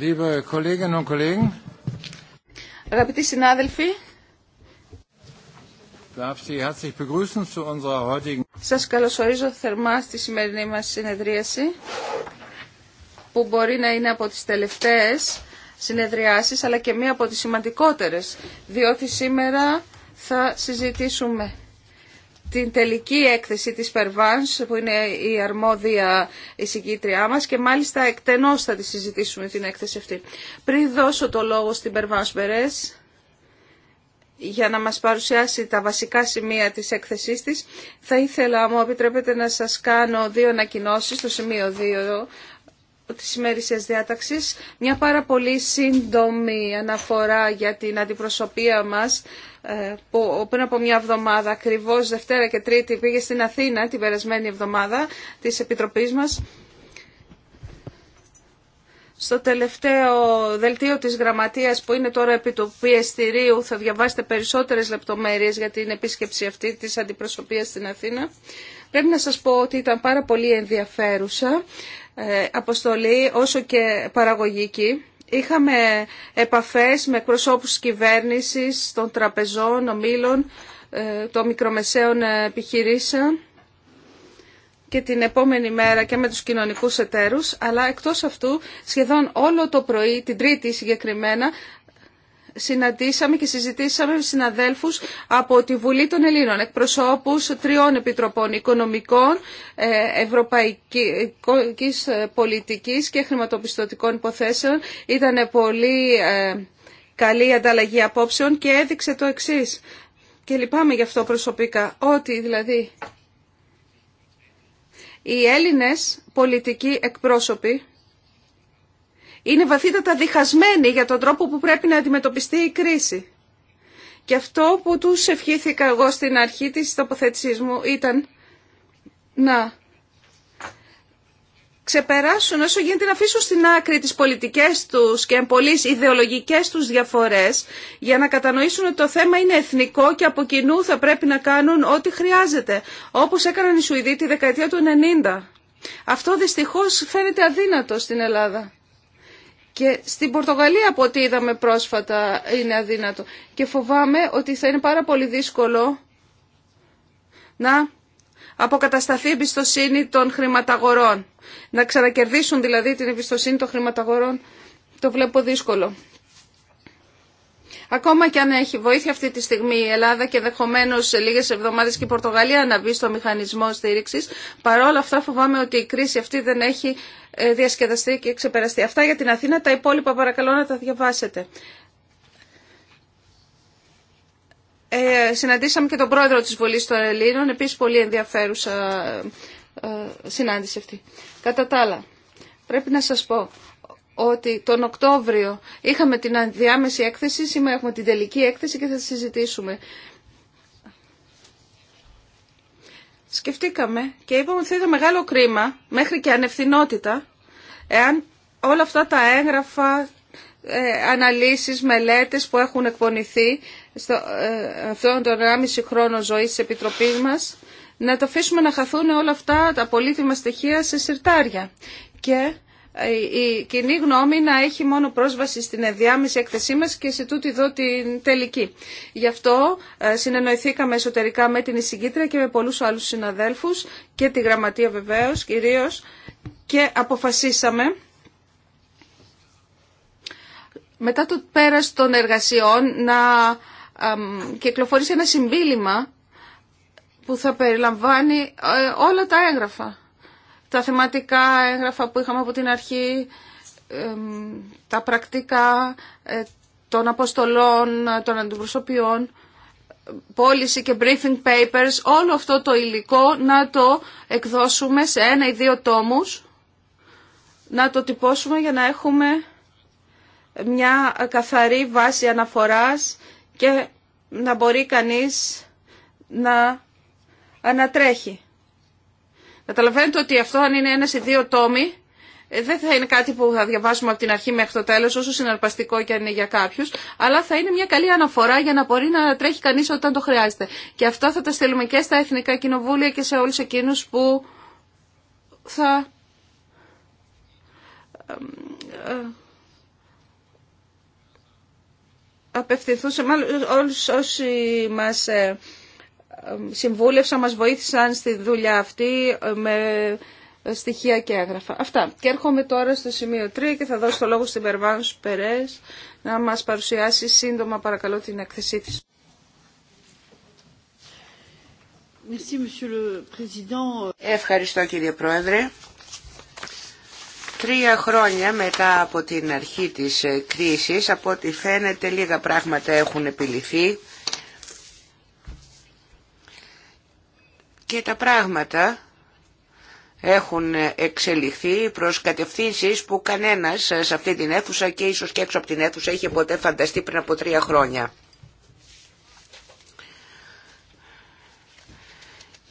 Liebe Αγαπητοί συνάδελφοι, σας καλωσορίζω θερμά στη σημερινή μας συνεδρίαση, που μπορεί να είναι από τις τελευταίες συνεδριάσεις, αλλά και μία από τις σημαντικότερες, διότι σήμερα θα συζητήσουμε την τελική έκθεση της Περβάνς που είναι η αρμόδια εισηγήτριά μας και μάλιστα εκτενώς θα τη συζητήσουμε την έκθεση αυτή. Πριν δώσω το λόγο στην Περβάνς Μπερές για να μας παρουσιάσει τα βασικά σημεία της έκθεσής της θα ήθελα, μου επιτρέπετε, να σας κάνω δύο ανακοινώσεις στο σημείο 2 της ημέρησια διάταξης μια πάρα πολύ σύντομη αναφορά για την αντιπροσωπεία μας ε, που πριν από μια εβδομάδα Ακριβώ Δευτέρα και Τρίτη πήγε στην Αθήνα την περασμένη εβδομάδα της Επιτροπής μας στο τελευταίο δελτίο της γραμματείας που είναι τώρα επί του πιεστηρίου θα διαβάσετε περισσότερες λεπτομέρειες για την επίσκεψη αυτή της αντιπροσωπείας στην Αθήνα. Πρέπει να σας πω ότι ήταν πάρα πολύ ενδιαφέρουσα ε, αποστολή όσο και παραγωγική. Είχαμε επαφές με προσώπους κυβέρνησης, των τραπεζών, ομίλων, ε, των μικρομεσαίων επιχειρήσεων και την επόμενη μέρα και με τους κοινωνικούς εταίρους, αλλά εκτός αυτού σχεδόν όλο το πρωί, την Τρίτη συγκεκριμένα, συναντήσαμε και συζητήσαμε με συναδέλφους από τη Βουλή των Ελλήνων, εκπροσώπους τριών επιτροπών οικονομικών, ε, ευρωπαϊκής ε, πολιτικής και χρηματοπιστωτικών υποθέσεων. Ήταν πολύ ε, καλή η ανταλλαγή απόψεων και έδειξε το εξής. Και λυπάμαι γι' αυτό προσωπικά, ότι δηλαδή οι Έλληνες πολιτικοί εκπρόσωποι είναι βαθύτατα διχασμένοι για τον τρόπο που πρέπει να αντιμετωπιστεί η κρίση. Και αυτό που τους ευχήθηκα εγώ στην αρχή της τοποθέτησής μου ήταν να ξεπεράσουν όσο γίνεται να αφήσουν στην άκρη τις πολιτικές τους και εμπολείς ιδεολογικές τους διαφορές για να κατανοήσουν ότι το θέμα είναι εθνικό και από κοινού θα πρέπει να κάνουν ό,τι χρειάζεται, όπως έκαναν οι Σουηδοί τη δεκαετία του 90. Αυτό δυστυχώς φαίνεται αδύνατο στην Ελλάδα. Και στην Πορτογαλία από ό,τι είδαμε πρόσφατα είναι αδύνατο. Και φοβάμαι ότι θα είναι πάρα πολύ δύσκολο να αποκατασταθεί η εμπιστοσύνη των χρηματαγορών. Να ξανακερδίσουν δηλαδή την εμπιστοσύνη των χρηματαγορών το βλέπω δύσκολο. Ακόμα και αν έχει βοήθεια αυτή τη στιγμή η Ελλάδα και δεχομένω σε λίγε εβδομάδε και η Πορτογαλία να μπει στο μηχανισμό στήριξη, παρόλα αυτά φοβάμαι ότι η κρίση αυτή δεν έχει ε, διασκεδαστεί και ξεπεραστεί. Αυτά για την Αθήνα, τα υπόλοιπα παρακαλώ να τα διαβάσετε. Ε, συναντήσαμε και τον πρόεδρο της Βουλής των Ελλήνων, επίσης πολύ ενδιαφέρουσα ε, συνάντηση αυτή. Κατά τα άλλα, πρέπει να σας πω ότι τον Οκτώβριο είχαμε την διάμεση έκθεση, σήμερα έχουμε την τελική έκθεση και θα συζητήσουμε. Σκεφτήκαμε και είπαμε ότι θα ήταν μεγάλο κρίμα, μέχρι και ανευθυνότητα, Εάν όλα αυτά τα έγγραφα, ε, αναλύσεις, μελέτες που έχουν εκπονηθεί στο, ε, αυτόν τον 1,5 χρόνο ζωής της Επιτροπής μας, να το αφήσουμε να χαθούν όλα αυτά τα πολύτιμα στοιχεία σε συρτάρια. Και η κοινή γνώμη να έχει μόνο πρόσβαση στην ενδιάμεση έκθεσή μας και σε τούτη εδώ την τελική. Γι' αυτό ε, συνεννοηθήκαμε εσωτερικά με την εισηγήτρια και με πολλούς άλλους συναδέλφους και τη γραμματεία βεβαίως κυρίως και αποφασίσαμε μετά το πέρας των εργασιών να κυκλοφορήσει ένα συμπίλημα που θα περιλαμβάνει ε, όλα τα έγγραφα τα θεματικά έγγραφα που είχαμε από την αρχή, τα πρακτικά ε, των αποστολών, των αντιπροσωπιών, πώληση και briefing papers, όλο αυτό το υλικό να το εκδώσουμε σε ένα ή δύο τόμους, να το τυπώσουμε για να έχουμε μια καθαρή βάση αναφοράς και να μπορεί κανείς να ανατρέχει. Καταλαβαίνετε ότι αυτό αν είναι ένα ή δύο τόμοι, ε, δεν θα είναι κάτι που θα διαβάσουμε από την αρχή μέχρι το τέλος, όσο συναρπαστικό και αν είναι για κάποιους, αλλά θα είναι μια καλή αναφορά για να μπορεί να τρέχει κανείς όταν το χρειάζεται. Και αυτά θα τα στείλουμε και στα Εθνικά Κοινοβούλια και σε όλους εκείνους που θα ε, απευθυνθούσε μάλλον όλους όσοι μας ε, συμβούλευσαν, μας βοήθησαν στη δουλειά αυτή με στοιχεία και έγγραφα. Αυτά. Και έρχομαι τώρα στο σημείο 3 και θα δώσω το λόγο στην Περβάνος Περές να μας παρουσιάσει σύντομα παρακαλώ την έκθεσή της. Ευχαριστώ κύριε Πρόεδρε. Τρία χρόνια μετά από την αρχή της κρίσης, από ό,τι φαίνεται λίγα πράγματα έχουν επιληθεί και τα πράγματα έχουν εξελιχθεί προς κατευθύνσεις που κανένας σε αυτή την αίθουσα και ίσως και έξω από την αίθουσα είχε ποτέ φανταστεί πριν από τρία χρόνια.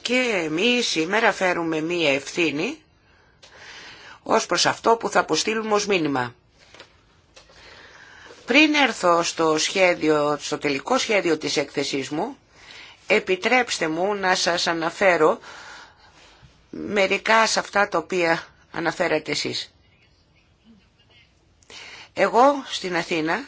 Και εμείς σήμερα φέρουμε μία ευθύνη ως προς αυτό που θα αποστείλουμε ως μήνυμα. Πριν έρθω στο, σχέδιο, στο τελικό σχέδιο της έκθεσής μου, Επιτρέψτε μου να σας αναφέρω μερικά σε αυτά τα οποία αναφέρατε εσείς. Εγώ στην Αθήνα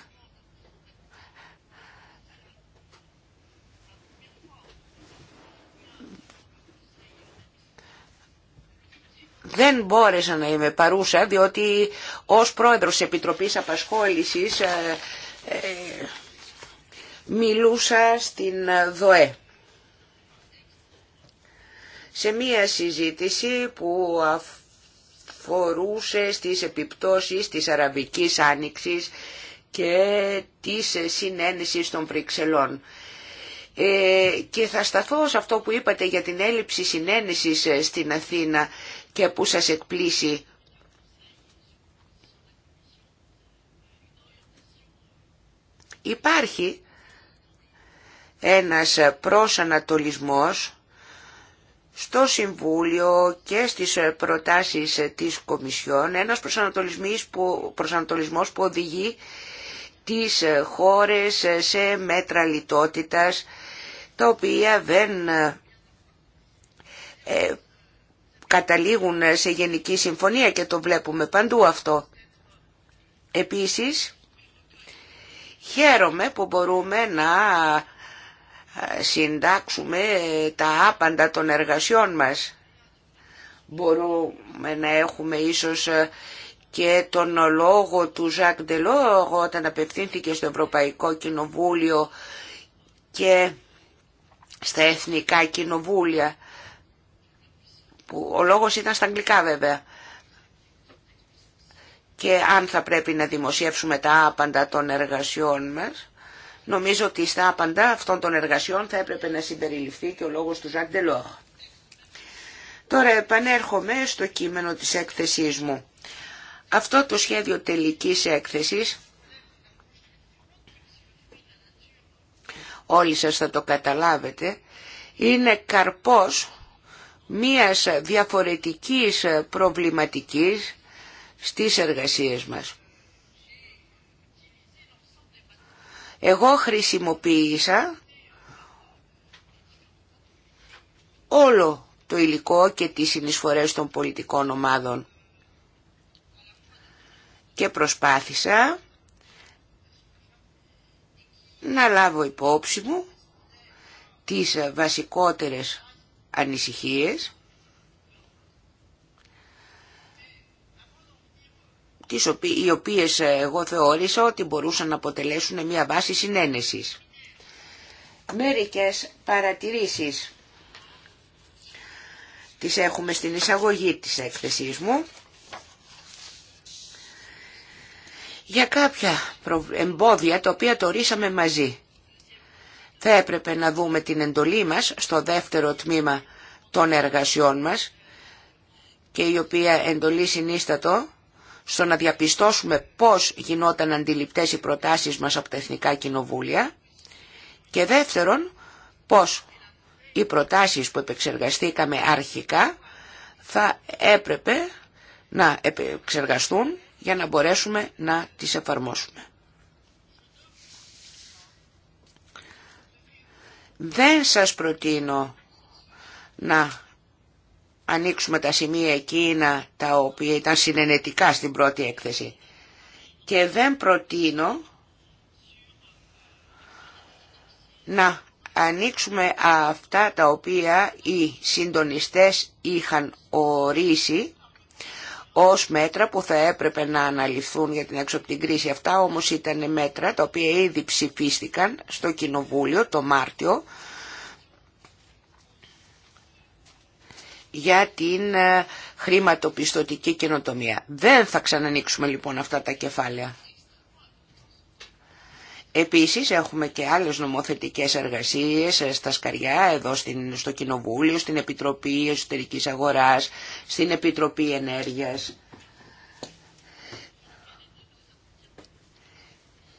δεν μπόρεσα να είμαι παρούσα διότι ως πρόεδρος της Επιτροπής Απασχόλησης ε, ε, μιλούσα στην ΔΟΕ σε μία συζήτηση που αφορούσε στις επιπτώσεις της Αραβικής Άνοιξης και της συνένεσης των Βρυξελών. Ε, και θα σταθώ σε αυτό που είπατε για την έλλειψη συνένεσης ε, στην Αθήνα και που σας εκπλήσει υπάρχει ένας προσανατολισμός στο Συμβούλιο και στις ε, προτάσεις ε, της Κομισιόν ένας προσανατολισμός που, προσανατολισμός που οδηγεί τις ε, χώρες σε μέτρα λιτότητας τα οποία δεν καταλήγουν σε γενική συμφωνία και το βλέπουμε παντού αυτό. Επίσης, χαίρομαι που μπορούμε να συντάξουμε τα άπαντα των εργασιών μας. Μπορούμε να έχουμε ίσως και τον λόγο του Ζακ Ντελόγ όταν απευθύνθηκε στο Ευρωπαϊκό Κοινοβούλιο και στα Εθνικά Κοινοβούλια που ο λόγος ήταν στα αγγλικά βέβαια και αν θα πρέπει να δημοσιεύσουμε τα άπαντα των εργασιών μας Νομίζω ότι στα απαντά αυτών των εργασιών θα έπρεπε να συμπεριληφθεί και ο λόγος του Ζαντελό. Τώρα επανέρχομαι στο κείμενο της έκθεσής μου. Αυτό το σχέδιο τελικής έκθεσης όλοι σας θα το καταλάβετε, είναι καρπός μίας διαφορετικής προβληματικής στις εργασίες μας. Εγώ χρησιμοποίησα όλο το υλικό και τις συνεισφορές των πολιτικών ομάδων και προσπάθησα να λάβω υπόψη μου τις βασικότερες ανησυχίες οι οποίες ε, εγώ θεώρησα ότι μπορούσαν να αποτελέσουν μια βάση συνένεσης. Μερικές παρατηρήσεις τις έχουμε στην εισαγωγή της έκθεσής μου. Για κάποια εμπόδια τα οποία το ρίσαμε μαζί. Θα έπρεπε να δούμε την εντολή μας στο δεύτερο τμήμα των εργασιών μας και η οποία εντολή συνίστατο στο να διαπιστώσουμε πώς γινόταν αντιληπτές οι προτάσεις μας από τα Εθνικά Κοινοβούλια και δεύτερον πώς οι προτάσεις που επεξεργαστήκαμε αρχικά θα έπρεπε να επεξεργαστούν για να μπορέσουμε να τις εφαρμόσουμε. Δεν σας προτείνω να ανοίξουμε τα σημεία εκείνα τα οποία ήταν συνενετικά στην πρώτη έκθεση. Και δεν προτείνω να ανοίξουμε αυτά τα οποία οι συντονιστές είχαν ορίσει ως μέτρα που θα έπρεπε να αναλυθούν για την έξω από κρίση. Αυτά όμως ήταν μέτρα τα οποία ήδη ψηφίστηκαν στο Κοινοβούλιο το Μάρτιο για την ε, χρηματοπιστωτική καινοτομία. Δεν θα ξανανοίξουμε λοιπόν αυτά τα κεφάλαια. Επίσης έχουμε και άλλες νομοθετικές εργασίες ε, στα Σκαριά, εδώ στην, στο Κοινοβούλιο, στην Επιτροπή Εσωτερικής Αγοράς, στην Επιτροπή Ενέργειας.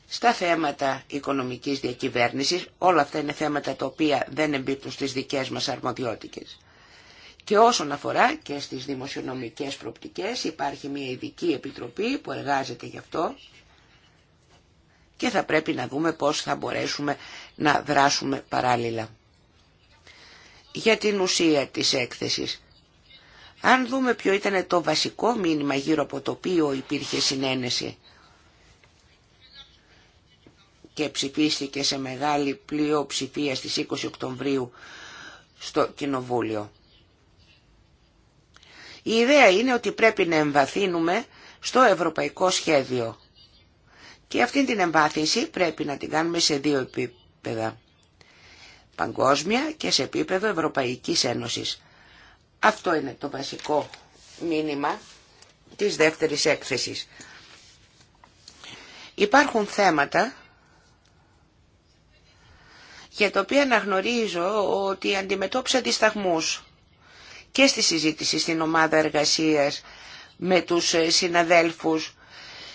Στα θέματα οικονομικής διακυβέρνησης, όλα αυτά είναι θέματα τα οποία δεν εμπίπτουν στις δικές μας αρμοδιότητες. Και όσον αφορά και στις δημοσιονομικές προπτικές υπάρχει μια ειδική επιτροπή που εργάζεται γι' αυτό και θα πρέπει να δούμε πώς θα μπορέσουμε να δράσουμε παράλληλα. Για την ουσία της έκθεσης. Αν δούμε ποιο ήταν το βασικό μήνυμα γύρω από το οποίο υπήρχε συνένεση και ψηφίστηκε σε μεγάλη πλειοψηφία στις 20 Οκτωβρίου στο Κοινοβούλιο. Η ιδέα είναι ότι πρέπει να εμβαθύνουμε στο ευρωπαϊκό σχέδιο. Και αυτή την εμβάθυνση πρέπει να την κάνουμε σε δύο επίπεδα. Παγκόσμια και σε επίπεδο Ευρωπαϊκής Ένωσης. Αυτό είναι το βασικό μήνυμα της δεύτερης έκθεσης. Υπάρχουν θέματα για τα οποία αναγνωρίζω ότι αντιμετώπισα δισταγμούς και στη συζήτηση στην ομάδα εργασίας με τους ε, συναδέλφους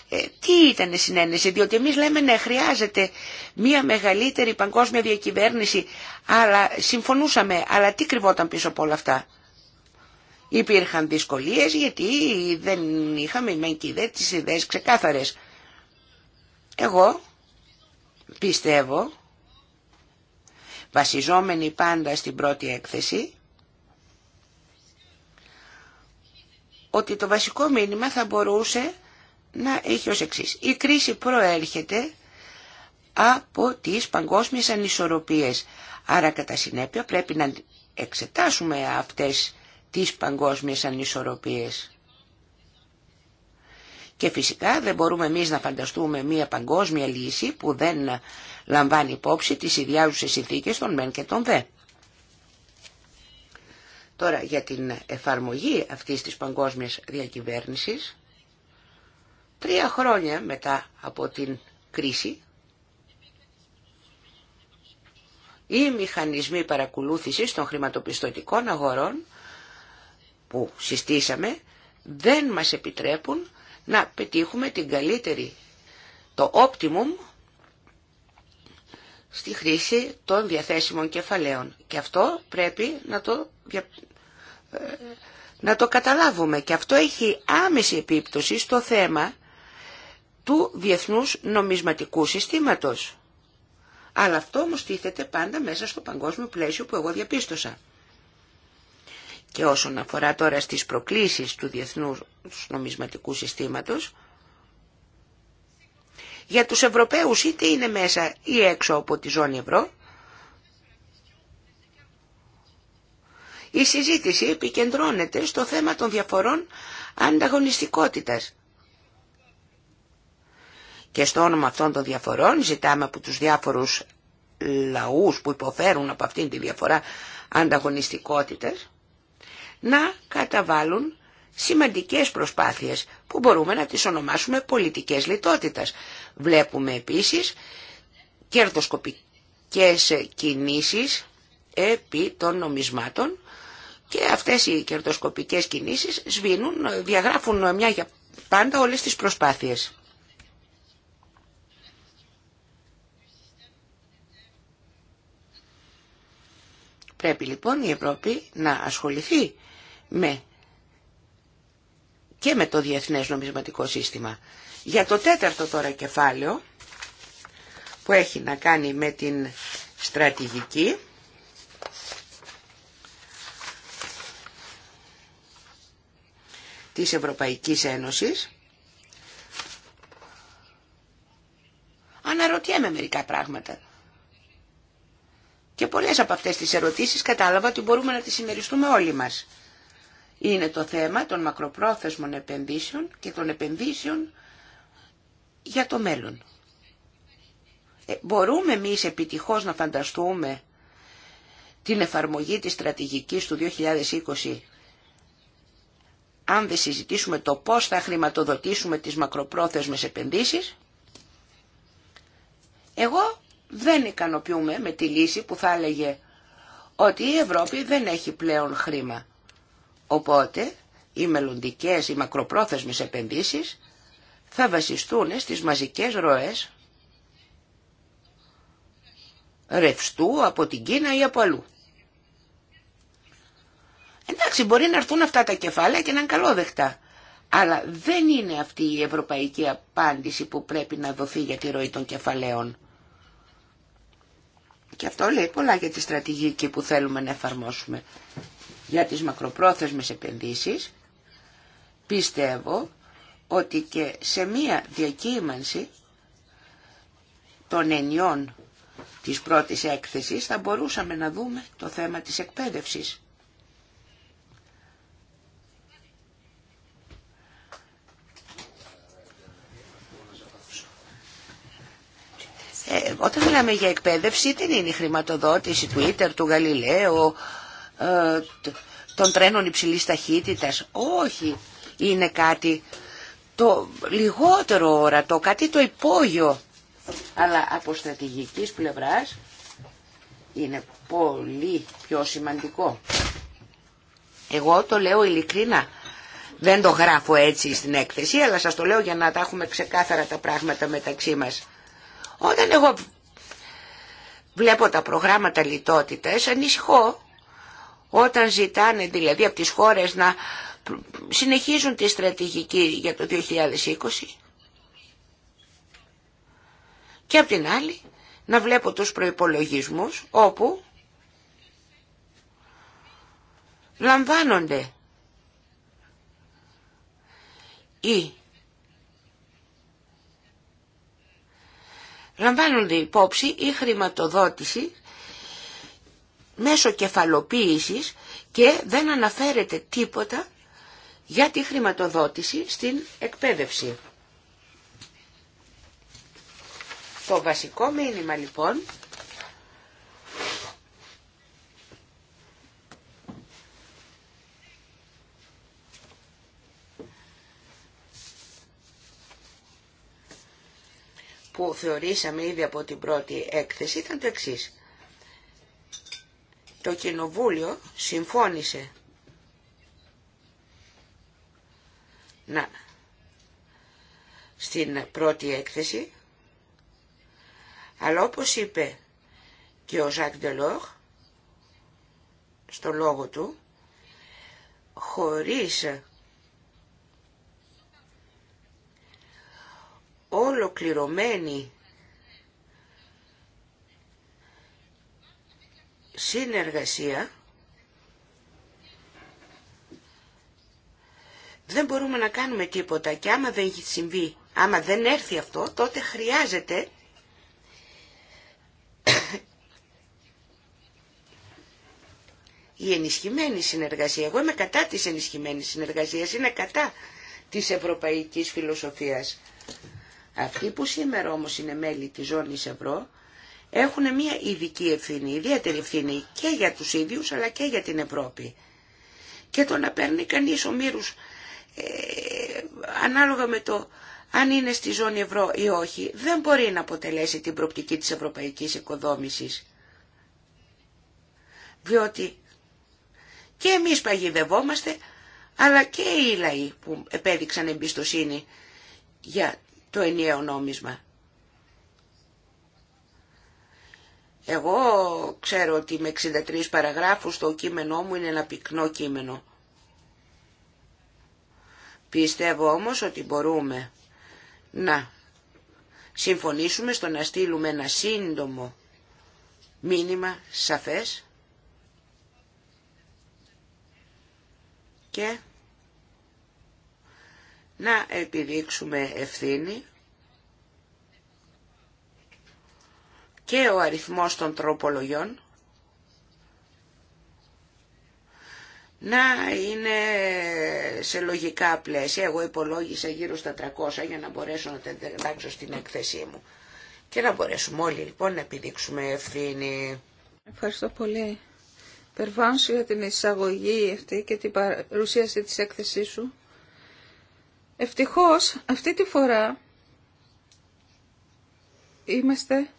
ε, τι ήταν η συνένεση, διότι εμείς λέμε ναι χρειάζεται μια μεγαλύτερη παγκόσμια διακυβέρνηση, αλλά συμφωνούσαμε, αλλά τι κρυβόταν πίσω από όλα αυτά. Υπήρχαν δυσκολίες γιατί δεν είχαμε μεν και δε τις ιδέες ξεκάθαρες. Εγώ πιστεύω, βασιζόμενοι πάντα στην πρώτη έκθεση, ότι το βασικό μήνυμα θα μπορούσε να έχει ως εξής. Η κρίση προέρχεται από τις παγκόσμιες ανισορροπίες. Άρα κατά συνέπεια πρέπει να εξετάσουμε αυτές τις παγκόσμιες ανισορροπίες. Και φυσικά δεν μπορούμε εμείς να φανταστούμε μια παγκόσμια λύση που δεν λαμβάνει υπόψη τις ιδιάζουσες συνθήκες των μεν και των δε. Τώρα για την εφαρμογή αυτής της παγκόσμιας διακυβέρνησης, τρία χρόνια μετά από την κρίση, οι μηχανισμοί παρακολούθησης των χρηματοπιστωτικών αγορών που συστήσαμε δεν μας επιτρέπουν να πετύχουμε την καλύτερη, το optimum στη χρήση των διαθέσιμων κεφαλαίων. Και αυτό πρέπει να το, ε, να το καταλάβουμε. Και αυτό έχει άμεση επίπτωση στο θέμα του διεθνούς νομισματικού συστήματος. Αλλά αυτό όμως τίθεται πάντα μέσα στο παγκόσμιο πλαίσιο που εγώ διαπίστωσα. Και όσον αφορά τώρα στις προκλήσεις του διεθνούς νομισματικού συστήματος, για τους Ευρωπαίους είτε είναι μέσα ή έξω από τη ζώνη ευρώ. Η συζήτηση επικεντρώνεται στο θέμα των διαφορών ανταγωνιστικότητας. Και στο όνομα αυτών των διαφορών ζητάμε από τους διάφορους λαούς που υποφέρουν από αυτήν τη διαφορά ανταγωνιστικότητας να καταβάλουν σημαντικές προσπάθειες που μπορούμε να τις ονομάσουμε πολιτικές λιτότητας. Βλέπουμε επίσης κερδοσκοπικές κινήσεις επί των νομισμάτων και αυτές οι κερδοσκοπικές κινήσεις σβήνουν, διαγράφουν μια για πάντα όλες τις προσπάθειες. Πρέπει λοιπόν η Ευρώπη να ασχοληθεί με και με το Διεθνές Νομισματικό Σύστημα. Για το τέταρτο τώρα κεφάλαιο που έχει να κάνει με την στρατηγική της Ευρωπαϊκής Ένωσης αναρωτιέμαι μερικά πράγματα. Και πολλές από αυτές τις ερωτήσεις κατάλαβα ότι μπορούμε να τις συμμεριστούμε όλοι μας είναι το θέμα των μακροπρόθεσμων επενδύσεων και των επενδύσεων για το μέλλον. Ε, μπορούμε εμεί επιτυχώς να φανταστούμε την εφαρμογή της στρατηγικής του 2020 αν δεν συζητήσουμε το πώς θα χρηματοδοτήσουμε τις μακροπρόθεσμες επενδύσεις, εγώ δεν ικανοποιούμε με τη λύση που θα έλεγε ότι η Ευρώπη δεν έχει πλέον χρήμα. Οπότε οι μελλοντικέ, οι μακροπρόθεσμες επενδύσεις θα βασιστούν στις μαζικές ροές ρευστού από την Κίνα ή από αλλού. Εντάξει, μπορεί να έρθουν αυτά τα κεφάλαια και να είναι καλόδεκτα. Αλλά δεν είναι αυτή η ευρωπαϊκή απάντηση που πρέπει να δοθεί για τη ροή των κεφαλαίων. Και αυτό λέει πολλά για τη στρατηγική που θέλουμε να εφαρμόσουμε για τις μακροπρόθεσμες επενδύσεις, πιστεύω ότι και σε μία διακύμανση των ενιών της πρώτης έκθεσης θα μπορούσαμε να δούμε το θέμα της εκπαίδευσης. Ε, όταν μιλάμε για εκπαίδευση δεν είναι η χρηματοδότηση Twitter, του Γαλιλαίου, ε, των τρένων υψηλής ταχύτητας. Όχι, είναι κάτι το λιγότερο ορατό, κάτι το υπόγειο. Αλλά από στρατηγικής πλευράς είναι πολύ πιο σημαντικό. Εγώ το λέω ειλικρινά. Δεν το γράφω έτσι στην έκθεση, αλλά σας το λέω για να τα έχουμε ξεκάθαρα τα πράγματα μεταξύ μας. Όταν εγώ βλέπω τα προγράμματα λιτότητας, ανησυχώ όταν ζητάνε δηλαδή από τις χώρες να συνεχίζουν τη στρατηγική για το 2020 και από την άλλη να βλέπω τους προϋπολογισμούς όπου λαμβάνονται ή λαμβάνονται υπόψη η χρηματοδότηση μέσω κεφαλοποίησης και δεν αναφέρεται τίποτα για τη χρηματοδότηση στην εκπαίδευση. Το βασικό μήνυμα λοιπόν που θεωρήσαμε ήδη από την πρώτη έκθεση ήταν το εξής το Κοινοβούλιο συμφώνησε να στην πρώτη έκθεση αλλά όπως είπε και ο Ζακ Ντελόρ στο λόγο του χωρίς ολοκληρωμένη συνεργασία δεν μπορούμε να κάνουμε τίποτα και άμα δεν συμβεί, άμα δεν έρθει αυτό, τότε χρειάζεται η ενισχυμένη συνεργασία. Εγώ είμαι κατά της ενισχυμένης συνεργασίας, είναι κατά της ευρωπαϊκής φιλοσοφίας. Αυτοί που σήμερα όμως είναι μέλη της ζώνης ευρώ έχουν μια ειδική ευθύνη, ιδιαίτερη ευθύνη και για τους ίδιους αλλά και για την Ευρώπη. Και το να παίρνει κανείς ο ε, ανάλογα με το αν είναι στη ζώνη ευρώ ή όχι, δεν μπορεί να αποτελέσει την προπτική της ευρωπαϊκής οικοδόμησης. Διότι και εμείς παγιδευόμαστε, αλλά και οι λαοί που επέδειξαν εμπιστοσύνη για το ενιαίο νόμισμα. Εγώ ξέρω ότι με 63 παραγράφους το κείμενό μου είναι ένα πυκνό κείμενο. Πιστεύω όμως ότι μπορούμε να συμφωνήσουμε στο να στείλουμε ένα σύντομο μήνυμα σαφές και να επιδείξουμε ευθύνη και ο αριθμός των τροπολογιών να είναι σε λογικά πλαίσια. Εγώ υπολόγισα γύρω στα 300 για να μπορέσω να τα εντάξω στην έκθεσή μου. Και να μπορέσουμε όλοι λοιπόν να επιδείξουμε ευθύνη. Ευχαριστώ πολύ. Περβάνσου για την εισαγωγή αυτή και την παρουσίαση της έκθεσή σου. Ευτυχώς αυτή τη φορά είμαστε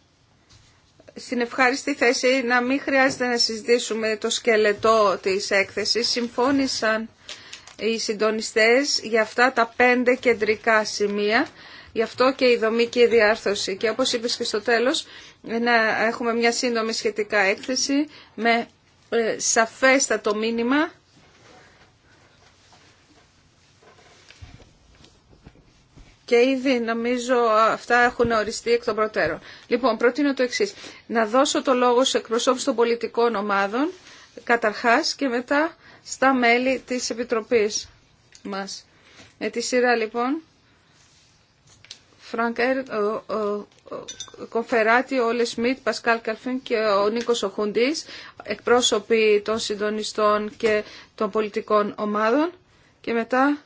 στην ευχάριστη θέση να μην χρειάζεται να συζητήσουμε το σκελετό της έκθεσης. Συμφώνησαν οι συντονιστές για αυτά τα πέντε κεντρικά σημεία. Γι' αυτό και η δομή και η διάρθρωση. Και όπως είπες και στο τέλος, να έχουμε μια σύντομη σχετικά έκθεση με ε, σαφέστατο μήνυμα και ήδη νομίζω αυτά έχουν οριστεί εκ των προτέρων. Λοιπόν, προτείνω το εξή. Να δώσω το λόγο σε εκπροσώπους των πολιτικών ομάδων, καταρχάς και μετά στα μέλη της Επιτροπής μας. Με τη σειρά λοιπόν, Φρανκέρ, Κοφεράτη, Όλε Σμιτ, Πασκάλ Καλφίν και ο Νίκος Οχουντής, εκπρόσωποι των συντονιστών και των πολιτικών ομάδων και μετά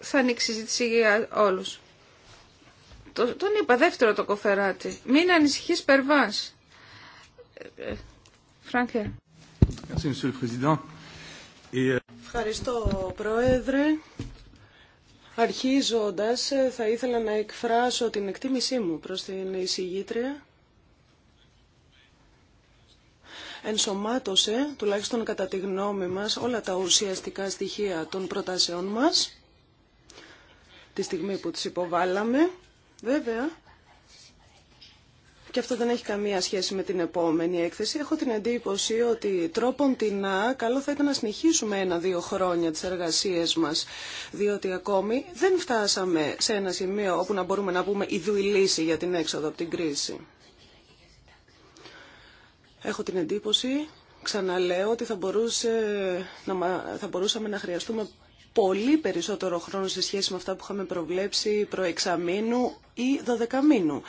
θα ανοίξει συζήτηση για Το τον είπα δεύτερο το κοφεράτη. Μην ανησυχεί περβάς. Ε, ε, euh, Ευχαριστώ Πρόεδρε. Αρχίζοντας θα ήθελα να εκφράσω την εκτίμησή μου προς την εισηγήτρια. Ενσωμάτωσε, τουλάχιστον κατά τη γνώμη μας, όλα τα ουσιαστικά στοιχεία των προτάσεών μας τη στιγμή που τις υποβάλαμε. Βέβαια, και αυτό δεν έχει καμία σχέση με την επόμενη έκθεση. Έχω την εντύπωση ότι τρόπον την Α, καλό θα ήταν να συνεχίσουμε ένα-δύο χρόνια τις εργασίες μας, διότι ακόμη δεν φτάσαμε σε ένα σημείο όπου να μπορούμε να πούμε ιδού η λύση για την έξοδο από την κρίση. Έχω την εντύπωση, ξαναλέω, ότι θα, μπορούσε, να, θα μπορούσαμε να χρειαστούμε πολύ περισσότερο χρόνο σε σχέση με αυτά που είχαμε προβλέψει προεξαμήνου ή δωδεκαμήνου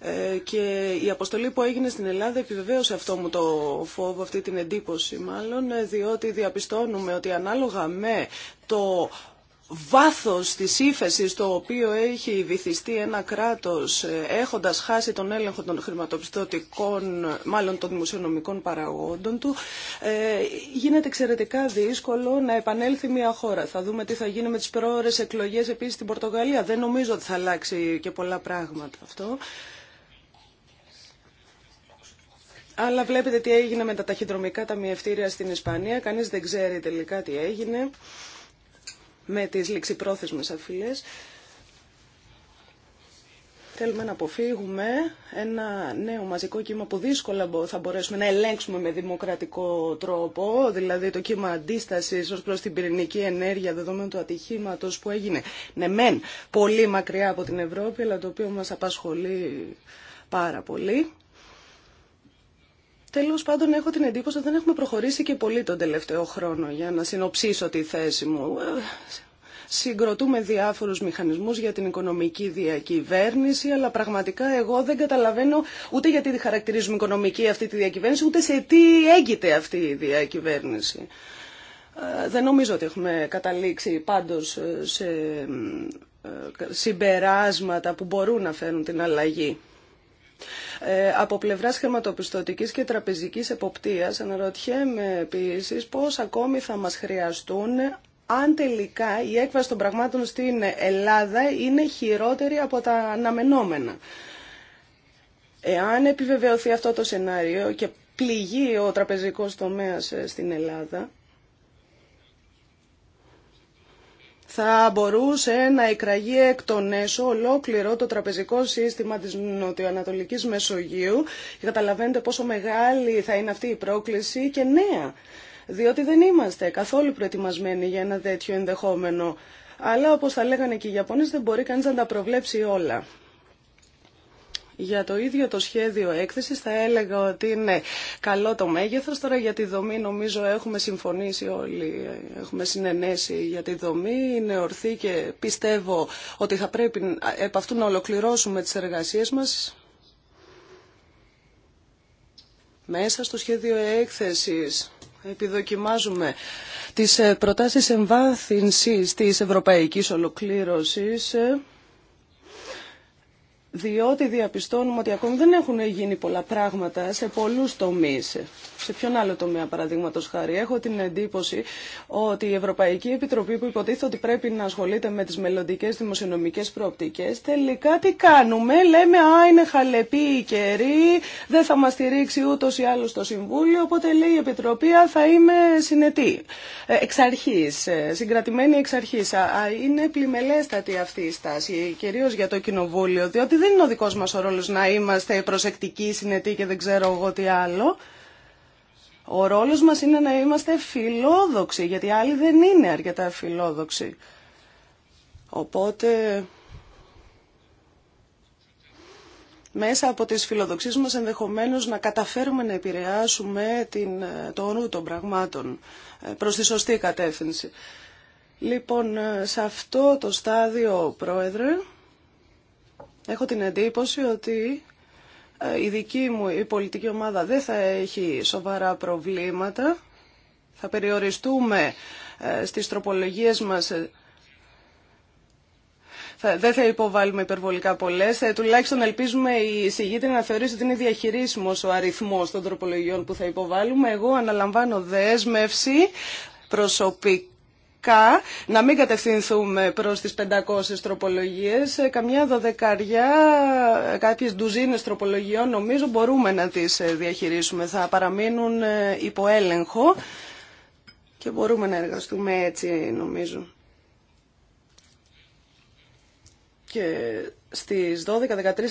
ε, και η αποστολή που έγινε στην Ελλάδα επιβεβαίωσε αυτό μου το φόβο, αυτή την εντύπωση μάλλον, διότι διαπιστώνουμε ότι ανάλογα με το βάθος της ύφεση στο οποίο έχει βυθιστεί ένα κράτος ε, έχοντας χάσει τον έλεγχο των χρηματοπιστωτικών, μάλλον των δημοσιονομικών παραγόντων του, ε, γίνεται εξαιρετικά δύσκολο να επανέλθει μια χώρα. Θα δούμε τι θα γίνει με τις πρόορες εκλογές επίσης στην Πορτογαλία. Δεν νομίζω ότι θα αλλάξει και πολλά πράγματα αυτό. Αλλά βλέπετε τι έγινε με τα ταχυδρομικά ταμιευτήρια στην Ισπανία. Κανείς δεν ξέρει τελικά τι έγινε με τις ληξιπρόθεσμες αφιλές. Θέλουμε να αποφύγουμε ένα νέο μαζικό κύμα που δύσκολα θα μπορέσουμε να ελέγξουμε με δημοκρατικό τρόπο, δηλαδή το κύμα αντίσταση ω προ την πυρηνική ενέργεια δεδομένου του ατυχήματο που έγινε. Ναι, μεν πολύ μακριά από την Ευρώπη, αλλά το οποίο μα απασχολεί πάρα πολύ. Τέλος πάντων έχω την εντύπωση ότι δεν έχουμε προχωρήσει και πολύ τον τελευταίο χρόνο για να συνοψίσω τη θέση μου. Ε, συγκροτούμε διάφορους μηχανισμούς για την οικονομική διακυβέρνηση, αλλά πραγματικά εγώ δεν καταλαβαίνω ούτε γιατί τη χαρακτηρίζουμε οικονομική αυτή τη διακυβέρνηση, ούτε σε τι έγκυται αυτή η διακυβέρνηση. Ε, δεν νομίζω ότι έχουμε καταλήξει πάντως ε, σε συμπεράσματα που μπορούν να φέρουν την αλλαγή. Ε, από πλευράς χρηματοπιστωτικής και τραπεζικής εποπτείας αναρωτιέμαι επίση πώς ακόμη θα μας χρειαστούν αν τελικά η έκβαση των πραγμάτων στην Ελλάδα είναι χειρότερη από τα αναμενόμενα. Εάν επιβεβαιωθεί αυτό το σενάριο και πληγεί ο τραπεζικός τομέας ε, στην Ελλάδα, θα μπορούσε να εκραγεί εκ των έσω ολόκληρο το τραπεζικό σύστημα της Νοτιοανατολικής Μεσογείου και καταλαβαίνετε πόσο μεγάλη θα είναι αυτή η πρόκληση και νέα, διότι δεν είμαστε καθόλου προετοιμασμένοι για ένα τέτοιο ενδεχόμενο. Αλλά όπως θα λέγανε και οι Ιαπωνές δεν μπορεί κανείς να τα προβλέψει όλα. Για το ίδιο το σχέδιο έκθεσης θα έλεγα ότι είναι καλό το μέγεθος. Τώρα για τη δομή νομίζω έχουμε συμφωνήσει όλοι, έχουμε συνενέσει για τη δομή. Είναι ορθή και πιστεύω ότι θα πρέπει επ' αυτού να ολοκληρώσουμε τις εργασίες μας. Μέσα στο σχέδιο έκθεσης επιδοκιμάζουμε τις ε, προτάσεις εμβάθυνσης της ευρωπαϊκής ολοκλήρωσης διότι διαπιστώνουμε ότι ακόμη δεν έχουν γίνει πολλά πράγματα σε πολλούς τομείς σε ποιον άλλο τομέα παραδείγματο χάρη. Έχω την εντύπωση ότι η Ευρωπαϊκή Επιτροπή που υποτίθεται ότι πρέπει να ασχολείται με τι μελλοντικέ δημοσιονομικέ προοπτικέ, τελικά τι κάνουμε, λέμε α είναι χαλεπή η καιρή, δεν θα μα στηρίξει ούτως ή άλλως το Συμβούλιο. Οπότε λέει η αλλω είμαι συνετή. Ε, εξ αρχής, ε, συγκρατημένη εξ αρχής. Είναι πλημελέστατη αυτή η επιτροπη θα ειμαι συνετη εξ αρχή, συγκρατημενη εξ αρχη ειναι πλημελεστατη αυτη η σταση κυριω για το Κοινοβούλιο, διότι δεν είναι ο δικό μα ο ρόλος να είμαστε προσεκτικοί, συνετοί και δεν ξέρω εγώ τι άλλο. Ο ρόλος μας είναι να είμαστε φιλόδοξοι, γιατί άλλοι δεν είναι αρκετά φιλόδοξοι. Οπότε, μέσα από τις φιλοδοξίες μας ενδεχομένως να καταφέρουμε να επηρεάσουμε την, το νου των πραγμάτων ε, προς τη σωστή κατεύθυνση. Λοιπόν, ε, σε αυτό το στάδιο, Πρόεδρε, έχω την εντύπωση ότι ε, η δική μου η πολιτική ομάδα δεν θα έχει σοβαρά προβλήματα. Θα περιοριστούμε ε, στις τροπολογίες μας ε, δεν θα υποβάλουμε υπερβολικά πολλέ. τουλάχιστον ελπίζουμε η συγγήτρια να θεωρήσει ότι είναι διαχειρίσιμος ο αριθμός των τροπολογιών που θα υποβάλουμε. Εγώ αναλαμβάνω δέσμευση προσωπική να μην κατευθυνθούμε προς τις 500 τροπολογίες. Ε, καμιά δωδεκαριά, ε, κάποιες ντουζίνες τροπολογιών νομίζω μπορούμε να τις ε, διαχειρίσουμε. Θα παραμείνουν υπό έλεγχο και μπορούμε να εργαστούμε έτσι νομίζω. Και στις 12-13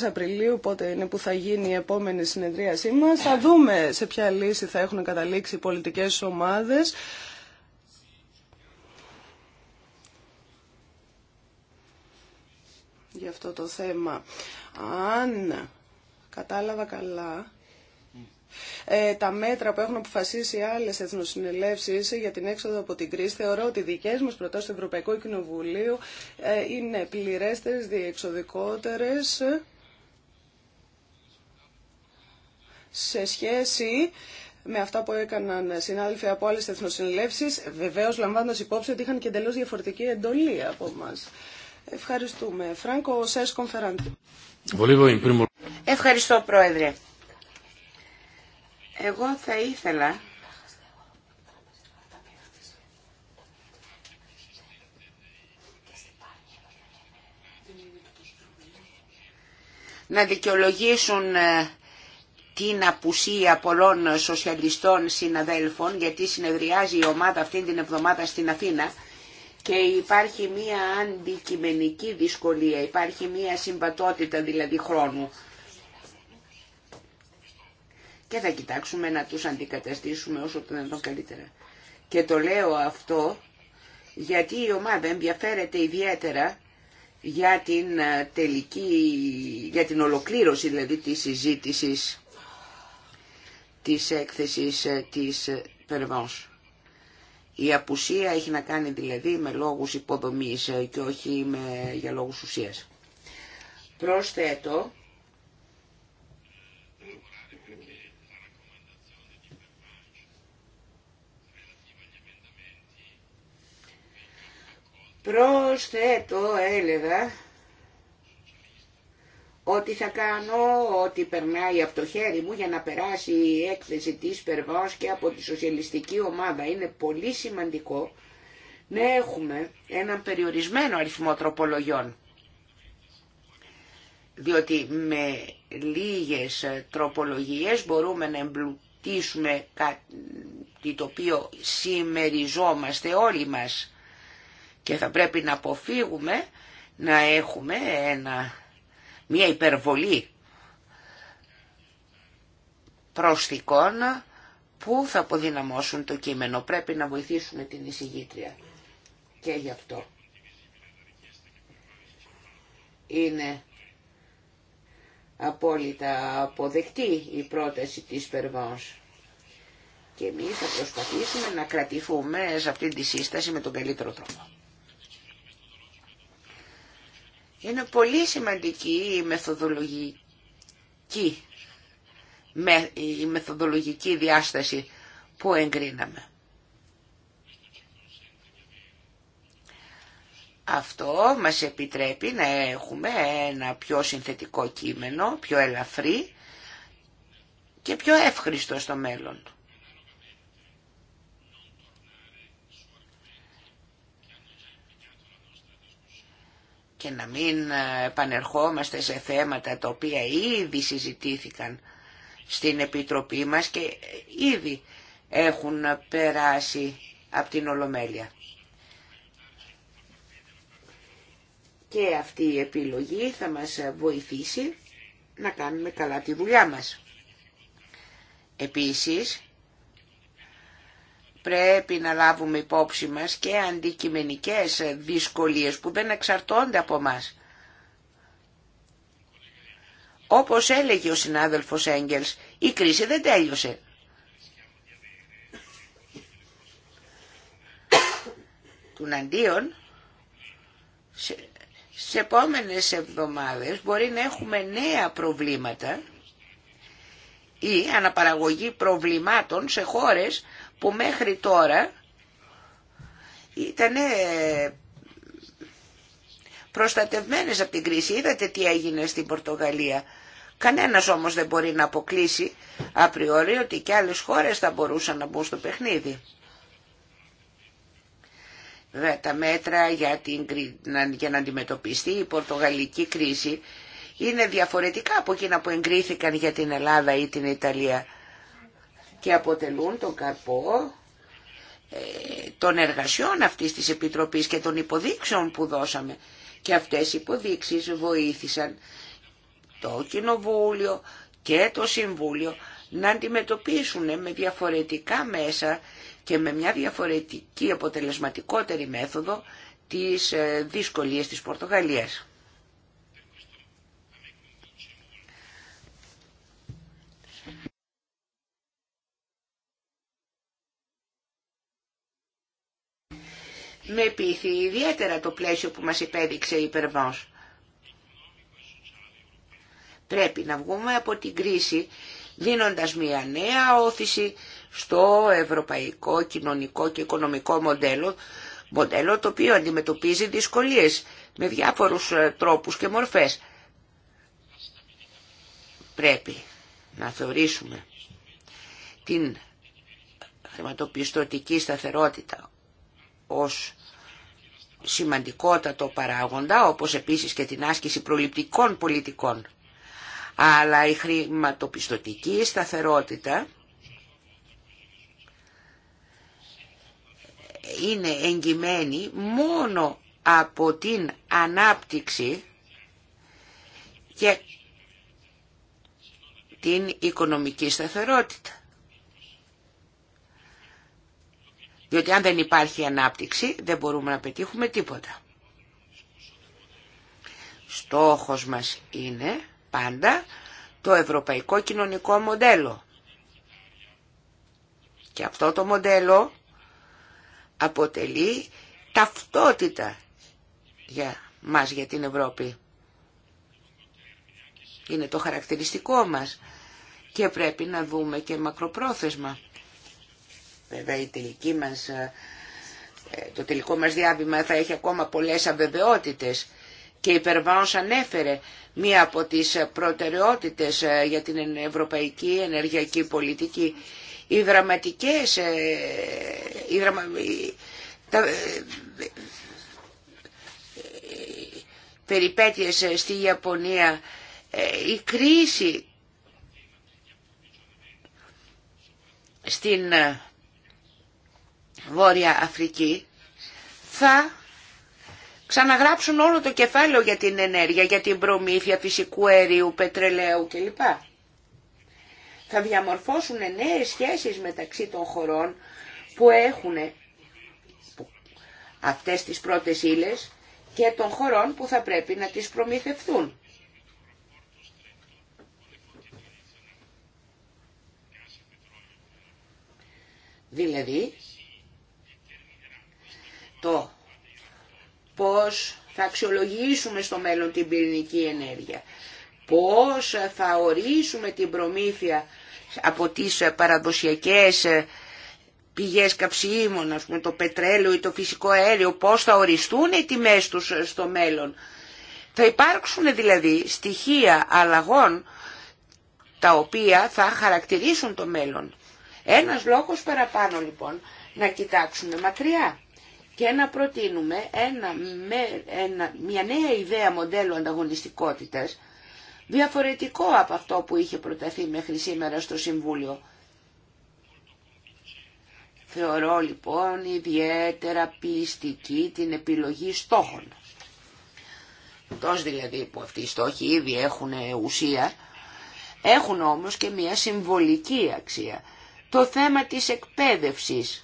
Απριλίου, πότε είναι που θα γίνει η επόμενη συνεδρίασή μας, θα δούμε σε ποια λύση θα έχουν καταλήξει οι πολιτικές ομάδες. για αυτό το θέμα. Αν κατάλαβα καλά, ε, τα μέτρα που έχουν αποφασίσει άλλες εθνοσυνελεύσεις για την έξοδο από την κρίση, θεωρώ ότι οι δικές μας προτάσεις του Ευρωπαϊκού Κοινοβουλίου ε, είναι πληρέστερες διεξοδικότερες σε σχέση με αυτά που έκαναν συνάδελφοι από άλλε εθνοσυνελεύσει, βεβαίω λαμβάνοντα υπόψη ότι είχαν και εντελώ διαφορετική εντολή από εμά. Ευχαριστούμε. Φράνκο Σέρς Κομφεράντη. Ευχαριστώ Πρόεδρε. Εγώ θα ήθελα να δικαιολογήσουν ε, την απουσία πολλών σοσιαλιστών συναδέλφων γιατί συνεδριάζει η ομάδα αυτή την εβδομάδα στην Αθήνα και υπάρχει μία αντικειμενική δυσκολία, υπάρχει μία συμβατότητα δηλαδή χρόνου. Και θα κοιτάξουμε να τους αντικαταστήσουμε όσο το δυνατόν καλύτερα. Και το λέω αυτό γιατί η ομάδα ενδιαφέρεται ιδιαίτερα για την ε, τελική, για την ολοκλήρωση δηλαδή της συζήτησης της έκθεσης ε, της Περβάνσου. Η απουσία έχει να κάνει δηλαδή με λόγους υποδομής ε, και όχι με, για λόγους ουσίας. Προσθέτω Προσθέτω έλεγα ό,τι θα κάνω, ό,τι περνάει από το χέρι μου για να περάσει η έκθεση της Περβάος και από τη σοσιαλιστική ομάδα. Είναι πολύ σημαντικό να έχουμε έναν περιορισμένο αριθμό τροπολογιών. Διότι με λίγες τροπολογίες μπορούμε να εμπλουτίσουμε κάτι το οποίο σημεριζόμαστε όλοι μας και θα πρέπει να αποφύγουμε να έχουμε ένα μια υπερβολή προσθήκων που θα αποδυναμώσουν το κείμενο. Πρέπει να βοηθήσουμε την εισηγήτρια και γι' αυτό. Είναι απόλυτα αποδεκτή η πρόταση της Περβάνς. Και εμείς θα προσπαθήσουμε να κρατηθούμε σε αυτή τη σύσταση με τον καλύτερο τρόπο. Είναι πολύ σημαντική η μεθοδολογική, η μεθοδολογική διάσταση που εγκρίναμε. Αυτό μας επιτρέπει να έχουμε ένα πιο συνθετικό κείμενο, πιο ελαφρύ και πιο εύχριστο στο μέλλον. και να μην ε, επανερχόμαστε σε θέματα τα οποία ήδη συζητήθηκαν στην Επιτροπή μας και ήδη έχουν περάσει από την Ολομέλεια. Και αυτή η επιλογή θα μας βοηθήσει να κάνουμε καλά τη δουλειά μας. Επίσης, πρέπει να λάβουμε υπόψη μας και αντικειμενικές δυσκολίες που δεν εξαρτώνται από μας. Όπως έλεγε ο συνάδελφος Έγγελς, η κρίση δεν τέλειωσε. Τουναντίον, σε, σε επόμενες εβδομάδες μπορεί να έχουμε νέα προβλήματα ή αναπαραγωγή προβλημάτων σε χώρες που μέχρι τώρα ήταν προστατευμένες από την κρίση. Είδατε τι έγινε στην Πορτογαλία. Κανένας όμως δεν μπορεί να αποκλείσει απριορί ότι και άλλες χώρες θα μπορούσαν να μπουν στο παιχνίδι. Βέβαια τα μέτρα για, για να αντιμετωπιστεί η πορτογαλική κρίση είναι διαφορετικά από εκείνα που εγκρίθηκαν για την Ελλάδα ή την Ιταλία και αποτελούν τον καρπό ε, των εργασιών αυτής της Επιτροπής και των υποδείξεων που δώσαμε. Και αυτές οι υποδείξεις βοήθησαν το Κοινοβούλιο και το Συμβούλιο να αντιμετωπίσουν με διαφορετικά μέσα και με μια διαφορετική αποτελεσματικότερη μέθοδο τις ε, δυσκολίες της Πορτογαλίας. με πείθει ιδιαίτερα το πλαίσιο που μας υπέδειξε η Πρέπει να βγούμε από την κρίση δίνοντας μια νέα όθηση στο ευρωπαϊκό κοινωνικό και οικονομικό μοντέλο, μοντέλο το οποίο αντιμετωπίζει δυσκολίες με διάφορους ε, τρόπους και μορφές. Πρέπει να θεωρήσουμε την χρηματοπιστωτική σταθερότητα ως σημαντικότατο παράγοντα, όπως επίσης και την άσκηση προληπτικών πολιτικών. Αλλά η χρηματοπιστωτική σταθερότητα είναι εγκυμένη μόνο από την ανάπτυξη και την οικονομική σταθερότητα. Διότι αν δεν υπάρχει ανάπτυξη δεν μπορούμε να πετύχουμε τίποτα. Στόχος μας είναι πάντα το ευρωπαϊκό κοινωνικό μοντέλο. Και αυτό το μοντέλο αποτελεί ταυτότητα για μας, για την Ευρώπη. Είναι το χαρακτηριστικό μας και πρέπει να δούμε και μακροπρόθεσμα. Βέβαια η τελική μας, ε, το τελικό μας διάβημα θα έχει ακόμα πολλές αβεβαιότητες και η Περβάος ανέφερε μία από τις προτεραιότητες ε, για την ευρωπαϊκή ενεργειακή πολιτική. Οι δραματικές, ε, οι περιπέτειες στη Ιαπωνία, η κρίση στην Βόρεια Αφρική θα ξαναγράψουν όλο το κεφάλαιο για την ενέργεια, για την προμήθεια φυσικού αερίου, πετρελαίου κλπ. Θα διαμορφώσουν νέες σχέσεις μεταξύ των χωρών που έχουν αυτές τις πρώτες ύλες και των χωρών που θα πρέπει να τις προμηθευτούν. Δηλαδή, το πώς θα αξιολογήσουμε στο μέλλον την πυρηνική ενέργεια, πώς θα ορίσουμε την προμήθεια από τις παραδοσιακές πηγές καυσίμων, ας πούμε το πετρέλαιο ή το φυσικό αέριο, πώς θα οριστούν οι τιμές τους στο μέλλον. Θα υπάρξουν δηλαδή στοιχεία αλλαγών τα οποία θα χαρακτηρίσουν το μέλλον. Ένας λόγος παραπάνω λοιπόν να κοιτάξουμε μακριά και να προτείνουμε ένα, μια νέα ιδέα μοντέλου ανταγωνιστικότητας διαφορετικό από αυτό που είχε προταθεί μέχρι σήμερα στο Συμβούλιο. Θεωρώ λοιπόν ιδιαίτερα πιστική την επιλογή στόχων. Τόσο δηλαδή που αυτοί οι στόχοι ήδη έχουν ουσία, έχουν όμως και μια συμβολική αξία. Το θέμα της εκπαίδευσης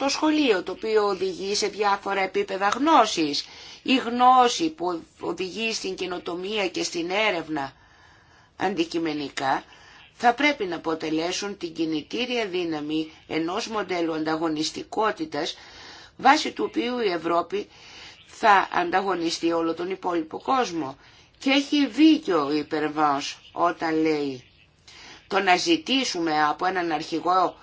το σχολείο το οποίο οδηγεί σε διάφορα επίπεδα γνώσης. Η γνώση που οδηγεί στην κοινοτομία και στην έρευνα αντικειμενικά θα πρέπει να αποτελέσουν την κινητήρια δύναμη ενός μοντέλου ανταγωνιστικότητας βάσει του οποίου η Ευρώπη θα ανταγωνιστεί όλο τον υπόλοιπο κόσμο. Και έχει δίκιο η όταν λέει το να ζητήσουμε από έναν αρχηγό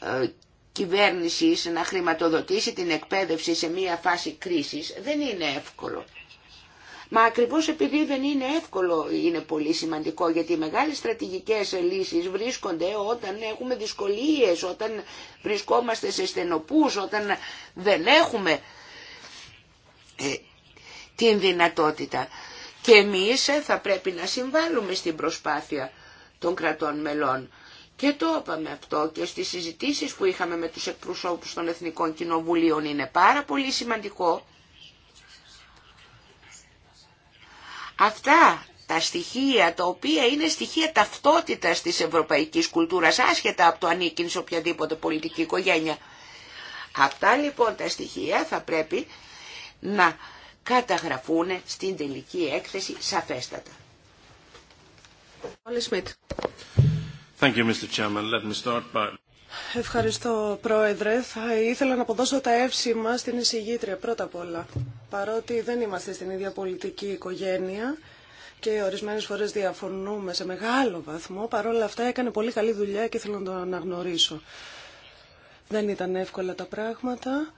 ε, κυβέρνησης να χρηματοδοτήσει την εκπαίδευση σε μία φάση κρίσης δεν είναι εύκολο. Μα ακριβώς επειδή δεν είναι εύκολο είναι πολύ σημαντικό γιατί οι μεγάλες στρατηγικές λύσεις βρίσκονται όταν έχουμε δυσκολίες, όταν βρισκόμαστε σε στενοπούς, όταν δεν έχουμε ε, την δυνατότητα. Και εμείς θα πρέπει να συμβάλλουμε στην προσπάθεια των κρατών μελών. Και το είπαμε αυτό και στις συζητήσεις που είχαμε με τους εκπροσώπους των Εθνικών Κοινοβουλίων είναι πάρα πολύ σημαντικό. Αυτά τα στοιχεία τα οποία είναι στοιχεία ταυτότητας της ευρωπαϊκής κουλτούρας άσχετα από το ανήκειν σε οποιαδήποτε πολιτική οικογένεια. Αυτά λοιπόν τα στοιχεία θα πρέπει να καταγραφούν στην τελική έκθεση σαφέστατα. Ευχαριστώ, Πρόεδρε. Θα ήθελα να αποδώσω τα εύσημα στην εισηγήτρια πρώτα απ' όλα. Παρότι δεν είμαστε στην ίδια πολιτική οικογένεια και ορισμένες φορές διαφωνούμε σε μεγάλο βαθμό, παρόλα αυτά έκανε πολύ καλή δουλειά και θέλω να το αναγνωρίσω. Δεν ήταν εύκολα τα πράγματα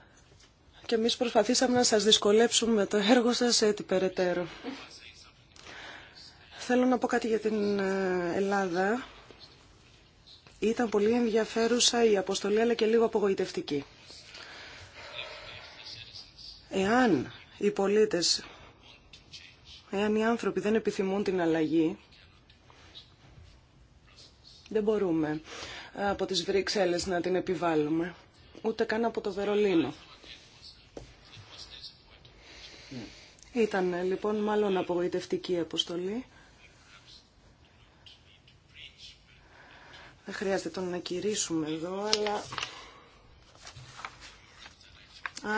και εμείς προσπαθήσαμε να σας δυσκολέψουμε το έργο σας έτσι περαιτέρω. Θέλω να πω κάτι για την ε, Ελλάδα ήταν πολύ ενδιαφέρουσα η αποστολή αλλά και λίγο απογοητευτική. Εάν οι πολίτες, εάν οι άνθρωποι δεν επιθυμούν την αλλαγή, δεν μπορούμε ε, από τις Βρυξέλλες να την επιβάλλουμε, ούτε καν από το Βερολίνο. Ήταν λοιπόν μάλλον απογοητευτική η αποστολή. Δεν χρειάζεται τον να κηρύσουμε εδώ, αλλά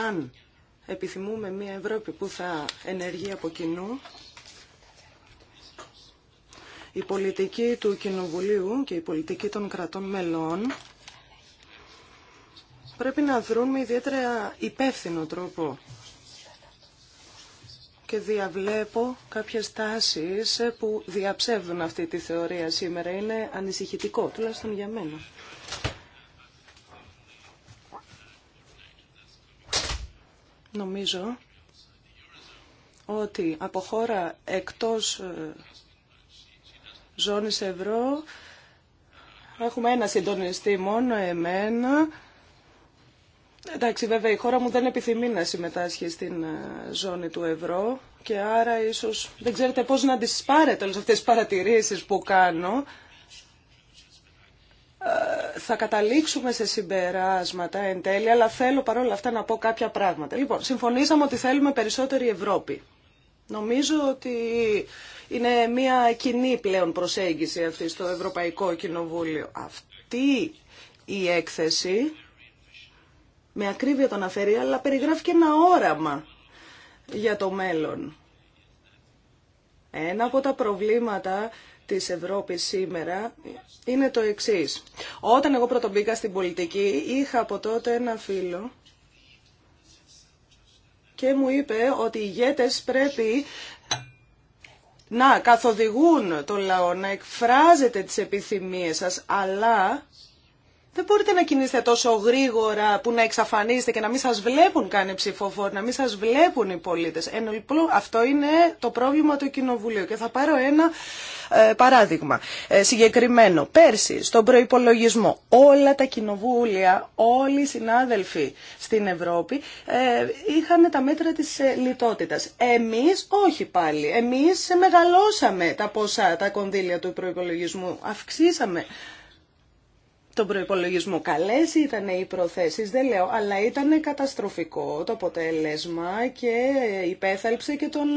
αν επιθυμούμε μια Ευρώπη που θα ενεργεί από κοινού, η πολιτική του Κοινοβουλίου και η πολιτική των κρατών μελών πρέπει να δρουν με ιδιαίτερα υπεύθυνο τρόπο και διαβλέπω κάποιες τάσεις που διαψεύδουν αυτή τη θεωρία σήμερα. Είναι ανησυχητικό, τουλάχιστον για μένα. Νομίζω ότι από χώρα εκτός ε, ζώνης ευρώ έχουμε ένα συντονιστή μόνο εμένα Εντάξει, βέβαια η χώρα μου δεν επιθυμεί να συμμετάσχει στην ε, ζώνη του ευρώ και άρα ίσως δεν ξέρετε πώς να τις όλες αυτές τις παρατηρήσεις που κάνω. Ε, θα καταλήξουμε σε συμπεράσματα εν τέλει, αλλά θέλω παρόλα αυτά να πω κάποια πράγματα. Λοιπόν, συμφωνήσαμε ότι θέλουμε περισσότερη Ευρώπη. Νομίζω ότι είναι μια κοινή πλέον προσέγγιση αυτή στο Ευρωπαϊκό Κοινοβούλιο. Αυτή η έκθεση με ακρίβεια τον αναφέρει, αλλά περιγράφει και ένα όραμα για το μέλλον. Ένα από τα προβλήματα της Ευρώπης σήμερα είναι το εξής. Όταν εγώ πρώτον μπήκα στην πολιτική, είχα από τότε ένα φίλο και μου είπε ότι οι ηγέτες πρέπει να καθοδηγούν το λαό, να εκφράζετε τις επιθυμίες σας, αλλά δεν μπορείτε να κινήσετε τόσο γρήγορα που να εξαφανίσετε και να μην σας βλέπουν καν οι να μην σας βλέπουν οι πολίτες. Ενώ αυτό είναι το πρόβλημα του Κοινοβουλίου και θα πάρω ένα ε, παράδειγμα ε, συγκεκριμένο. Πέρσι, στον προϋπολογισμό, όλα τα κοινοβούλια, όλοι οι συνάδελφοι στην Ευρώπη ε, είχαν τα μέτρα της ε, λιτότητας. Εμείς όχι πάλι. Εμείς μεγαλώσαμε τα ποσά, τα κονδύλια του προϋπολογισμού. Αυξήσαμε τον προπολογισμό. Καλές ήταν οι προθέσεις, δεν λέω, αλλά ήταν καταστροφικό το αποτέλεσμα και υπέθαλψε και τον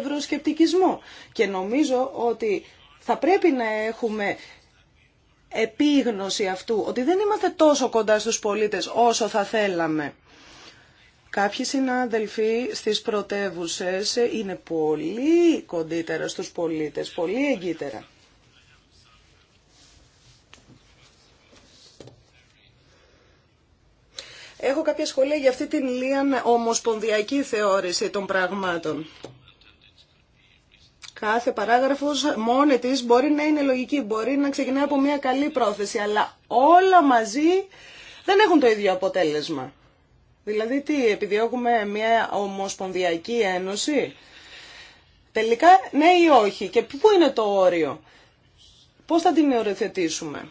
ευρωσκεπτικισμό. Και νομίζω ότι θα πρέπει να έχουμε επίγνωση αυτού, ότι δεν είμαστε τόσο κοντά στους πολίτες όσο θα θέλαμε. Κάποιοι συνάδελφοι στις πρωτεύουσες είναι πολύ κοντύτερα στους πολίτες, πολύ εγκύτερα. Έχω κάποια σχολεία για αυτή την λίαν ομοσπονδιακή θεώρηση των πραγμάτων. Κάθε παράγραφος μόνη της μπορεί να είναι λογική, μπορεί να ξεκινάει από μια καλή πρόθεση, αλλά όλα μαζί δεν έχουν το ίδιο αποτέλεσμα. Δηλαδή τι, επιδιώκουμε μια ομοσπονδιακή ένωση. Τελικά ναι ή όχι. Και πού είναι το όριο. Πώς θα την οριοθετήσουμε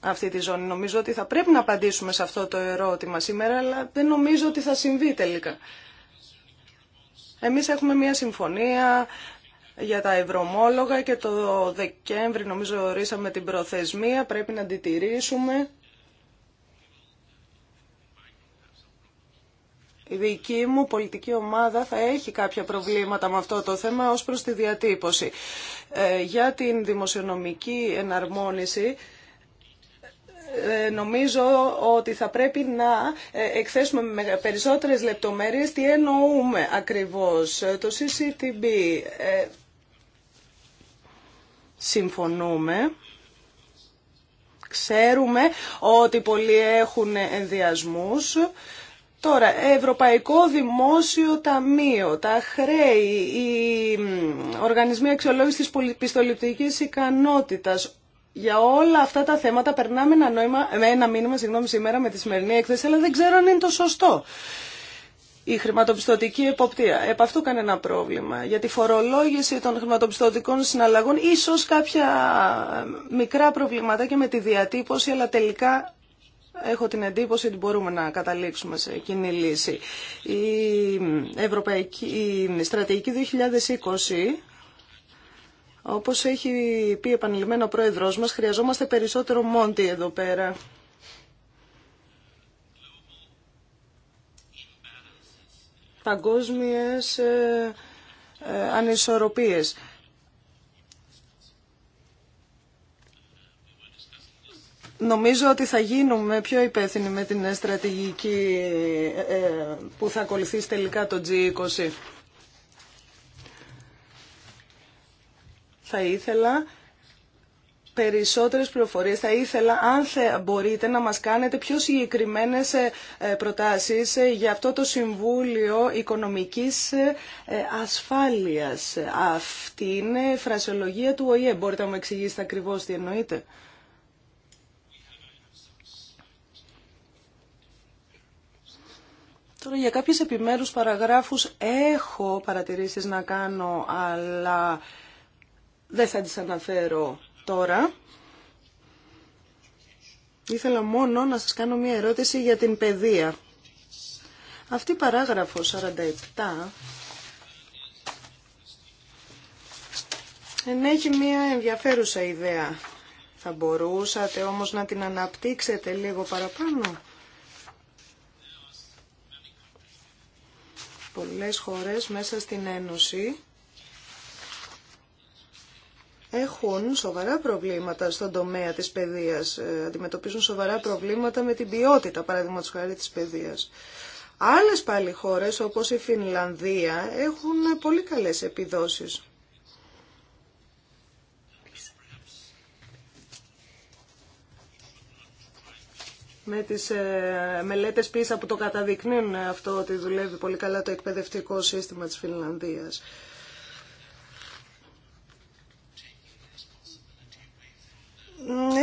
αυτή τη ζώνη. Νομίζω ότι θα πρέπει να απαντήσουμε σε αυτό το ερώτημα σήμερα, αλλά δεν νομίζω ότι θα συμβεί τελικά. Εμείς έχουμε μια συμφωνία για τα ευρωμόλογα και το Δεκέμβρη νομίζω ορίσαμε την προθεσμία, πρέπει να την Η δική μου πολιτική ομάδα θα έχει κάποια προβλήματα με αυτό το θέμα ως προς τη διατύπωση. Ε, για την δημοσιονομική εναρμόνιση, ε, νομίζω ότι θα πρέπει να ε, εκθέσουμε με περισσότερες λεπτομέρειες τι εννοούμε ακριβώς. Το CCTB ε, συμφωνούμε. Ξέρουμε ότι πολλοί έχουν ενδιασμούς. Τώρα, Ευρωπαϊκό Δημόσιο Ταμείο, τα χρέη, οι οργανισμοί αξιολόγηση της πιστοληπτικής ικανότητας, για όλα αυτά τα θέματα περνάμε ένα, νόημα, ένα μήνυμα συγγνώμη, σήμερα με τη σημερινή έκθεση, αλλά δεν ξέρω αν είναι το σωστό. Η χρηματοπιστωτική εποπτεία. Επ' αυτού κανένα πρόβλημα. Για τη φορολόγηση των χρηματοπιστωτικών συναλλαγών, ίσω κάποια μικρά προβλήματα και με τη διατύπωση, αλλά τελικά έχω την εντύπωση ότι μπορούμε να καταλήξουμε σε κοινή λύση. Η, Ευρωπαϊκή, η στρατηγική 2020 όπως έχει πει επανειλημμένο ο πρόεδρός μας, χρειαζόμαστε περισσότερο μόντι εδώ πέρα. Παγκόσμιες ε, ε, ανισορροπίες. Νομίζω ότι θα γίνουμε πιο υπεύθυνοι με την στρατηγική ε, ε, που θα ακολουθήσει τελικά το G20. θα ήθελα περισσότερες πληροφορίες. Θα ήθελα, αν μπορείτε, να μας κάνετε πιο συγκεκριμένες ε, ε, προτάσεις ε, για αυτό το Συμβούλιο Οικονομικής Ασφάλειας. Αυτή είναι η φρασιολογία του ΟΗΕ. Μπορείτε να μου εξηγήσετε ακριβώς τι εννοείτε. Τώρα για κάποιες επιμέρους παραγράφους έχω παρατηρήσεις να κάνω, αλλά δεν θα τις αναφέρω τώρα. Ήθελα μόνο να σας κάνω μια ερώτηση για την παιδεία. Αυτή η παράγραφος 47 ενέχει μια ενδιαφέρουσα ιδέα. Θα μπορούσατε όμως να την αναπτύξετε λίγο παραπάνω. Πολλές χώρες μέσα στην Ένωση έχουν σοβαρά προβλήματα στον τομέα της παιδείας. Ε, αντιμετωπίζουν σοβαρά προβλήματα με την ποιότητα, παραδείγματος χάρη, της παιδείας. Άλλες πάλι χώρες, όπως η Φινλανδία, έχουν πολύ καλές επιδόσεις. με τις ε, μελέτες πίσω που το καταδεικνύουν αυτό ότι δουλεύει πολύ καλά το εκπαιδευτικό σύστημα της Φινλανδίας.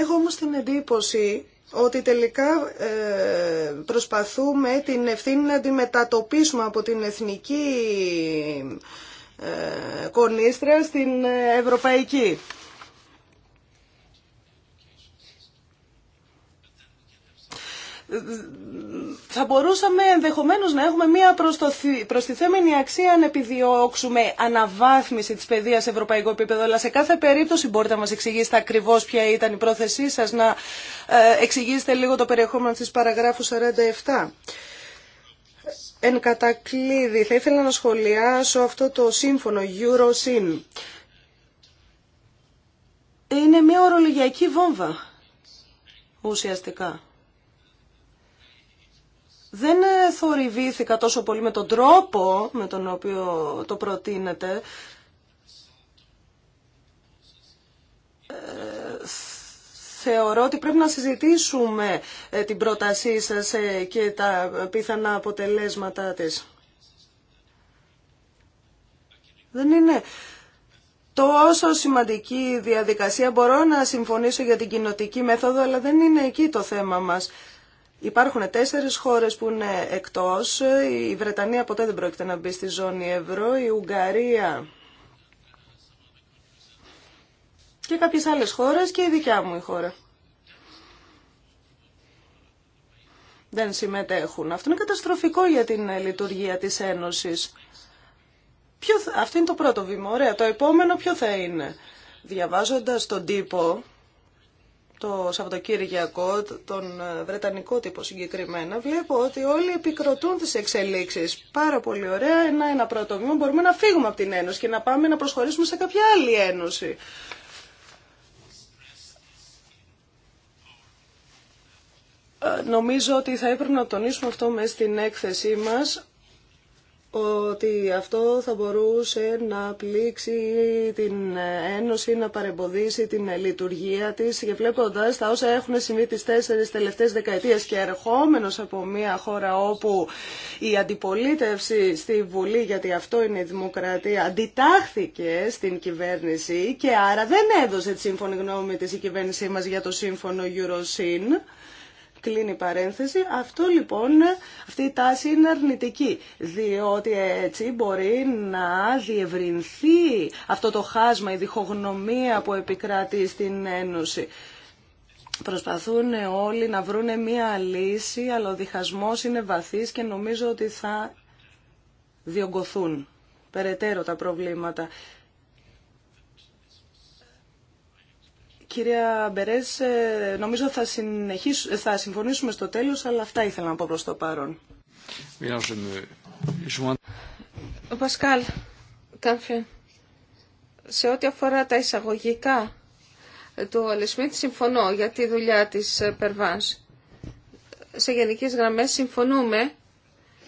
Έχω όμως την εντύπωση ότι τελικά ε, προσπαθούμε την ευθύνη να τη μετατοπίσουμε από την εθνική ε, κονίστρα στην ευρωπαϊκή θα μπορούσαμε ενδεχομένως να έχουμε μία προστιθέμενη αξία αν επιδιώξουμε αναβάθμιση της παιδείας σε ευρωπαϊκό επίπεδο. Αλλά σε κάθε περίπτωση μπορείτε να μας εξηγήσετε ακριβώς ποια ήταν η πρόθεσή σας, να ε, εξηγήσετε λίγο το περιεχόμενο της παραγράφου 47. Εν κατακλείδη, θα ήθελα να σχολιάσω αυτό το σύμφωνο EuroSyn. Είναι μια ορολογιακή βόμβα, ουσιαστικά δεν ε, θορυβήθηκα τόσο πολύ με τον τρόπο με τον οποίο το προτείνετε. Θεωρώ ότι πρέπει να συζητήσουμε ε, την πρότασή σας ε, και τα πιθανά αποτελέσματά της. Δεν είναι τόσο σημαντική διαδικασία. Μπορώ να συμφωνήσω για την κοινοτική μέθοδο, αλλά δεν είναι εκεί το θέμα μας. Υπάρχουν τέσσερις χώρες που είναι εκτός. Η Βρετανία ποτέ δεν πρόκειται να μπει στη ζώνη ευρώ. Η Ουγγαρία και κάποιες άλλες χώρες και η δικιά μου η χώρα. Δεν συμμετέχουν. Αυτό είναι καταστροφικό για την λειτουργία της Ένωσης. Ποιο... Αυτό είναι το πρώτο βήμα. Ωραία. Το επόμενο ποιο θα είναι. Διαβάζοντας τον τύπο το Σαββατοκύριακο, τον ε, Βρετανικό τύπο συγκεκριμένα, βλέπω ότι όλοι επικροτούν τις εξελίξεις. Πάρα πολύ ωραία, ένα, ένα πρώτο βήμα, μπορούμε να φύγουμε από την Ένωση και να πάμε να προσχωρήσουμε σε κάποια άλλη Ένωση. Ε, νομίζω ότι θα έπρεπε να τονίσουμε αυτό μέσα στην έκθεσή μας ότι αυτό θα μπορούσε να πλήξει την Ένωση, να παρεμποδίσει την λειτουργία της και βλέποντας τα όσα έχουν συμβεί τις τέσσερις τελευταίες δεκαετίες και ερχόμενος από μια χώρα όπου η αντιπολίτευση στη Βουλή, γιατί αυτό είναι η δημοκρατία, αντιτάχθηκε στην κυβέρνηση και άρα δεν έδωσε τη σύμφωνη γνώμη της η κυβέρνησή μας για το σύμφωνο Eurosyn. Κλείνει η παρένθεση. Αυτό λοιπόν, αυτή η τάση είναι αρνητική, διότι έτσι μπορεί να διευρυνθεί αυτό το χάσμα, η διχογνωμία που επικράτει στην Ένωση. Προσπαθούν όλοι να βρουν μία λύση, αλλά ο διχασμός είναι βαθύς και νομίζω ότι θα διωγκωθούν περαιτέρω τα προβλήματα. Κυρία Μπερές, ε, νομίζω θα, θα συμφωνήσουμε στο τέλος, αλλά αυτά ήθελα να πω προς το παρόν. Ο Πασκάλ, σε ό,τι αφορά τα εισαγωγικά του Αλεσμίτ, συμφωνώ για τη δουλειά της ε, Περβάνς. Σε γενικές γραμμές συμφωνούμε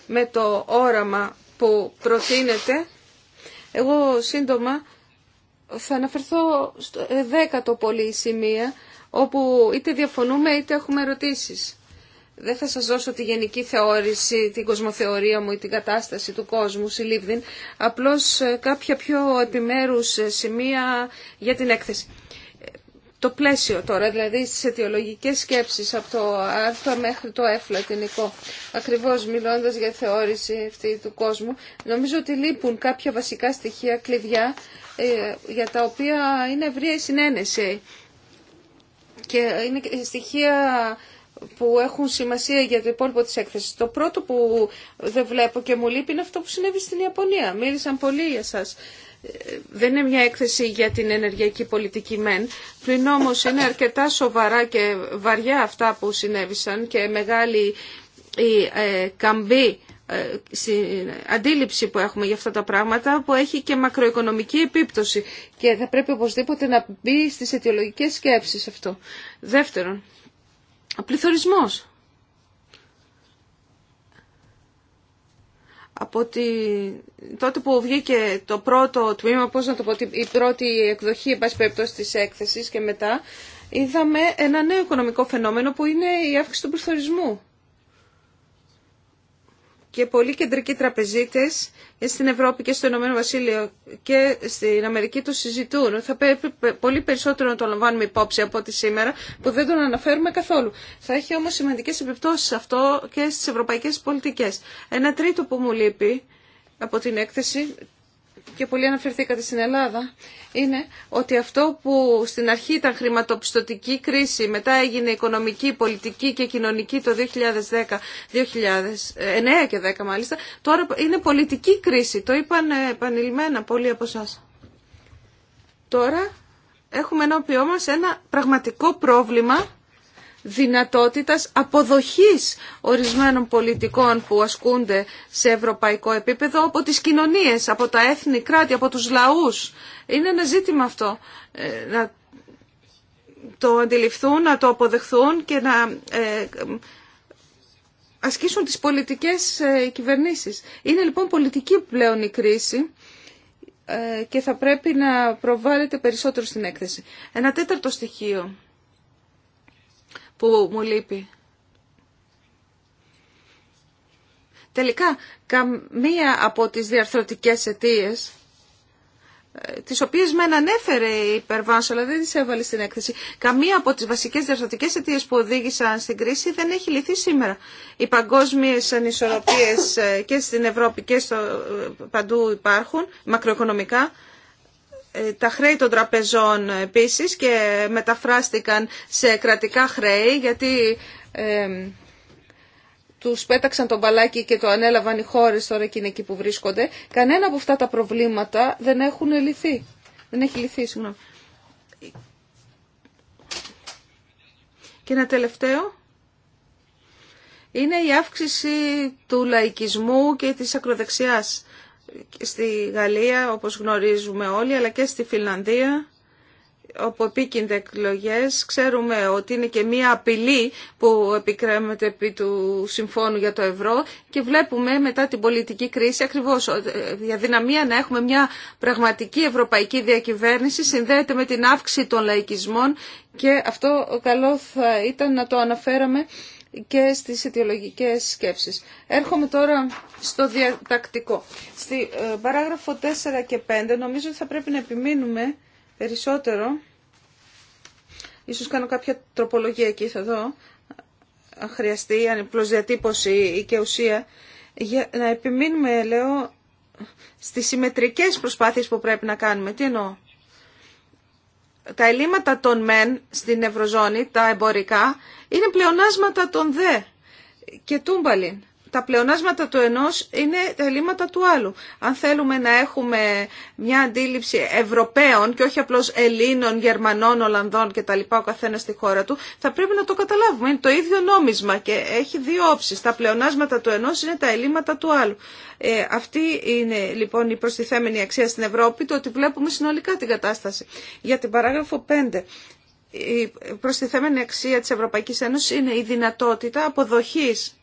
με το όραμα που προτείνεται. Εγώ σύντομα θα αναφερθώ στο δέκατο πολύ σημεία, όπου είτε διαφωνούμε είτε έχουμε ερωτήσεις. Δεν θα σας δώσω τη γενική θεώρηση, την κοσμοθεωρία μου ή την κατάσταση του κόσμου, συλλήβδιν, απλώς ε, κάποια πιο επιμέρους ε, σημεία για την έκθεση το πλαίσιο τώρα, δηλαδή στις αιτιολογικές σκέψεις από το άρθρο μέχρι το εφλατινικό, Ακριβώς μιλώντας για θεώρηση αυτή του κόσμου, νομίζω ότι λείπουν κάποια βασικά στοιχεία, κλειδιά, ε, για τα οποία είναι ευρία η συνένεση. Και είναι στοιχεία που έχουν σημασία για το υπόλοιπο της έκθεσης. Το πρώτο που δεν βλέπω και μου λείπει είναι αυτό που συνέβη στην Ιαπωνία. Μίλησαν πολύ για σας. Δεν είναι μια έκθεση για την ενεργειακή πολιτική μεν, Πριν όμως είναι αρκετά σοβαρά και βαριά αυτά που συνέβησαν και μεγάλη η ε, καμπή ε, στην αντίληψη που έχουμε για αυτά τα πράγματα που έχει και μακροοικονομική επίπτωση και θα πρέπει οπωσδήποτε να μπει στις αιτιολογικές σκέψεις αυτό. Δεύτερον, πληθωρισμός. από τη... τότε που βγήκε το πρώτο τμήμα, πώς να το πω, η πρώτη εκδοχή, εν πάση περιπτώσει, της έκθεσης και μετά, είδαμε ένα νέο οικονομικό φαινόμενο που είναι η αύξηση του πληθωρισμού και πολλοί κεντρικοί τραπεζίτες στην Ευρώπη και στο Ηνωμένο Βασίλειο και στην Αμερική το συζητούν. Θα πρέπει πολύ περισσότερο να το λαμβάνουμε υπόψη από ό,τι σήμερα που δεν τον αναφέρουμε καθόλου. Θα έχει όμως σημαντικές επιπτώσεις αυτό και στις ευρωπαϊκές πολιτικές. Ένα τρίτο που μου λείπει από την έκθεση, και πολύ αναφερθήκατε στην Ελλάδα, είναι ότι αυτό που στην αρχή ήταν χρηματοπιστωτική κρίση, μετά έγινε οικονομική, πολιτική και κοινωνική το 2010, 2009 και 10 μάλιστα, τώρα είναι πολιτική κρίση. Το είπαν ε, επανειλημμένα πολλοί από εσά. Τώρα έχουμε ενώπιό μας ένα πραγματικό πρόβλημα δυνατότητας αποδοχής ορισμένων πολιτικών που ασκούνται σε ευρωπαϊκό επίπεδο από τις κοινωνίες, από τα έθνη κράτη, από τους λαούς. Είναι ένα ζήτημα αυτό ε, να το αντιληφθούν, να το αποδεχθούν και να ε, ασκήσουν τις πολιτικές ε, κυβερνήσεις. Είναι λοιπόν πολιτική πλέον η κρίση και θα πρέπει να προβάλλεται περισσότερο στην έκθεση. Ένα τέταρτο στοιχείο που μου λείπει. Τελικά, καμία από τις διαρθρωτικές αιτίε, ε, τις οποίες με ανέφερε η υπερβάνσα, αλλά δεν τις έβαλε στην έκθεση, καμία από τις βασικές διαρθρωτικές αιτίε που οδήγησαν στην κρίση δεν έχει λυθεί σήμερα. Οι παγκόσμιες ανισορροπίες ε, και στην Ευρώπη και στο ε, παντού υπάρχουν, μακροοικονομικά, ε, τα χρέη των τραπεζών επίσης και μεταφράστηκαν σε κρατικά χρέη γιατί ε, τους πέταξαν τον μπαλάκι και το ανέλαβαν οι χώρες τώρα και είναι εκεί που βρίσκονται. Κανένα από αυτά τα προβλήματα δεν έχουν λυθεί. Δεν έχει λυθεί, συγγνώμη. Και ένα τελευταίο. Είναι η αύξηση του λαϊκισμού και της ακροδεξιάς στη Γαλλία, όπως γνωρίζουμε όλοι, αλλά και στη Φιλανδία, όπου επίκυνται εκλογέ. Ξέρουμε ότι είναι και μία απειλή που επικρέμεται επί του Συμφώνου για το Ευρώ και βλέπουμε μετά την πολιτική κρίση ακριβώς ε, η αδυναμία να έχουμε μια πραγματική ευρωπαϊκή διακυβέρνηση συνδέεται με την αύξηση των λαϊκισμών και αυτό καλό θα ήταν να το αναφέραμε και στις αιτιολογικές σκέψεις. Έρχομαι τώρα στο διατακτικό. Στη ε, παράγραφο 4 και 5 νομίζω ότι θα πρέπει να επιμείνουμε περισσότερο. Ίσως κάνω κάποια τροπολογία εκεί θα δω. Αν χρειαστεί, αν διατύπωση ή και ουσία. Για να επιμείνουμε, λέω, στις συμμετρικές προσπάθειες που πρέπει να κάνουμε. Τι εννοώ τα ελλείμματα των μεν στην Ευρωζώνη, τα εμπορικά, είναι πλεονάσματα των δε και τούμπαλιν τα πλεονάσματα του ενός είναι τα ελλείμματα του άλλου. Αν θέλουμε να έχουμε μια αντίληψη Ευρωπαίων και όχι απλώς Ελλήνων, Γερμανών, Ολλανδών και τα λοιπά ο καθένας στη χώρα του, θα πρέπει να το καταλάβουμε. Είναι το ίδιο νόμισμα και έχει δύο όψεις. Τα πλεονάσματα του ενός είναι τα ελλείμματα του άλλου. Ε, αυτή είναι λοιπόν η προστιθέμενη αξία στην Ευρώπη, το ότι βλέπουμε συνολικά την κατάσταση. Για την παράγραφο 5 η προστιθέμενη αξία της Ευρωπαϊκής Ένωσης είναι η δυνατότητα αποδοχής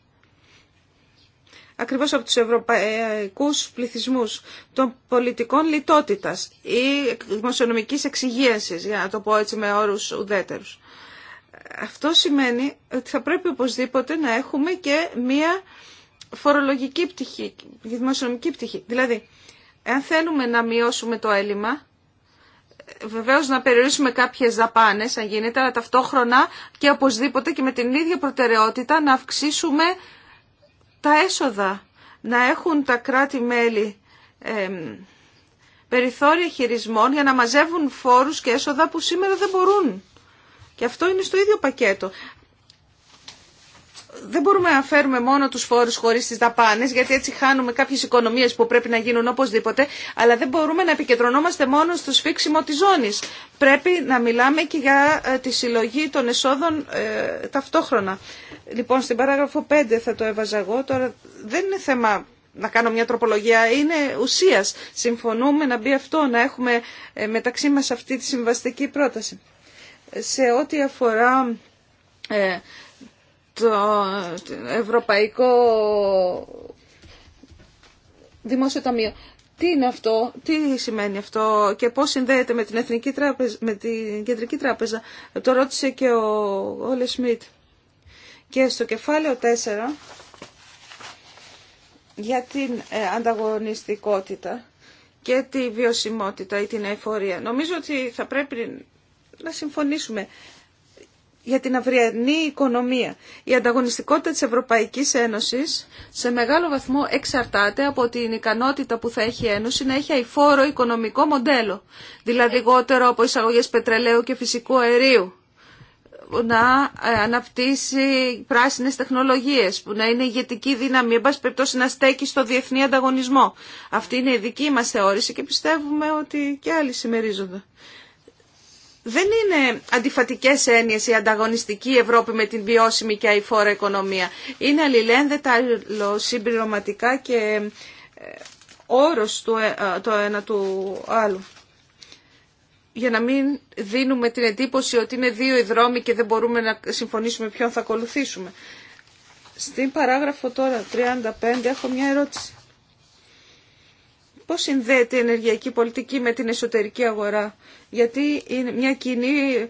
ακριβώς από τους ευρωπαϊκούς πληθυσμούς των πολιτικών λιτότητας ή δημοσιονομικής εξυγίανσης, για να το πω έτσι με όρους ουδέτερους. Αυτό σημαίνει ότι θα πρέπει οπωσδήποτε να έχουμε και μία φορολογική πτυχή, δημοσιονομική πτυχή. Δηλαδή, αν θέλουμε να μειώσουμε το έλλειμμα, Βεβαίω να περιορίσουμε κάποιε δαπάνε, αν γίνεται, αλλά ταυτόχρονα και οπωσδήποτε και με την ίδια προτεραιότητα να αυξήσουμε τα έσοδα να έχουν τα κράτη-μέλη ε, περιθώρια χειρισμών για να μαζεύουν φόρους και έσοδα που σήμερα δεν μπορούν. Και αυτό είναι στο ίδιο πακέτο δεν μπορούμε να φέρουμε μόνο τους φόρους χωρίς τις δαπάνες, γιατί έτσι χάνουμε κάποιες οικονομίες που πρέπει να γίνουν οπωσδήποτε, αλλά δεν μπορούμε να επικεντρωνόμαστε μόνο στο σφίξιμο της ζώνης. Πρέπει να μιλάμε και για ε, τη συλλογή των εσόδων ε, ταυτόχρονα. Λοιπόν, στην παράγραφο 5 θα το έβαζα εγώ. Τώρα δεν είναι θέμα να κάνω μια τροπολογία, είναι ουσίας. Συμφωνούμε να μπει αυτό, να έχουμε ε, μεταξύ μας αυτή τη συμβαστική πρόταση. Ε, σε ό,τι αφορά το Ευρωπαϊκό Δημόσιο Ταμείο. Τι είναι αυτό, τι σημαίνει αυτό και πώς συνδέεται με την, Εθνική Τράπεζα, με την Κεντρική Τράπεζα. Το ρώτησε και ο Όλε Σμιτ. Και στο κεφάλαιο 4 για την ε, ανταγωνιστικότητα και τη βιωσιμότητα ή την εφορία. Νομίζω ότι θα πρέπει να συμφωνήσουμε για την αυριανή οικονομία. Η ανταγωνιστικότητα της Ευρωπαϊκής Ένωσης σε μεγάλο βαθμό εξαρτάται από την ικανότητα που θα έχει η Ένωση να έχει αηφόρο οικονομικό μοντέλο, δηλαδή λιγότερο από εισαγωγές πετρελαίου και φυσικού αερίου να ε, αναπτύσσει πράσινες τεχνολογίες, που να είναι ηγετική δύναμη, εν πάση περιπτώσει να στέκει στο διεθνή ανταγωνισμό. Αυτή είναι η δική μας θεώρηση και πιστεύουμε ότι και άλλοι συμμερίζονται δεν είναι αντιφατικέ έννοιε η ανταγωνιστική Ευρώπη με την βιώσιμη και αηφόρα οικονομία. Είναι αλληλένδετα, συμπληρωματικά και ε, όρος του, ε, το ένα του άλλου. Για να μην δίνουμε την εντύπωση ότι είναι δύο οι δρόμοι και δεν μπορούμε να συμφωνήσουμε ποιον θα ακολουθήσουμε. Στην παράγραφο τώρα 35 έχω μια ερώτηση. Πώς συνδέεται η ενεργειακή πολιτική με την εσωτερική αγορά, γιατί είναι μια κοινή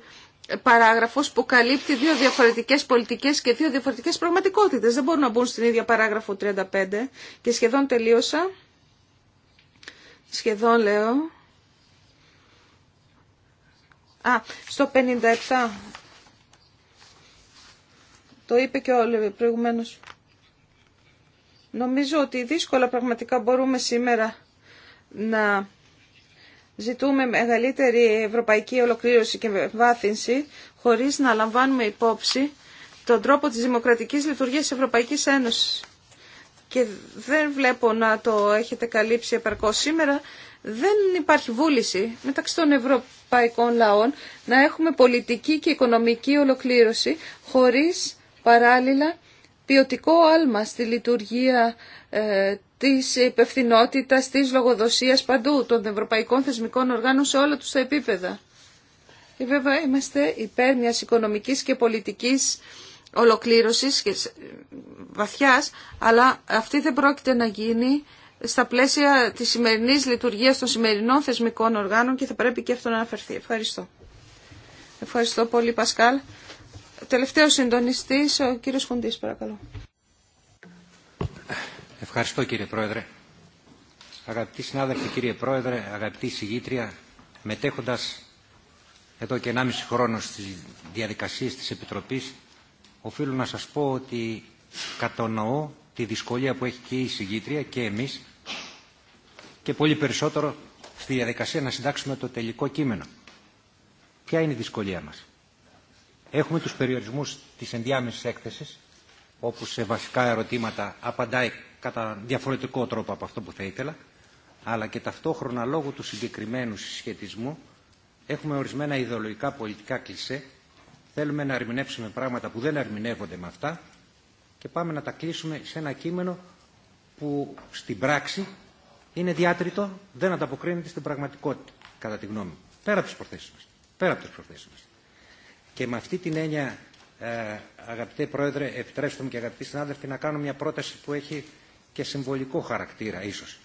παράγραφος που καλύπτει δύο διαφορετικές πολιτικές και δύο διαφορετικές πραγματικότητες. Δεν μπορούν να μπουν στην ίδια παράγραφο 35 και σχεδόν τελείωσα. Σχεδόν λέω. Α, στο 57. Το είπε και όλοι προηγουμένως. Νομίζω ότι δύσκολα πραγματικά μπορούμε σήμερα να ζητούμε μεγαλύτερη ευρωπαϊκή ολοκλήρωση και βάθυνση χωρίς να λαμβάνουμε υπόψη τον τρόπο της δημοκρατικής λειτουργίας της Ευρωπαϊκής Ένωσης. Και δεν βλέπω να το έχετε καλύψει επαρκώς σήμερα. Δεν υπάρχει βούληση μεταξύ των ευρωπαϊκών λαών να έχουμε πολιτική και οικονομική ολοκλήρωση χωρίς παράλληλα ποιοτικό άλμα στη λειτουργία ε, της υπευθυνότητα, της λογοδοσίας παντού, των ευρωπαϊκών θεσμικών οργάνων σε όλα τους τα επίπεδα. Και βέβαια είμαστε υπέρ μιας οικονομικής και πολιτικής ολοκλήρωσης και βαθιάς, αλλά αυτή δεν πρόκειται να γίνει στα πλαίσια της σημερινής λειτουργίας των σημερινών θεσμικών οργάνων και θα πρέπει και αυτό να αναφερθεί. Ευχαριστώ. Ευχαριστώ πολύ Πασκάλ. Τελευταίο συντονιστής, ο κύριος Χουντής παρακαλώ. Ευχαριστώ κύριε Πρόεδρε. Αγαπητοί συνάδελφοι, κύριε Πρόεδρε, αγαπητοί συγγήτρια, μετέχοντας εδώ και 1,5 χρόνο στις διαδικασίες της Επιτροπής, οφείλω να σας πω ότι κατονοώ τη δυσκολία που έχει και η συγγήτρια και εμείς και πολύ περισσότερο στη διαδικασία να συντάξουμε το τελικό κείμενο. Ποια είναι η δυσκολία μας. Έχουμε τους περιορισμούς της ενδιάμεσης έκθεσης, όπου σε βασικά ερωτήματα απαντάει κατά διαφορετικό τρόπο από αυτό που θα ήθελα, αλλά και ταυτόχρονα λόγω του συγκεκριμένου συσχετισμού έχουμε ορισμένα ιδεολογικά πολιτικά κλισέ, θέλουμε να ερμηνεύσουμε πράγματα που δεν ερμηνεύονται με αυτά και πάμε να τα κλείσουμε σε ένα κείμενο που στην πράξη είναι διάτριτο, δεν ανταποκρίνεται στην πραγματικότητα, κατά τη γνώμη μου. Πέρα από τις προθέσεις μας. Πέρα από τις προθέσεις μας. Και με αυτή την έννοια, ε, αγαπητέ Πρόεδρε, επιτρέψτε μου και αγαπητοί συνάδελφοι, να κάνω μια πρόταση που έχει και συμβολικό χαρακτήρα ίσως.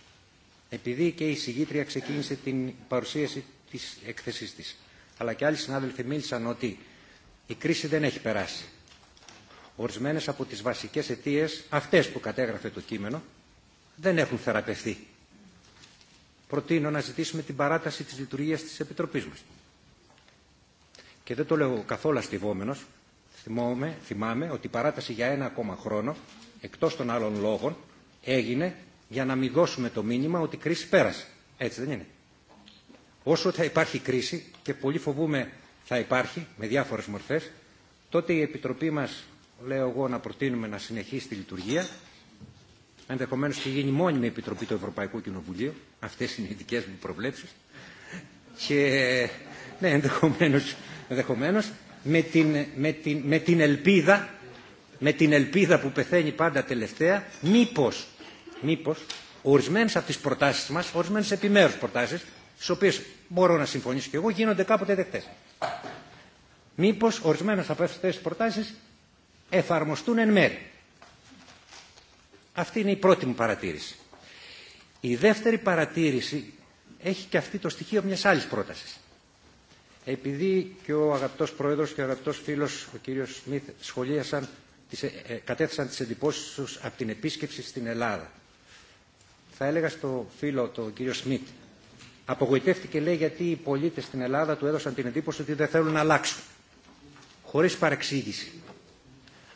Επειδή και η συγγήτρια ξεκίνησε την παρουσίαση της έκθεσής της, αλλά και άλλοι συνάδελφοι μίλησαν ότι η κρίση δεν έχει περάσει. Ορισμένες από τις βασικές αιτίες, αυτές που κατέγραφε το κείμενο, δεν έχουν θεραπευθεί. Προτείνω να ζητήσουμε την παράταση της λειτουργίας της Επιτροπής μας. Και δεν το λέω καθόλου αστιβόμενος. Θυμάμαι, ότι η παράταση για ένα ακόμα χρόνο, εκτός των άλλων λόγων, έγινε για να μην δώσουμε το μήνυμα ότι η κρίση πέρασε. Έτσι δεν είναι. Όσο θα υπάρχει κρίση, και πολύ φοβούμε θα υπάρχει με διάφορες μορφές, τότε η Επιτροπή μας, λέω εγώ, να προτείνουμε να συνεχίσει τη λειτουργία, ενδεχομένως και γίνει μόνιμη Επιτροπή του Ευρωπαϊκού Κοινοβουλίου, αυτές είναι οι δικές μου προβλέψεις, και ναι, ενδεχομένως, με, την, με, την, με την ελπίδα με την ελπίδα που πεθαίνει πάντα τελευταία, μήπως, μήπως ορισμένες από τις προτάσεις μας, ορισμένες επιμέρους προτάσεις, στις οποίες μπορώ να συμφωνήσω και εγώ, γίνονται κάποτε δεκτές. Μήπως ορισμένες από αυτές τις προτάσεις εφαρμοστούν εν μέρη. Αυτή είναι η πρώτη μου παρατήρηση. Η δεύτερη παρατήρηση έχει και αυτή το στοιχείο μιας άλλης πρότασης. Επειδή και ο αγαπητός Πρόεδρος και ο αγαπητός φίλος ο κύριος Σμιθ σχολίασαν ε, ε, κατέθεσαν τις εντυπώσεις τους από την επίσκεψη στην Ελλάδα. Θα έλεγα στο φίλο τον κύριο Σμιτ, απογοητεύτηκε λέει γιατί οι πολίτες στην Ελλάδα του έδωσαν την εντύπωση ότι δεν θέλουν να αλλάξουν, χωρίς παρεξήγηση.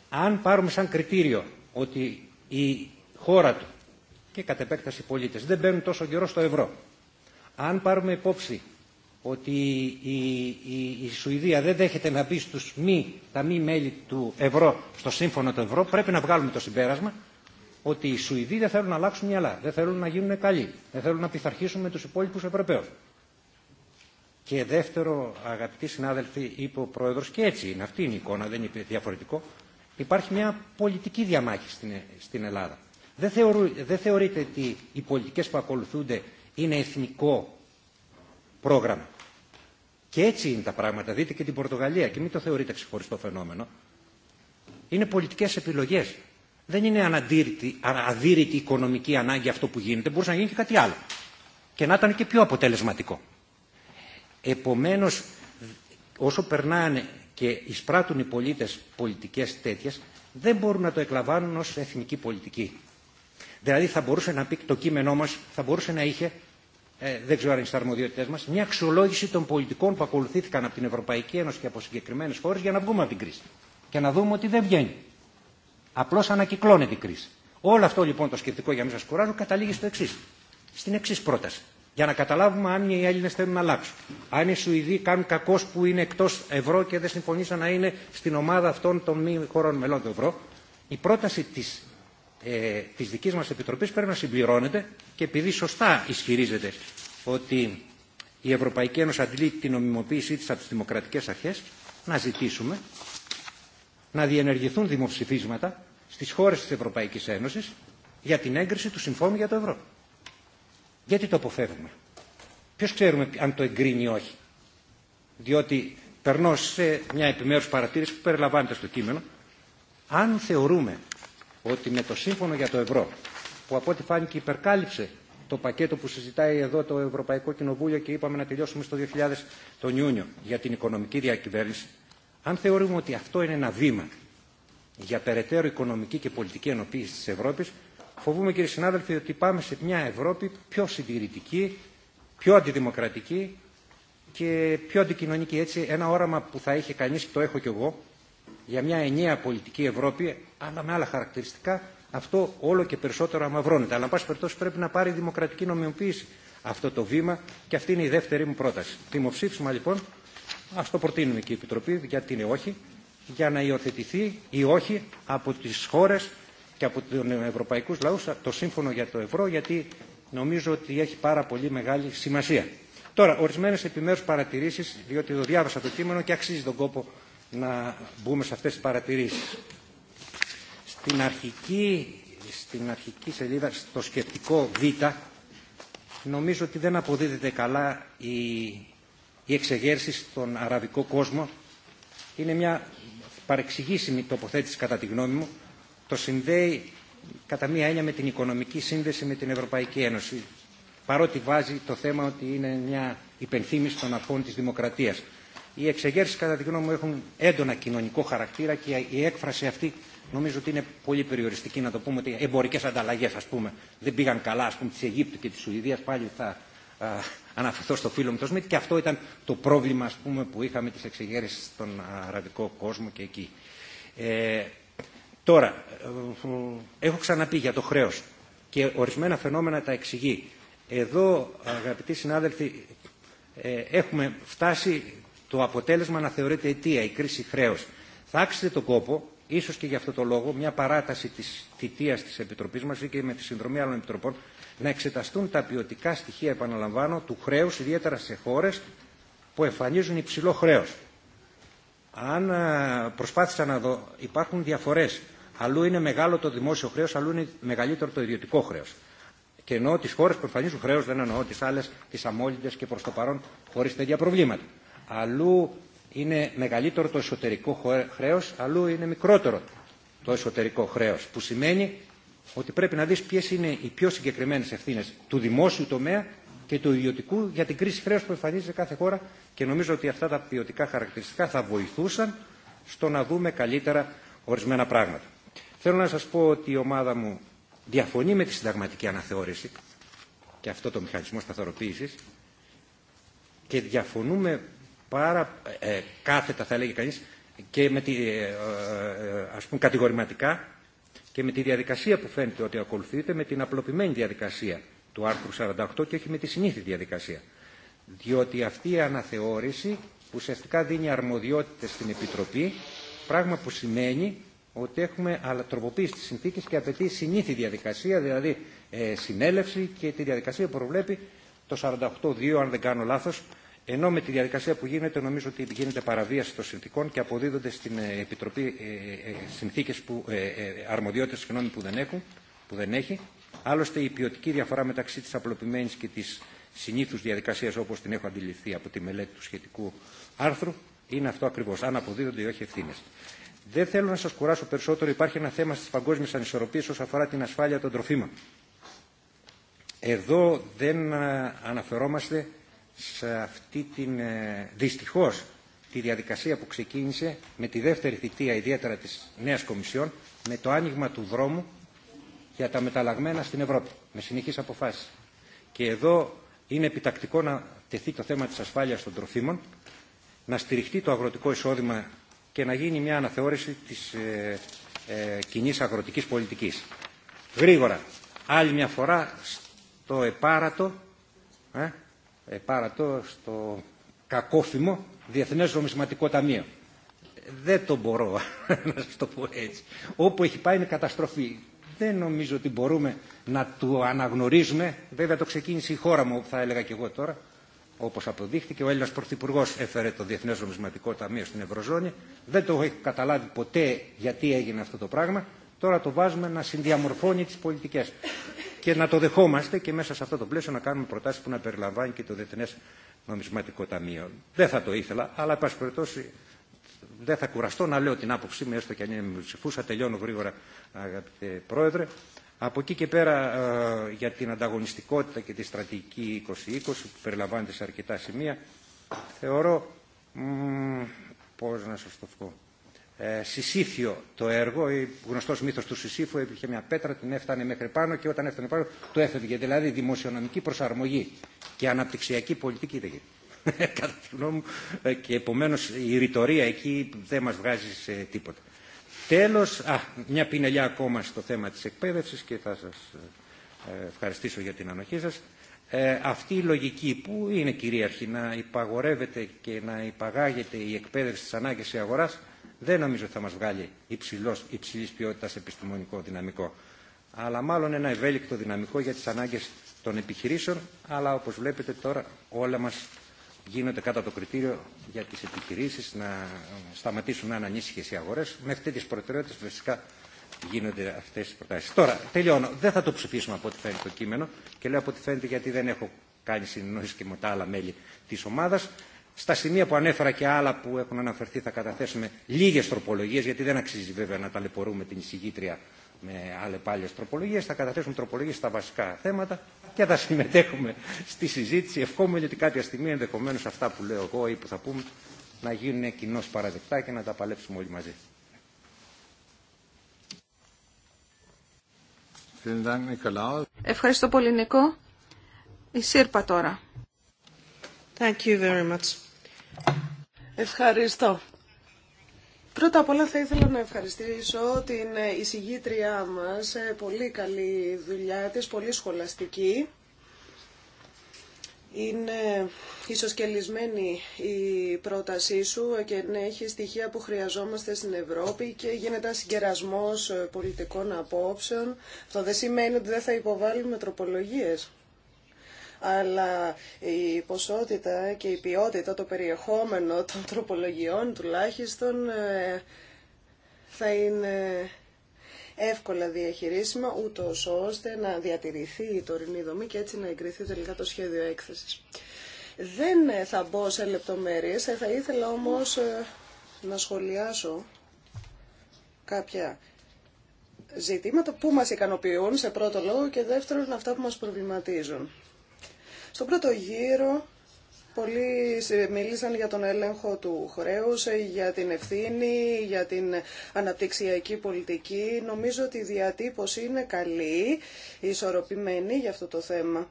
Αν πάρουμε σαν κριτήριο ότι η χώρα του και κατ' επέκταση οι πολίτες δεν μπαίνουν τόσο καιρό στο ευρώ, αν πάρουμε υπόψη ότι η, η, η Σουηδία δεν δέχεται να μπει στους μη, τα μη μέλη του ευρώ στο σύμφωνο του ευρώ, πρέπει να βγάλουμε το συμπέρασμα ότι οι Σουηδοί δεν θέλουν να αλλάξουν μυαλά, δεν θέλουν να γίνουν καλοί, δεν θέλουν να πειθαρχήσουν με τους υπόλοιπους Ευρωπαίους. Και δεύτερο, αγαπητοί συνάδελφοι, είπε ο Πρόεδρος, και έτσι είναι, αυτή είναι η εικόνα, δεν είναι διαφορετικό, υπάρχει μια πολιτική διαμάχη στην, στην Ελλάδα. Δεν, θεωρού, δεν θεωρείται ότι οι πολιτικές που ακολουθούνται είναι εθνικό πρόγραμμα. Και έτσι είναι τα πράγματα. Δείτε και την Πορτογαλία και μην το θεωρείτε ξεχωριστό φαινόμενο. Είναι πολιτικές επιλογές. Δεν είναι αναδύρυτη, αδύρυτη οικονομική ανάγκη αυτό που γίνεται. Μπορούσε να γίνει και κάτι άλλο. Και να ήταν και πιο αποτελεσματικό. Επομένως, όσο περνάνε και εισπράττουν οι πολίτες πολιτικές τέτοιες, δεν μπορούν να το εκλαμβάνουν ως εθνική πολιτική. Δηλαδή θα μπορούσε να πει το κείμενό μας, θα μπορούσε να είχε ε, δεν ξέρω αν είναι στα αρμοδιότητέ μα, μια αξιολόγηση των πολιτικών που ακολουθήθηκαν από την Ευρωπαϊκή Ένωση και από συγκεκριμένε χώρε για να βγούμε από την κρίση. Και να δούμε ότι δεν βγαίνει. Απλώ ανακυκλώνεται η κρίση. Όλο αυτό λοιπόν το σκεπτικό για να μην σα κουράζω καταλήγει στο εξή. Στην εξή πρόταση. Για να καταλάβουμε αν οι Έλληνε θέλουν να αλλάξουν. Αν οι Σουηδοί κάνουν κακό που είναι εκτό ευρώ και δεν συμφωνήσαν να είναι στην ομάδα αυτών των μη χωρών μελών του ευρώ. Η πρόταση τη ε, της δικής μας Επιτροπής πρέπει να συμπληρώνεται και επειδή σωστά ισχυρίζεται ότι η Ευρωπαϊκή Ένωση αντλεί την νομιμοποίησή της από τις δημοκρατικές αρχές, να ζητήσουμε να διενεργηθούν δημοψηφίσματα στις χώρες της Ευρωπαϊκής Ένωσης για την έγκριση του Συμφώνου για το Ευρώ. Γιατί το αποφεύγουμε. Ποιος ξέρουμε αν το εγκρίνει ή όχι. Διότι περνώ σε μια επιμέρους παρατήρηση που περιλαμβάνεται στο κείμενο. Αν θεωρούμε ότι με το σύμφωνο για το ευρώ, που από ό,τι φάνηκε υπερκάλυψε το πακέτο που συζητάει εδώ το Ευρωπαϊκό Κοινοβούλιο και είπαμε να τελειώσουμε στο 2000 τον Ιούνιο για την οικονομική διακυβέρνηση, αν θεωρούμε ότι αυτό είναι ένα βήμα για περαιτέρω οικονομική και πολιτική ενοποίηση της Ευρώπης, φοβούμε κύριοι συνάδελφοι ότι πάμε σε μια Ευρώπη πιο συντηρητική, πιο αντιδημοκρατική και πιο αντικοινωνική. Έτσι ένα όραμα που θα είχε κανείς, το έχω κι εγώ, για μια ενιαία πολιτική Ευρώπη, αλλά με άλλα χαρακτηριστικά, αυτό όλο και περισσότερο αμαυρώνεται. Αλλά, εν πάση περιπτώσει, πρέπει να πάρει δημοκρατική νομιμοποίηση αυτό το βήμα και αυτή είναι η δεύτερη μου πρόταση. Δημοψήφισμα, λοιπόν, α το προτείνουμε και η Επιτροπή, γιατί είναι όχι, για να υιοθετηθεί ή όχι από τι χώρε και από του ευρωπαϊκού λαού το σύμφωνο για το ευρώ, γιατί νομίζω ότι έχει πάρα πολύ μεγάλη σημασία. Τώρα, ορισμένε επιμέρου παρατηρήσει, διότι το διάβασα το κείμενο και αξίζει τον κόπο να μπούμε σε αυτές τις παρατηρήσεις. Στην αρχική, στην αρχική σελίδα, στο σκεπτικό Β, νομίζω ότι δεν αποδίδεται καλά η, η εξεγέρση στον αραβικό κόσμο. Είναι μια παρεξηγήσιμη τοποθέτηση κατά τη γνώμη μου. Το συνδέει κατά μία έννοια με την οικονομική σύνδεση με την Ευρωπαϊκή Ένωση. Παρότι βάζει το θέμα ότι είναι μια υπενθύμηση των αρχών της δημοκρατίας. Οι εξεγέρσεις κατά τη γνώμη μου έχουν έντονα κοινωνικό χαρακτήρα και η έκφραση αυτή νομίζω ότι είναι πολύ περιοριστική να το πούμε ότι εμπορικές ανταλλαγές ας πούμε δεν πήγαν καλά ας πούμε της Αιγύπτου και τη Σουηδίας πάλι θα α, αναφερθώ στο φίλο μου το Σμιτ και αυτό ήταν το πρόβλημα ας πούμε που είχαμε τις εξεγέρσεις στον αραβικό κόσμο και εκεί. Ε, τώρα, ε, έχω ξαναπεί για το χρέος και ορισμένα φαινόμενα τα εξηγεί. Εδώ, αγαπητοί συνάδελφοι, ε, έχουμε φτάσει το αποτέλεσμα να θεωρείται αιτία, η κρίση χρέους. Θα άξιζε τον κόπο, ίσω και για αυτό το λόγο, μια παράταση τη θητείας τη Επιτροπής μα ή και με τη συνδρομή άλλων επιτροπών, να εξεταστούν τα ποιοτικά στοιχεία, επαναλαμβάνω, του χρέου, ιδιαίτερα σε χώρε που εμφανίζουν υψηλό χρέο. Αν προσπάθησα να δω, υπάρχουν διαφορέ. Αλλού είναι μεγάλο το δημόσιο χρέο, αλλού είναι μεγαλύτερο το ιδιωτικό χρέο. Και εννοώ τι χώρε που εμφανίζουν χρέο, δεν εννοώ τι άλλε, τι αμόλυντε και προ το παρόν χωρί τέτοια προβλήματα αλλού είναι μεγαλύτερο το εσωτερικό χρέος, αλλού είναι μικρότερο το εσωτερικό χρέος, που σημαίνει ότι πρέπει να δεις ποιες είναι οι πιο συγκεκριμένες ευθύνες του δημόσιου τομέα και του ιδιωτικού για την κρίση χρέους που εμφανίζεται κάθε χώρα και νομίζω ότι αυτά τα ποιοτικά χαρακτηριστικά θα βοηθούσαν στο να δούμε καλύτερα ορισμένα πράγματα. Θέλω να σας πω ότι η ομάδα μου διαφωνεί με τη συνταγματική αναθεώρηση και αυτό το μηχανισμό σταθεροποίησης και διαφωνούμε πάρα ε, κάθετα θα έλεγε κανείς και με τη, ε, ε πούμε κατηγορηματικά και με τη διαδικασία που φαίνεται ότι ακολουθείται με την απλοποιημένη διαδικασία του άρθρου 48 και όχι με τη συνήθη διαδικασία. Διότι αυτή η αναθεώρηση ουσιαστικά δίνει αρμοδιότητες στην Επιτροπή, πράγμα που σημαίνει ότι έχουμε τροποποίηση τις συνθήκης και απαιτεί συνήθη διαδικασία, δηλαδή ε, συνέλευση και τη διαδικασία που προβλέπει το 48-2 αν δεν κάνω λάθος, ενώ με τη διαδικασία που γίνεται, νομίζω ότι γίνεται παραβίαση των συνθήκων και αποδίδονται στην ε, Επιτροπή ε, ε, συνθήκες που, αρμοδιότητες συγγνώμη, που, δεν έχουν, που δεν έχει. Άλλωστε, η ποιοτική διαφορά μεταξύ τη απλοποιημένη και τη συνήθους διαδικασία όπω την έχω αντιληφθεί από τη μελέτη του σχετικού άρθρου, είναι αυτό ακριβώ, αν αποδίδονται ή όχι ευθύνε. Δεν θέλω να σα κουράσω περισσότερο, υπάρχει ένα θέμα στι παγκόσμιε ανισορροπίε όσον αφορά την ασφάλεια των τροφίμων. Εδώ δεν αναφερόμαστε σε αυτή την, ε, δυστυχώς, τη διαδικασία που ξεκίνησε με τη δεύτερη θητεία ιδιαίτερα της νέας Κομισιόν με το άνοιγμα του δρόμου για τα μεταλλαγμένα στην Ευρώπη, με συνεχείς αποφάσεις. Και εδώ είναι επιτακτικό να τεθεί το θέμα της ασφάλειας των τροφίμων, να στηριχτεί το αγροτικό εισόδημα και να γίνει μια αναθεώρηση της ε, ε κοινή αγροτικής πολιτικής. Γρήγορα, άλλη μια φορά στο επάρατο, ε, ε, το στο κακόφημο Διεθνές Ρομισματικό Ταμείο. Δεν το μπορώ να σας το πω έτσι. Όπου έχει πάει είναι καταστροφή. Δεν νομίζω ότι μπορούμε να το αναγνωρίζουμε. Βέβαια το ξεκίνησε η χώρα μου, θα έλεγα και εγώ τώρα, όπως αποδείχθηκε. Ο Έλληνας Πρωθυπουργό έφερε το Διεθνές Νομισματικό Ταμείο στην Ευρωζώνη. Δεν το έχω καταλάβει ποτέ γιατί έγινε αυτό το πράγμα. Τώρα το βάζουμε να συνδιαμορφώνει τι πολιτικέ. Και να το δεχόμαστε και μέσα σε αυτό το πλαίσιο να κάνουμε προτάσει που να περιλαμβάνει και το Διεθνέ Νομισματικό Ταμείο. Δεν θα το ήθελα, αλλά εν περιπτώσει δεν θα κουραστώ να λέω την άποψή μου, έστω και αν είναι ψηφούσα, Τελειώνω γρήγορα, αγαπητέ Πρόεδρε. Από εκεί και πέρα ε, για την ανταγωνιστικότητα και τη στρατηγική 2020 που περιλαμβάνεται σε αρκετά σημεία, θεωρώ. Μ, πώς να σας το πω. Ε, Συσίφιο το έργο, ο γνωστό μύθο του Συσίφου, υπήρχε μια πέτρα, την έφτανε μέχρι πάνω και όταν έφτανε πάνω το έφευγε. Δηλαδή δημοσιονομική προσαρμογή και αναπτυξιακή πολιτική δεν Κατά τη γνώμη μου ε, και επομένω η ρητορία εκεί δεν μα βγάζει σε τίποτα. Τέλο, μια πινελιά ακόμα στο θέμα τη εκπαίδευση και θα σα ε, ευχαριστήσω για την ανοχή σα. αυτή η λογική που είναι κυρίαρχη να υπαγορεύεται και να υπαγάγεται η εκπαίδευση τη ανάγκη αγορά δεν νομίζω θα μας βγάλει υψηλός, υψηλής ποιότητας επιστημονικό δυναμικό, αλλά μάλλον ένα ευέλικτο δυναμικό για τις ανάγκες των επιχειρήσεων, αλλά όπως βλέπετε τώρα όλα μας γίνονται κατά το κριτήριο για τις επιχειρήσεις να σταματήσουν να είναι ανήσυχες οι αγορές. Με αυτές τις προτεραιότητες φυσικά γίνονται αυτές οι προτάσεις. Τώρα, τελειώνω. Δεν θα το ψηφίσουμε από ό,τι φαίνεται το κείμενο και λέω από ό,τι φαίνεται γιατί δεν έχω κάνει συνεννόηση και με τα άλλα μέλη τη ομάδας. Στα σημεία που ανέφερα και άλλα που έχουν αναφερθεί θα καταθέσουμε λίγες τροπολογίες, γιατί δεν αξίζει βέβαια να ταλαιπωρούμε την εισηγήτρια με άλλες τροπολογίες. Θα καταθέσουμε τροπολογίες στα βασικά θέματα και θα συμμετέχουμε στη συζήτηση. Ευχόμαι ότι κάποια στιγμή ενδεχομένω αυτά που λέω εγώ ή που θα πούμε να γίνουν κοινώ παραδεκτά και να τα παλέψουμε όλοι μαζί. Ευχαριστώ πολύ, Νικό. Η ΣΥΡΠΑ τώρα. Thank you very much. Ευχαριστώ. Πρώτα απ' όλα θα ήθελα να ευχαριστήσω την εισηγήτριά μας, ε, πολύ καλή δουλειά της, πολύ σχολαστική. Είναι ισοσκελισμένη η πρότασή σου και ναι, έχει στοιχεία που χρειαζόμαστε στην Ευρώπη και γίνεται συγκερασμός πολιτικών απόψεων. Αυτό δεν σημαίνει ότι δεν θα υποβάλουμε τροπολογίες αλλά η ποσότητα και η ποιότητα, το περιεχόμενο των τροπολογιών τουλάχιστον ε, θα είναι εύκολα διαχειρίσιμα, ούτω ώστε να διατηρηθεί η τωρινή δομή και έτσι να εγκριθεί τελικά το σχέδιο έκθεσης. Δεν ε, θα μπω σε λεπτομέρειες, ε, θα ήθελα όμως να σχολιάσω κάποια ζητήματα που μας ικανοποιούν σε πρώτο λόγο και δεύτερον αυτά που μας προβληματίζουν. Στον πρώτο γύρο Πολλοί μίλησαν για τον έλεγχο του χρέους, ε, για την ευθύνη, για την αναπτυξιακή πολιτική. Νομίζω ότι η διατύπωση είναι καλή, ισορροπημένη για αυτό το θέμα.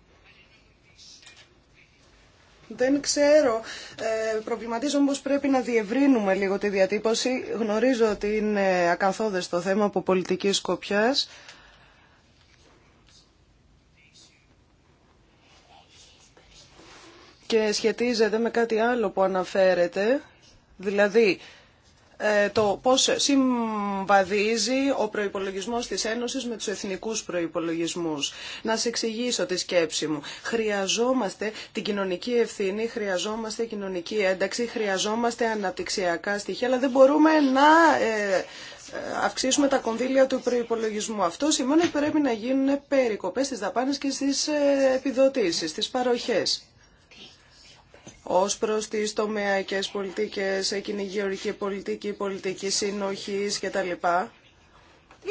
Δεν ξέρω, ε, προβληματίζομαι πως πρέπει να διευρύνουμε λίγο τη διατύπωση. Γνωρίζω ότι είναι ακαθόδες το θέμα από πολιτική σκοπιάς. και σχετίζεται με κάτι άλλο που αναφέρεται, δηλαδή ε, το πώς συμβαδίζει ο προϋπολογισμός της Ένωσης με τους εθνικούς προϋπολογισμούς. Να σε εξηγήσω τη σκέψη μου. Χρειαζόμαστε την κοινωνική ευθύνη, χρειαζόμαστε κοινωνική ένταξη, χρειαζόμαστε αναπτυξιακά στοιχεία, αλλά δεν μπορούμε να ε, ε, αυξήσουμε τα κονδύλια του προϋπολογισμού. Αυτό σημαίνει ότι πρέπει να γίνουν περικοπές στις δαπάνες και στις επιδοτήσεις, στις παροχέ ως προς τις τομεακές πολιτικές, κυνηγιορική πολιτική, πολιτική συνοχής κτλ.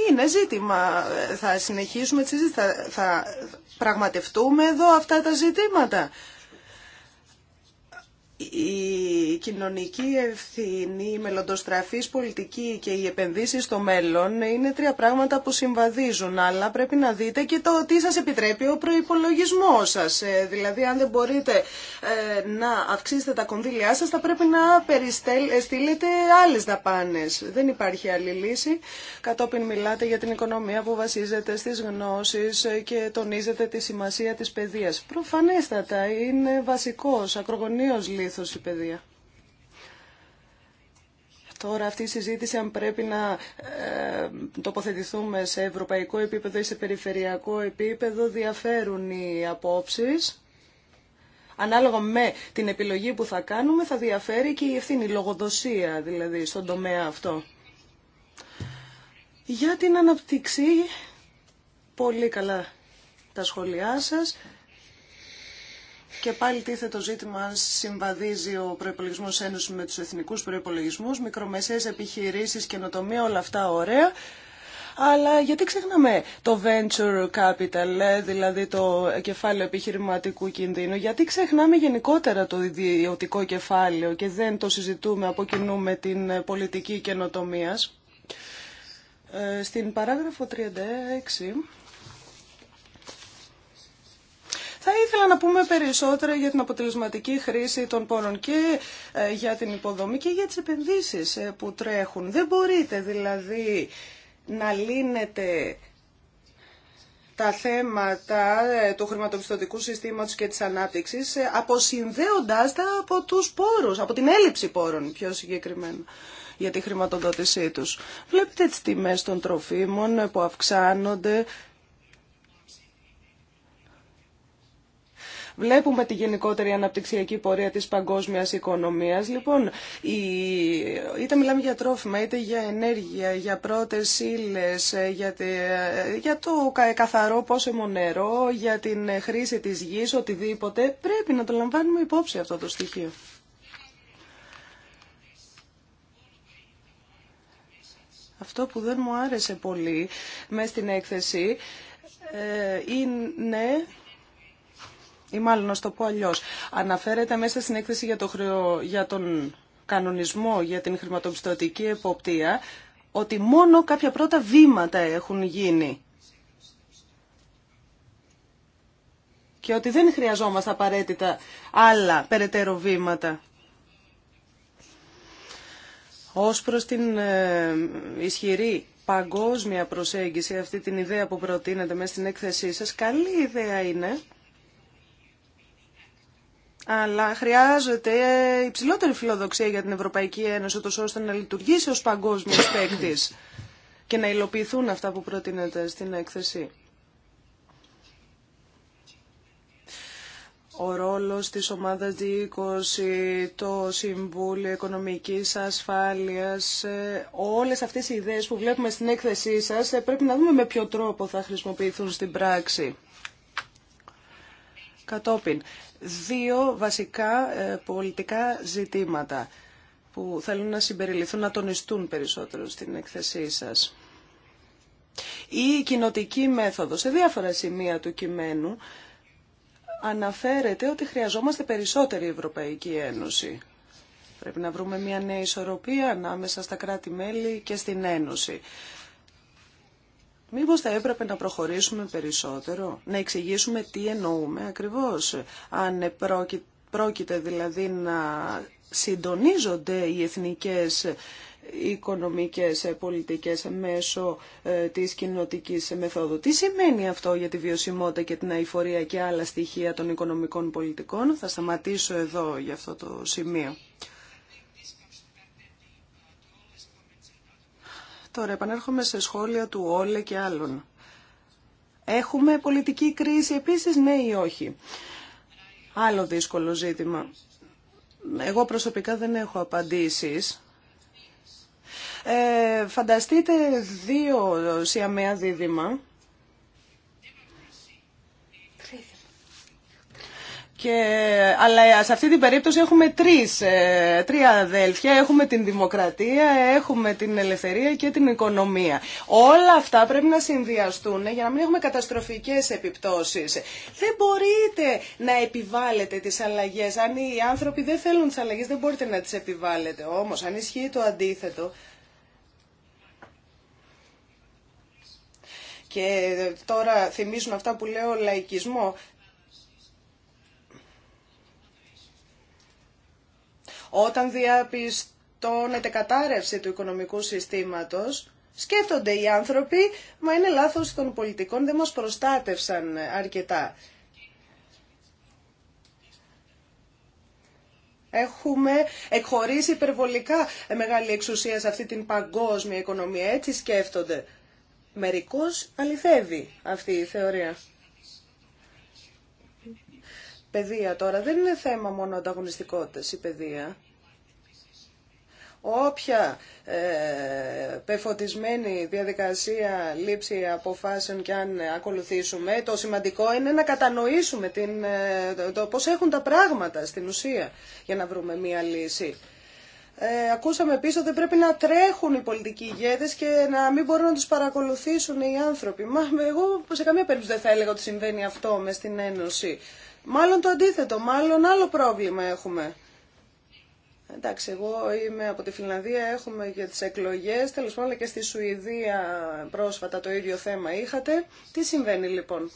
Είναι ζήτημα. Θα συνεχίσουμε τη Θα, θα πραγματευτούμε εδώ αυτά τα ζητήματα η κοινωνική ευθύνη, η μελλοντοστραφή πολιτική και οι επενδύσει στο μέλλον είναι τρία πράγματα που συμβαδίζουν, αλλά πρέπει να δείτε και το τι σα επιτρέπει ο προϋπολογισμός σας. Ε, δηλαδή, αν δεν μπορείτε ε, να αυξήσετε τα κονδύλια σα, θα πρέπει να ε, στείλετε άλλε δαπάνε. Δεν υπάρχει άλλη λύση. Κατόπιν μιλάτε για την οικονομία που βασίζεται στι γνώσεις και τονίζετε τη σημασία της παιδείας. Προφανέστατα, είναι βασικός, ακρογωνίω λύθο η Τώρα αυτή η συζήτηση αν πρέπει να ε, τοποθετηθούμε σε ευρωπαϊκό επίπεδο ή σε περιφερειακό επίπεδο διαφέρουν οι απόψεις. Ανάλογα με την επιλογή που θα κάνουμε θα διαφέρει και η ευθύνη, η λογοδοσία δηλαδή στον τομέα αυτό. Για την αναπτύξη, πολύ καλά τα σχόλιά σας. Και πάλι τίθεται το ζήτημα αν συμβαδίζει ο προπολογισμό Ένωση με του εθνικού προπολογισμού, μικρομεσαίε επιχειρήσει, καινοτομία, όλα αυτά ωραία. Αλλά γιατί ξεχνάμε το venture capital, ε, δηλαδή το κεφάλαιο επιχειρηματικού κινδύνου, γιατί ξεχνάμε γενικότερα το ιδιωτικό κεφάλαιο και δεν το συζητούμε από κοινού με την πολιτική καινοτομία. Ε, στην παράγραφο 36 θα ήθελα να πούμε περισσότερα για την αποτελεσματική χρήση των πόρων και ε, για την υποδομή και για τις επενδύσεις ε, που τρέχουν. Δεν μπορείτε δηλαδή να λύνετε τα θέματα ε, του χρηματοπιστωτικού συστήματος και της ανάπτυξης αποσυνδέοντάς τα από τους πόρους, από την έλλειψη πόρων πιο συγκεκριμένα για τη χρηματοδότησή τους. Βλέπετε τις τιμές των τροφίμων που αυξάνονται Βλέπουμε τη γενικότερη αναπτυξιακή πορεία της παγκόσμιας οικονομίας. Λοιπόν, η... είτε μιλάμε για τρόφιμα, είτε για ενέργεια, για πρώτες ύλες, ε, για, ε, για το καθαρό πόσιμο νερό, για την χρήση της γης, οτιδήποτε, πρέπει να το λαμβάνουμε υπόψη αυτό το στοιχείο. Αυτό που δεν μου άρεσε πολύ μέσα στην έκθεση ε, είναι ή μάλλον να το πω αλλιώ. αναφέρεται μέσα στην έκθεση για, για τον κανονισμό για την χρηματοπιστωτική εποπτεία ότι μόνο κάποια πρώτα βήματα έχουν γίνει και ότι δεν χρειαζόμαστε απαραίτητα άλλα περαιτέρω βήματα. Ως προς την ε, ισχυρή παγκόσμια προσέγγιση, αυτή την ιδέα που προτείνετε μέσα στην έκθεσή σας, καλή ιδέα είναι αλλά χρειάζεται υψηλότερη φιλοδοξία για την Ευρωπαϊκή Ένωση, ώστε να λειτουργήσει ως παγκόσμιος παίκτη και να υλοποιηθούν αυτά που προτείνεται στην έκθεση. Ο ρόλος της ομάδας G20, το Συμβούλιο Οικονομικής Ασφάλειας, ε, όλες αυτές οι ιδέες που βλέπουμε στην έκθεσή σας, ε, πρέπει να δούμε με ποιο τρόπο θα χρησιμοποιηθούν στην πράξη. Κατόπιν, δύο βασικά ε, πολιτικά ζητήματα που θέλουν να συμπεριληφθούν, να τονιστούν περισσότερο στην εκθεσή σας. Η κοινοτική μέθοδος σε διάφορα σημεία του κειμένου αναφέρεται ότι χρειαζόμαστε περισσότερη Ευρωπαϊκή Ένωση. Πρέπει να βρούμε μια νέα ισορροπία ανάμεσα στα κράτη-μέλη και στην Ένωση. Μήπως θα έπρεπε να προχωρήσουμε περισσότερο, να εξηγήσουμε τι εννοούμε ακριβώς, αν πρόκειται δηλαδή να συντονίζονται οι εθνικές οικονομικές πολιτικές μέσω ε, της κοινοτικής μεθόδου. Τι σημαίνει αυτό για τη βιωσιμότητα και την αηφορία και άλλα στοιχεία των οικονομικών πολιτικών. Θα σταματήσω εδώ για αυτό το σημείο. Τώρα επανέρχομαι σε σχόλια του Όλε και άλλων. Έχουμε πολιτική κρίση επίσης, ναι ή όχι. Άλλο δύσκολο ζήτημα. Εγώ προσωπικά δεν έχω απαντήσεις. Ε, φανταστείτε δύο σιαμαία δίδυμα αλλά ε, σε αυτή την περίπτωση έχουμε τρεις, ε, τρία αδέλφια. Έχουμε την δημοκρατία, έχουμε την ελευθερία και την οικονομία. Όλα αυτά πρέπει να συνδυαστούν για να μην έχουμε καταστροφικές επιπτώσεις. Δεν μπορείτε να επιβάλλετε τις αλλαγές. Αν οι άνθρωποι δεν θέλουν τις αλλαγές δεν μπορείτε να τις επιβάλλετε. Όμως αν ισχύει το αντίθετο... Και τώρα θυμίζουν αυτά που λέω λαϊκισμό. Όταν διαπιστώνεται κατάρρευση του οικονομικού συστήματος, σκέφτονται οι άνθρωποι, μα είναι λάθος των πολιτικών, δεν μας προστάτευσαν αρκετά. Έχουμε εκχωρήσει υπερβολικά μεγάλη εξουσία σε αυτή την παγκόσμια οικονομία. Έτσι σκέφτονται. Μερικώς αληθεύει αυτή η θεωρία. Παιδεία τώρα δεν είναι θέμα μόνο ανταγωνιστικότητας η παιδεία. Όποια ε, πεφωτισμένη διαδικασία λήψη αποφάσεων και αν ακολουθήσουμε, το σημαντικό είναι να κατανοήσουμε την, ε, το, πώς έχουν τα πράγματα στην ουσία για να βρούμε μία λύση. Ε, ακούσαμε επίσης ότι πρέπει να τρέχουν οι πολιτικοί ηγέτες και να μην μπορούν να τους παρακολουθήσουν οι άνθρωποι. Μα εγώ σε καμία περίπτωση δεν θα έλεγα ότι συμβαίνει αυτό με στην Ένωση. Μάλλον το αντίθετο, μάλλον άλλο πρόβλημα έχουμε. Εντάξει, εγώ είμαι από τη Φιλανδία, έχουμε και τις εκλογές, τέλος πάντων και στη Σουηδία πρόσφατα το ίδιο θέμα είχατε. Τι συμβαίνει λοιπόν.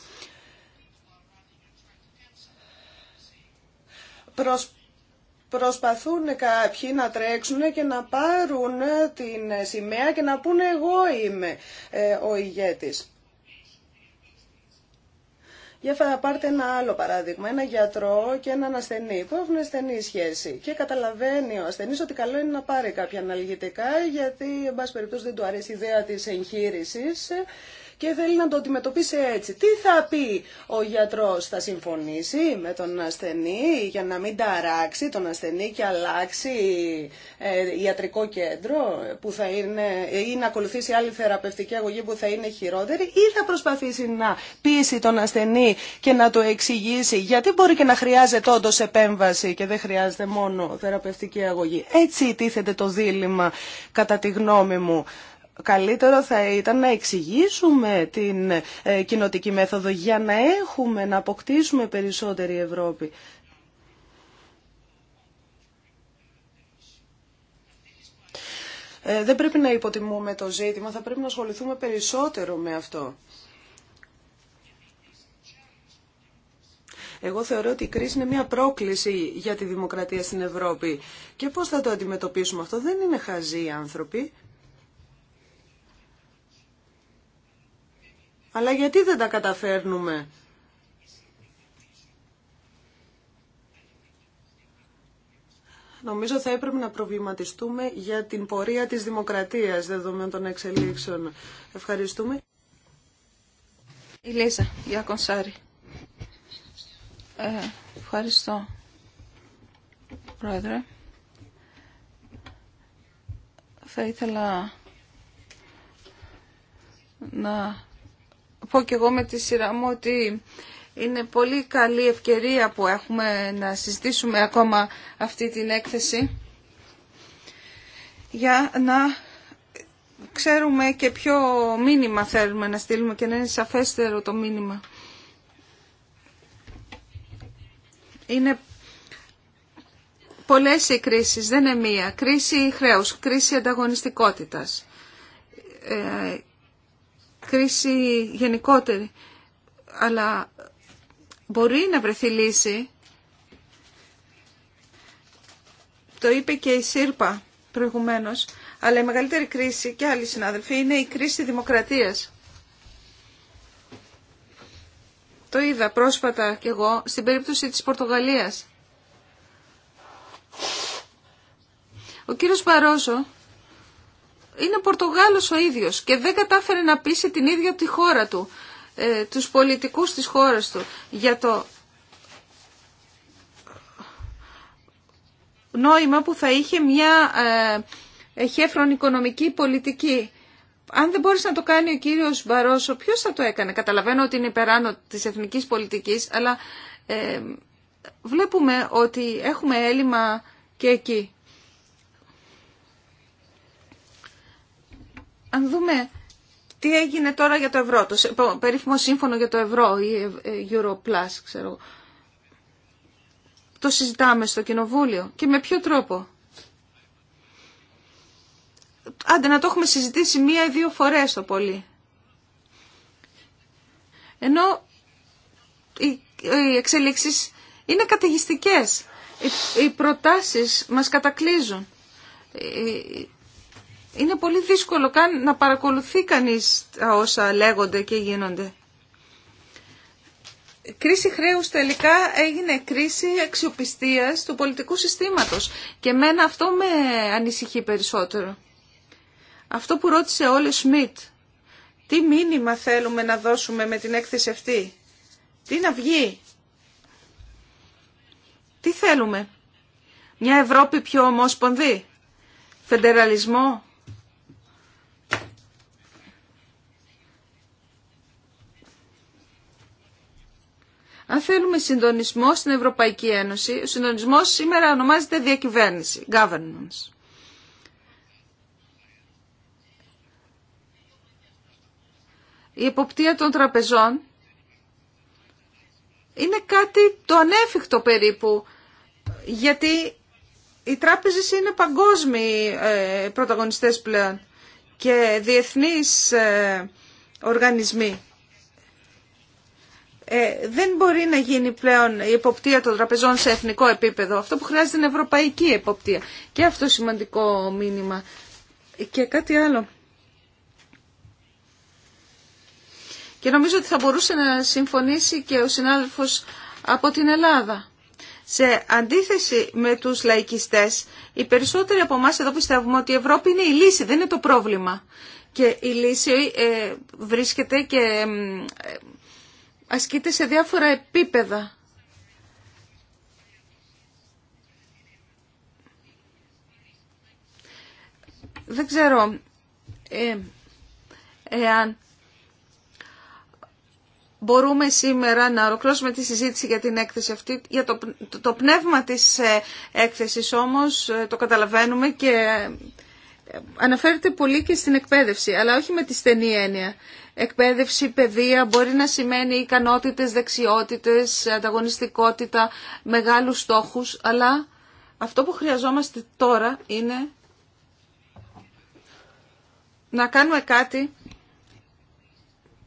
προσπαθούν κάποιοι να τρέξουν και να πάρουν την σημαία και να πούνε εγώ είμαι ε, ο ηγέτης. Για φα, πάρτε ένα άλλο παράδειγμα, ένα γιατρό και έναν ασθενή που έχουν ασθενή σχέση και καταλαβαίνει ο ασθενή ότι καλό είναι να πάρει κάποια αναλγητικά γιατί εν πάση περιπτώσει δεν του αρέσει η ιδέα της εγχείρηση και θέλει να το αντιμετωπίσει έτσι. Τι θα πει ο γιατρός, θα συμφωνήσει με τον ασθενή για να μην ταράξει τον ασθενή και αλλάξει ε, ιατρικό κέντρο που θα είναι, ε, ή να ακολουθήσει άλλη θεραπευτική αγωγή που θα είναι χειρότερη ή θα προσπαθήσει να πείσει τον ασθενή και να το εξηγήσει γιατί μπορεί και να χρειάζεται όντω επέμβαση και δεν χρειάζεται μόνο θεραπευτική αγωγή. Έτσι τίθεται το δίλημα κατά τη γνώμη μου. Καλύτερο θα ήταν να εξηγήσουμε την ε, κοινοτική μέθοδο για να έχουμε, να αποκτήσουμε περισσότερη Ευρώπη. Ε, δεν πρέπει να υποτιμούμε το ζήτημα, θα πρέπει να ασχοληθούμε περισσότερο με αυτό. Εγώ θεωρώ ότι η κρίση είναι μια πρόκληση για τη δημοκρατία στην Ευρώπη. Και πώς θα το αντιμετωπίσουμε αυτό. Δεν είναι χαζοί οι άνθρωποι. Αλλά γιατί δεν τα καταφέρνουμε. Νομίζω θα έπρεπε να προβληματιστούμε για την πορεία της δημοκρατίας δεδομένων των εξελίξεων. Ευχαριστούμε. Η Λίζα Γιακονσάρη. Ε, ευχαριστώ, Πρόεδρε. Θα ήθελα να πω και εγώ με τη σειρά μου ότι είναι πολύ καλή ευκαιρία που έχουμε να συζητήσουμε ακόμα αυτή την έκθεση για να ξέρουμε και ποιο μήνυμα θέλουμε να στείλουμε και να είναι σαφέστερο το μήνυμα. Είναι πολλές οι κρίσεις, δεν είναι μία. Κρίση χρέους, κρίση ανταγωνιστικότητας ε, κρίση γενικότερη. Αλλά μπορεί να βρεθεί λύση. Το είπε και η ΣΥΡΠΑ προηγουμένως. Αλλά η μεγαλύτερη κρίση και άλλοι συνάδελφοι είναι η κρίση δημοκρατίας. Το είδα πρόσφατα κι εγώ στην περίπτωση της Πορτογαλίας. Ο κύριος Παρόσο είναι Πορτογάλος ο ίδιος και δεν κατάφερε να πείσει την ίδια τη χώρα του, ε, τους πολιτικούς της χώρας του για το νόημα που θα είχε μια ε, οικονομική πολιτική. Αν δεν μπορείς να το κάνει ο κύριος Μπαρόσο, ποιος θα το έκανε. Καταλαβαίνω ότι είναι υπεράνω της εθνικής πολιτικής, αλλά ε, βλέπουμε ότι έχουμε έλλειμμα και εκεί. Αν δούμε τι έγινε τώρα για το ευρώ, το περίφημο σύμφωνο για το ευρώ ή ε, Europlus, ξέρω. Το συζητάμε στο κοινοβούλιο και με ποιο τρόπο. Άντε να το έχουμε συζητήσει μία ή δύο φορές το πολύ. Ενώ οι εξελίξεις είναι καταιγιστικές. Οι προτάσεις μας κατακλείζουν είναι πολύ δύσκολο καν να παρακολουθεί κανείς όσα λέγονται και γίνονται. Κρίση χρέους τελικά έγινε κρίση αξιοπιστίας του πολιτικού συστήματος και μένα αυτό με ανησυχεί περισσότερο. Αυτό που ρώτησε όλοι Σμιτ, τι μήνυμα θέλουμε να δώσουμε με την έκθεση αυτή, τι να βγει, τι θέλουμε, μια Ευρώπη πιο ομόσπονδη, φεντεραλισμό, Αν θέλουμε συντονισμό στην Ευρωπαϊκή Ένωση, ο συντονισμός σήμερα ονομάζεται διακυβέρνηση, governance. Η εποπτεία των τραπεζών είναι κάτι το ανέφικτο περίπου, γιατί οι τράπεζες είναι παγκόσμιοι ε, πρωταγωνιστές πλέον και διεθνείς ε, οργανισμοί. Ε, δεν μπορεί να γίνει πλέον η εποπτεία των τραπεζών σε εθνικό επίπεδο. Αυτό που χρειάζεται είναι ευρωπαϊκή εποπτεία. Και αυτό σημαντικό μήνυμα. Και κάτι άλλο. Και νομίζω ότι θα μπορούσε να συμφωνήσει και ο συνάδελφος από την Ελλάδα. Σε αντίθεση με τους λαϊκιστές, οι περισσότεροι από εμά εδώ πιστεύουμε ότι η Ευρώπη είναι η λύση, δεν είναι το πρόβλημα. Και η λύση ε, βρίσκεται και... Ε, ασκείται σε διάφορα επίπεδα. Δεν ξέρω ε, εάν μπορούμε σήμερα να ολοκληρώσουμε τη συζήτηση για την έκθεση αυτή. Για το, το, το πνεύμα της ε, έκθεσης όμως ε, το καταλαβαίνουμε και ε, αναφέρεται πολύ και στην εκπαίδευση, αλλά όχι με τη στενή έννοια. Εκπαίδευση, παιδεία μπορεί να σημαίνει ικανότητες, δεξιότητες, ανταγωνιστικότητα, μεγάλους στόχους, αλλά αυτό που χρειαζόμαστε τώρα είναι να κάνουμε κάτι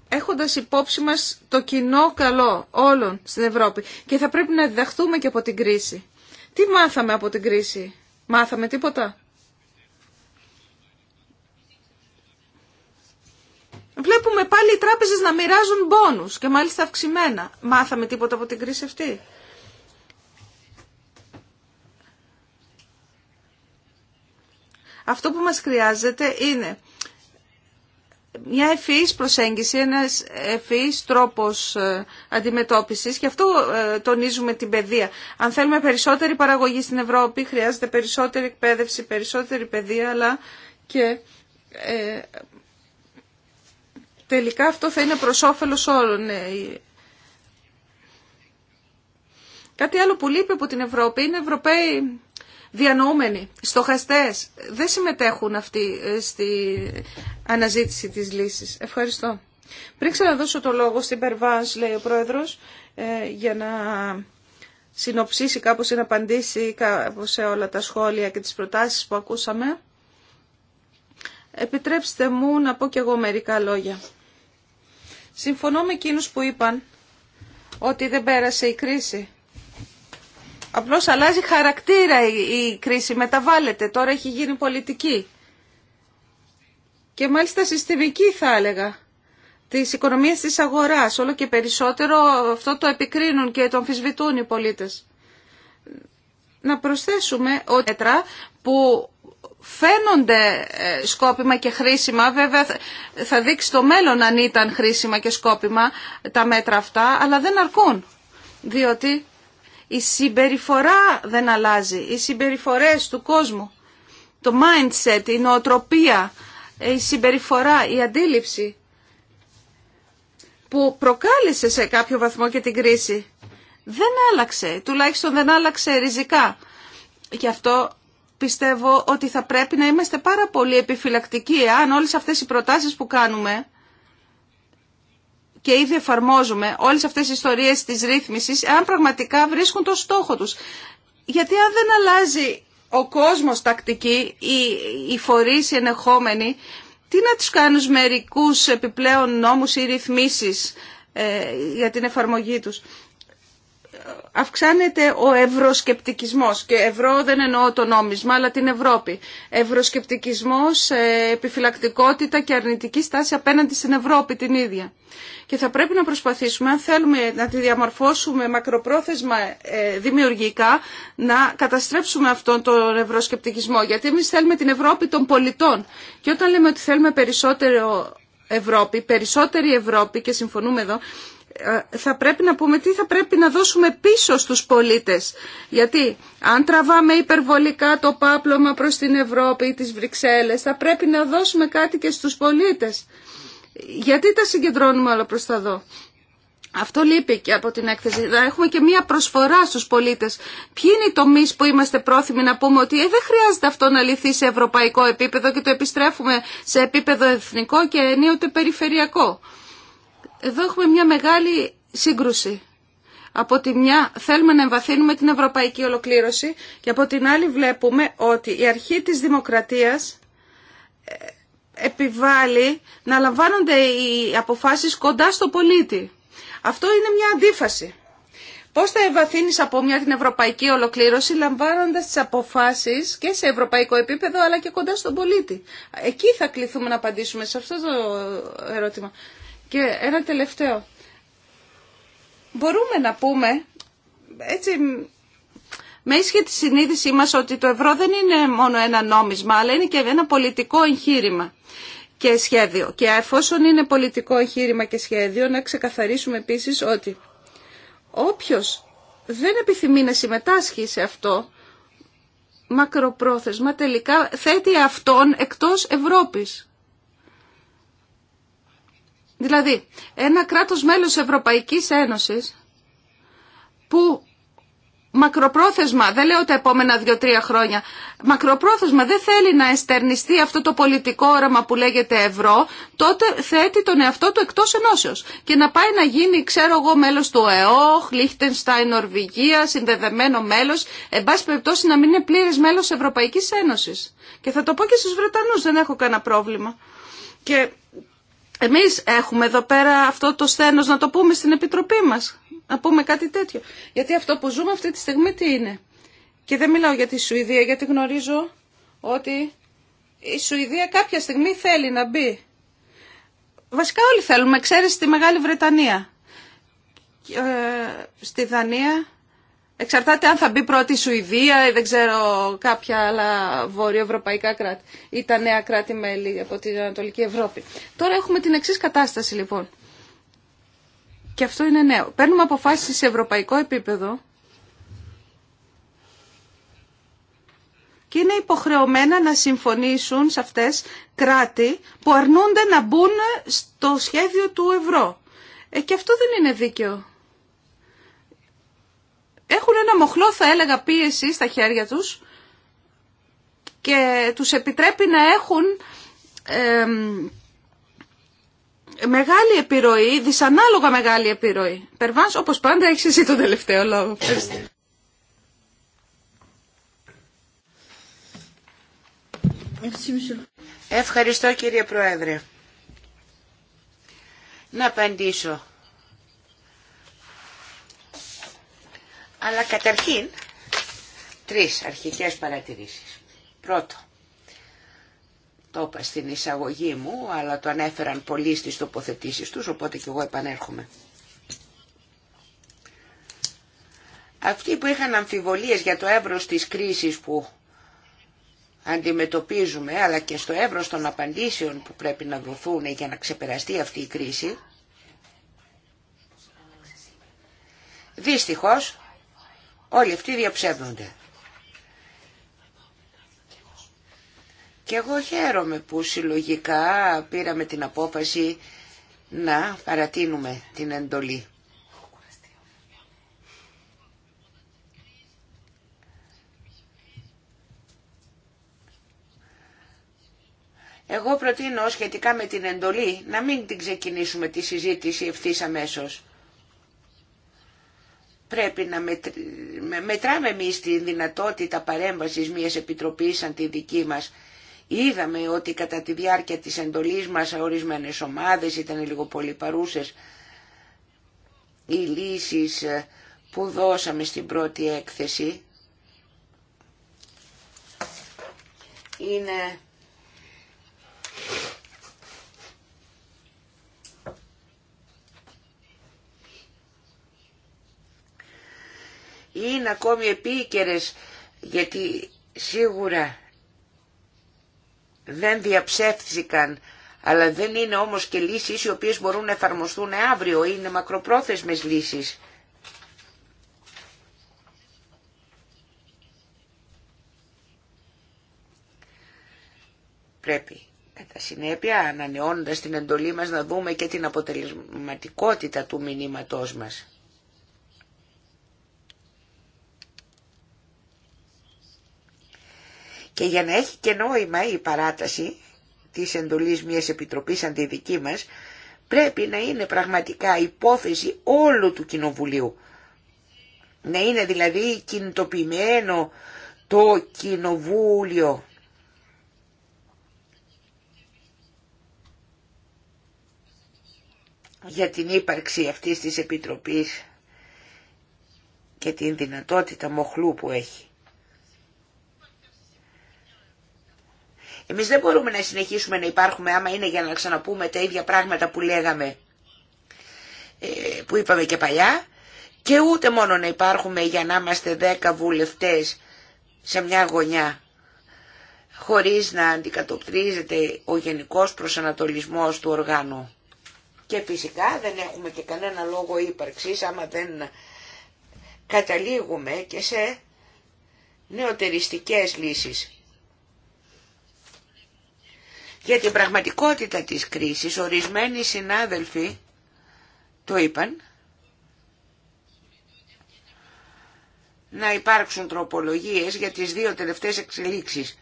έχοντας υπόψη μας το κοινό καλό όλων στην Ευρώπη. Και θα πρέπει να διδαχθούμε και από την κρίση. Τι μάθαμε από την κρίση. Μάθαμε τίποτα. βλέπουμε πάλι οι τράπεζες να μοιράζουν μπόνους και μάλιστα αυξημένα. Μάθαμε τίποτα από την κρίση αυτή. Αυτό που μας χρειάζεται είναι μια ευφυής προσέγγιση, ένας ευφυής τρόπος ε, αντιμετώπισης και αυτό ε, τονίζουμε την παιδεία. Αν θέλουμε περισσότερη παραγωγή στην Ευρώπη, χρειάζεται περισσότερη εκπαίδευση, περισσότερη παιδεία, αλλά και ε, τελικά αυτό θα είναι προς όφελος όλων. Ναι. Κάτι άλλο που λείπει από την Ευρώπη είναι Ευρωπαίοι διανοούμενοι, στοχαστές. Δεν συμμετέχουν αυτοί ε, στη αναζήτηση της λύσης. Ευχαριστώ. Πριν ξαναδώσω το λόγο στην Περβάνς, λέει ο Πρόεδρος, ε, για να συνοψίσει κάπως ή να απαντήσει κάπως σε όλα τα σχόλια και τις προτάσεις που ακούσαμε. Επιτρέψτε μου να πω κι εγώ μερικά λόγια. Συμφωνώ με εκείνους που είπαν ότι δεν πέρασε η κρίση. Απλώς αλλάζει χαρακτήρα η κρίση, μεταβάλλεται, τώρα έχει γίνει πολιτική. Και μάλιστα συστημική θα έλεγα, της οικονομίας της αγοράς. Όλο και περισσότερο αυτό το επικρίνουν και το αμφισβητούν οι πολίτες. Να προσθέσουμε ότι που φαίνονται ε, σκόπιμα και χρήσιμα. Βέβαια θα δείξει το μέλλον αν ήταν χρήσιμα και σκόπιμα τα μέτρα αυτά, αλλά δεν αρκούν. Διότι η συμπεριφορά δεν αλλάζει, οι συμπεριφορές του κόσμου, το mindset, η νοοτροπία, η συμπεριφορά, η αντίληψη που προκάλεσε σε κάποιο βαθμό και την κρίση. Δεν άλλαξε, τουλάχιστον δεν άλλαξε ριζικά. Γι' αυτό πιστεύω ότι θα πρέπει να είμαστε πάρα πολύ επιφυλακτικοί αν όλες αυτές οι προτάσεις που κάνουμε και ήδη εφαρμόζουμε όλες αυτές οι ιστορίες της ρύθμισης, αν πραγματικά βρίσκουν το στόχο τους. Γιατί αν δεν αλλάζει ο κόσμος τακτική, οι, οι φορείς, οι ενεχόμενοι, τι να τους κάνουν μερικούς επιπλέον νόμους ή ρυθμίσεις ε, για την εφαρμογή τους αυξάνεται ο ευρωσκεπτικισμός και ευρώ δεν εννοώ το νόμισμα αλλά την Ευρώπη. Ευρωσκεπτικισμός, ε, επιφυλακτικότητα και αρνητική στάση απέναντι στην Ευρώπη την ίδια. Και θα πρέπει να προσπαθήσουμε, αν θέλουμε να τη διαμορφώσουμε μακροπρόθεσμα ε, δημιουργικά, να καταστρέψουμε αυτόν τον ευρωσκεπτικισμό. Γιατί εμείς θέλουμε την Ευρώπη των πολιτών. Και όταν λέμε ότι θέλουμε περισσότερο Ευρώπη, περισσότερη Ευρώπη και συμφωνούμε εδώ, ε, θα πρέπει να πούμε τι θα πρέπει να δώσουμε πίσω στους πολίτες. Γιατί αν τραβάμε υπερβολικά το πάπλωμα προς την Ευρώπη ή τις Βρυξέλλες, θα πρέπει να δώσουμε κάτι και στους πολίτες. Γιατί τα συγκεντρώνουμε όλα προς τα δω. Αυτό λείπει και από την έκθεση. Θα έχουμε και μία προσφορά στους πολίτες. Ποιοι είναι οι τομεί που είμαστε πρόθυμοι να πούμε ότι ε, δεν χρειάζεται αυτό να λυθεί σε ευρωπαϊκό επίπεδο και το επιστρέφουμε σε επίπεδο εθνικό και ενίοτε περιφερειακό. Εδώ έχουμε μια μεγάλη σύγκρουση. Από τη μια θέλουμε να εμβαθύνουμε την ευρωπαϊκή ολοκλήρωση και από την άλλη βλέπουμε ότι η αρχή της δημοκρατίας ε, επιβάλλει να λαμβάνονται οι αποφάσεις κοντά στο πολίτη. Αυτό είναι μια αντίφαση. Πώς θα ευαθύνεις από μια την ευρωπαϊκή ολοκλήρωση λαμβάνοντας τις αποφάσεις και σε ευρωπαϊκό επίπεδο αλλά και κοντά στον πολίτη. Εκεί θα κληθούμε να απαντήσουμε σε αυτό το ερώτημα. Και ένα τελευταίο. Μπορούμε να πούμε, έτσι με ίσχυε τη συνείδησή μας ότι το ευρώ δεν είναι μόνο ένα νόμισμα, αλλά είναι και ένα πολιτικό εγχείρημα και σχέδιο. Και εφόσον είναι πολιτικό εγχείρημα και σχέδιο, να ξεκαθαρίσουμε επίσης ότι όποιος δεν επιθυμεί να συμμετάσχει σε αυτό, μακροπρόθεσμα τελικά θέτει αυτόν εκτός Ευρώπης. Δηλαδή, ένα κράτος μέλος Ευρωπαϊκής Ένωσης που μακροπρόθεσμα, δεν λέω τα επόμενα δύο-τρία χρόνια, μακροπρόθεσμα δεν θέλει να εστερνιστεί αυτό το πολιτικό όραμα που λέγεται ευρώ, τότε θέτει τον εαυτό του εκτός ενώσεως και να πάει να γίνει, ξέρω εγώ, μέλος του ΕΟΧ, Λίχτενστάιν, Νορβηγία, συνδεδεμένο μέλος, εν πάση περιπτώσει να μην είναι πλήρες μέλος Ευρωπαϊκής Ένωσης. Και θα το πω και στους Βρετανούς, δεν έχω κανένα πρόβλημα. Και εμείς έχουμε εδώ πέρα αυτό το σθένος να το πούμε στην Επιτροπή μας, να πούμε κάτι τέτοιο. Γιατί αυτό που ζούμε αυτή τη στιγμή τι είναι. Και δεν μιλάω για τη Σουηδία, γιατί γνωρίζω ότι η Σουηδία κάποια στιγμή θέλει να μπει. Βασικά όλοι θέλουμε, ξέρεις, στη Μεγάλη Βρετανία. Ε, στη Δανία Εξαρτάται αν θα μπει πρώτη η Σουηδία ή δεν ξέρω κάποια άλλα βορειοευρωπαϊκά κράτη ή τα νέα κράτη-μέλη από την Ανατολική Ευρώπη. Τώρα έχουμε την εξή κατάσταση λοιπόν. Και αυτό είναι νέο. Παίρνουμε αποφάσεις σε ευρωπαϊκό επίπεδο και είναι υποχρεωμένα να συμφωνήσουν σε αυτές κράτη που αρνούνται να μπουν στο σχέδιο του ευρώ. Ε, και αυτό δεν είναι δίκαιο έχουν ένα μοχλό θα έλεγα πίεση στα χέρια τους και τους επιτρέπει να έχουν μεγάλη επιρροή, δυσανάλογα μεγάλη επιρροή. Περβάς, όπως πάντα έχεις εσύ τον τελευταίο λόγο. Ευχαριστώ κύριε Πρόεδρε. Να απαντήσω Αλλά καταρχήν τρεις αρχικές παρατηρήσεις. Πρώτο, το είπα στην εισαγωγή μου, αλλά το ανέφεραν πολλοί στις τοποθετήσεις τους, οπότε και εγώ επανέρχομαι. Αυτοί που είχαν αμφιβολίες για το εύρος της κρίσης που αντιμετωπίζουμε, αλλά και στο εύρος των απαντήσεων που πρέπει να δοθούν για να ξεπεραστεί αυτή η κρίση, δυστυχώς Όλοι αυτοί διαψεύδονται. Και εγώ χαίρομαι που συλλογικά πήραμε την απόφαση να παρατείνουμε την εντολή. Εγώ προτείνω σχετικά με την εντολή να μην την ξεκινήσουμε τη συζήτηση ευθύ αμέσως πρέπει να μετράμε εμείς τη δυνατότητα παρέμβασης μιας επιτροπής σαν τη δική μας. Είδαμε ότι κατά τη διάρκεια της εντολής μας ορισμένες ομάδες ήταν λίγο πολύ παρούσες. Οι λύσεις ε, που δώσαμε στην πρώτη έκθεση είναι είναι ακόμη επίκαιρες γιατί σίγουρα δεν διαψεύθηκαν αλλά δεν είναι όμως και λύσεις οι οποίες μπορούν να εφαρμοστούν αύριο, είναι μακροπρόθεσμες λύσεις. Πρέπει κατά συνέπεια ανανεώνοντας την εντολή μας να δούμε και την αποτελεσματικότητα του μηνύματός μας. Και για να έχει και νόημα η παράταση της εντολής μιας επιτροπής αντιδική μας, πρέπει να είναι πραγματικά υπόθεση όλου του Κοινοβουλίου. Να είναι δηλαδή κινητοποιημένο το Κοινοβούλιο. για την ύπαρξη αυτής της Επιτροπής και την δυνατότητα μοχλού που έχει. Εμείς δεν μπορούμε να συνεχίσουμε να υπάρχουμε άμα είναι για να ξαναπούμε τα ίδια πράγματα που λέγαμε, ε, που είπαμε και παλιά, και ούτε μόνο να υπάρχουμε για να είμαστε δέκα βουλευτές σε μια γωνιά, χωρίς να αντικατοπτρίζεται ο γενικός προσανατολισμός του οργάνου. Και φυσικά δεν έχουμε και κανένα λόγο ύπαρξης άμα δεν καταλήγουμε και σε νεοτεριστικές λύσεις για την πραγματικότητα της κρίσης. Ορισμένοι συνάδελφοι το είπαν να υπάρξουν τροπολογίες για τις δύο τελευταίες εξελίξεις.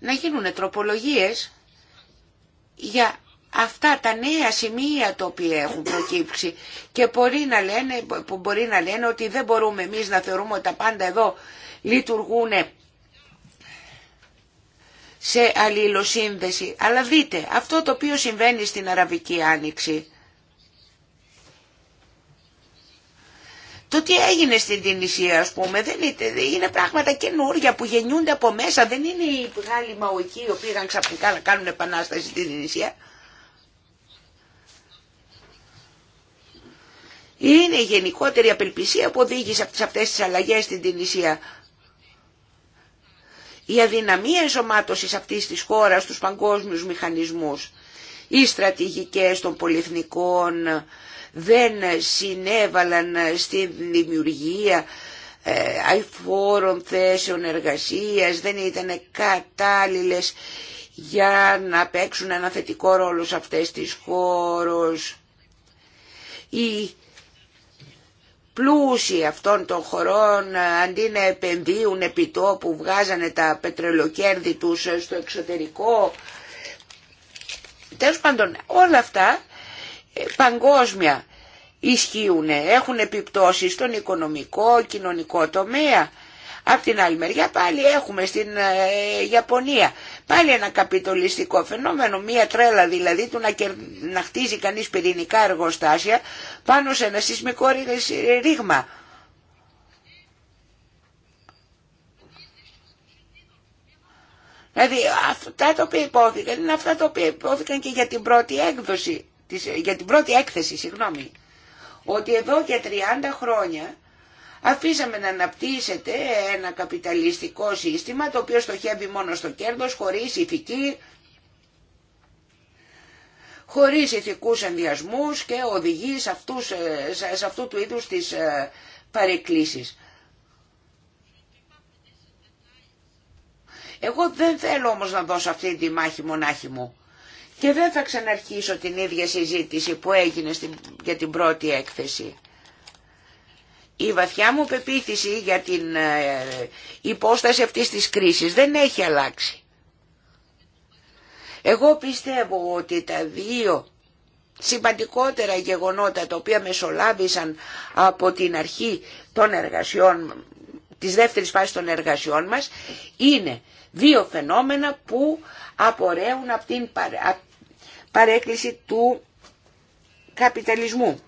να γίνουν τροπολογίες για αυτά τα νέα σημεία τα οποία έχουν προκύψει και μπορεί να λένε, που μπορεί να λένε ότι δεν μπορούμε εμείς να θεωρούμε ότι τα πάντα εδώ λειτουργούν σε αλληλοσύνδεση. Αλλά δείτε αυτό το οποίο συμβαίνει στην Αραβική Άνοιξη Το τι έγινε στην Τινησία α πούμε δεν είναι, είναι πράγματα καινούργια που γεννιούνται από μέσα. Δεν είναι οι Γάλλοι Μαουικοί οι οποίοι ξαφνικά να κάνουν επανάσταση στην Τινησία. Είναι η γενικότερη απελπισία που οδήγησε σε αυτές τις αλλαγές στην Τινησία. Η αδυναμία ενσωμάτωσης αυτής της χώρας στους παγκόσμιους μηχανισμούς. Οι στρατηγικές των πολυεθνικών δεν συνέβαλαν στην δημιουργία ε, αϊφόρων θέσεων εργασίας, δεν ήταν κατάλληλες για να παίξουν ένα θετικό ρόλο σε αυτές τις χώρες. Οι πλούσιοι αυτών των χωρών ε, αντί να επενδύουν επί τόπου που βγάζανε τα πετρελοκέρδη τους ε, στο εξωτερικό, τέλος πάντων όλα αυτά παγκόσμια ισχύουν, έχουν επιπτώσεις στον οικονομικό, κοινωνικό τομέα. Απ' την άλλη μεριά πάλι έχουμε στην ε, Ιαπωνία πάλι ένα καπιτολιστικό φαινόμενο, μία τρέλα δηλαδή του να, κερ... να χτίζει κανείς πυρηνικά εργοστάσια πάνω σε ένα σεισμικό ρήγμα. Δηλαδή αυτά τα οποία υπόθηκαν είναι αυτά τα οποία υπόθηκαν και για την πρώτη έκδοση για την πρώτη έκθεση, συγγνώμη, ότι εδώ για 30 χρόνια αφήσαμε να αναπτύσσεται ένα καπιταλιστικό σύστημα το οποίο στοχεύει μόνο στο κέρδος, χωρίς ηθική, χωρίς ηθικούς ενδιασμούς και οδηγεί σε, αυτούς, ε, σε αυτού του είδους τις ε, παρεκκλήσεις. Εγώ δεν θέλω όμως να δώσω αυτή τη μάχη μονάχη μου. Και δεν θα ξαναρχίσω την ίδια συζήτηση που έγινε στην, για την πρώτη έκθεση. Η βαθιά μου πεποίθηση για την ε, υπόσταση αυτής της κρίσης δεν έχει αλλάξει. Εγώ πιστεύω ότι τα δύο σημαντικότερα γεγονότα τα οποία μεσολάβησαν από την αρχή των εργασιών, της δεύτερης φάσης των εργασιών μας είναι δύο φαινόμενα που απορρέουν από την, από παρέκκληση του καπιταλισμού.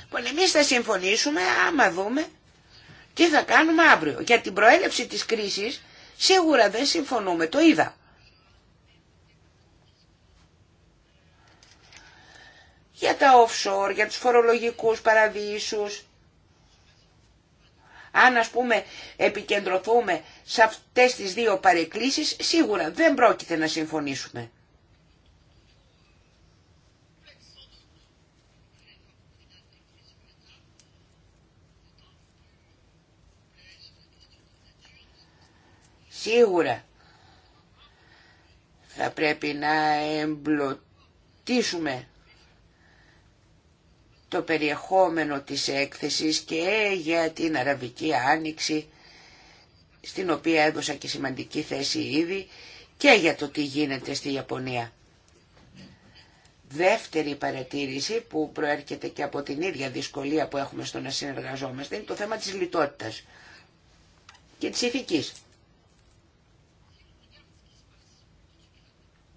Λοιπόν, εμείς θα συμφωνήσουμε άμα δούμε τι θα κάνουμε αύριο. Για την προέλευση της κρίσης σίγουρα δεν συμφωνούμε, το είδα. Για τα offshore, για τους φορολογικούς παραδείσους, αν ας πούμε επικεντρωθούμε σε αυτές τις δύο παρεκκλήσεις, σίγουρα δεν πρόκειται να συμφωνήσουμε. Σίγουρα θα πρέπει να εμπλουτίσουμε το περιεχόμενο της έκθεσης και για την Αραβική Άνοιξη, στην οποία έδωσα και σημαντική θέση ήδη, και για το τι γίνεται στη Ιαπωνία. Δεύτερη παρατήρηση που προέρχεται και από την ίδια δυσκολία που έχουμε στο να συνεργαζόμαστε είναι το θέμα της λιτότητας και της ηθικής.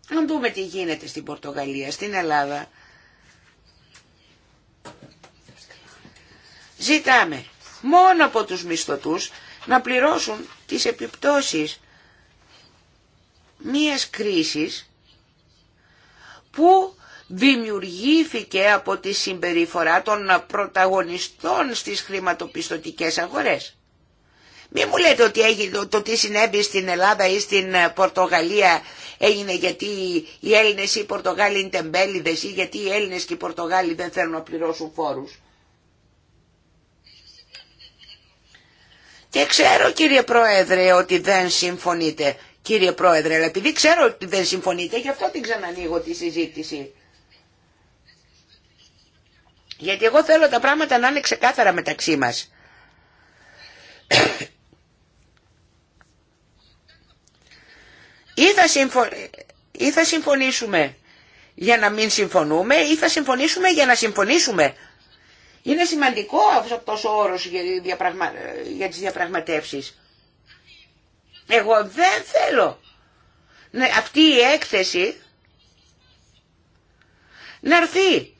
Αν δούμε τι γίνεται στην Πορτογαλία, στην Ελλάδα, Ζητάμε μόνο από τους μισθωτούς να πληρώσουν τις επιπτώσεις μίας κρίσης που δημιουργήθηκε από τη συμπεριφορά των πρωταγωνιστών στις χρηματοπιστωτικές αγορές. Μην μου λέτε ότι έγινε, το τι συνέβη στην Ελλάδα ή στην Πορτογαλία έγινε γιατί οι Έλληνες ή οι Πορτογάλοι είναι τεμπέληδες ή γιατί οι Έλληνες και οι Πορτογάλοι δεν θέλουν να πληρώσουν φόρους. Και ξέρω κύριε Πρόεδρε ότι δεν συμφωνείτε. Κύριε Πρόεδρε, αλλά επειδή ξέρω ότι δεν συμφωνείτε, γι' αυτό την ξανανοίγω τη συζήτηση. Γιατί εγώ θέλω τα πράγματα να είναι ξεκάθαρα μεταξύ μας. Ή θα, ή θα συμφωνήσουμε για να μην συμφωνούμε ή θα συμφωνήσουμε για να συμφωνήσουμε. Είναι σημαντικό αυτό ο όρος για, τι για τις διαπραγματεύσεις. Εγώ δεν θέλω ναι, αυτή η έκθεση να έρθει.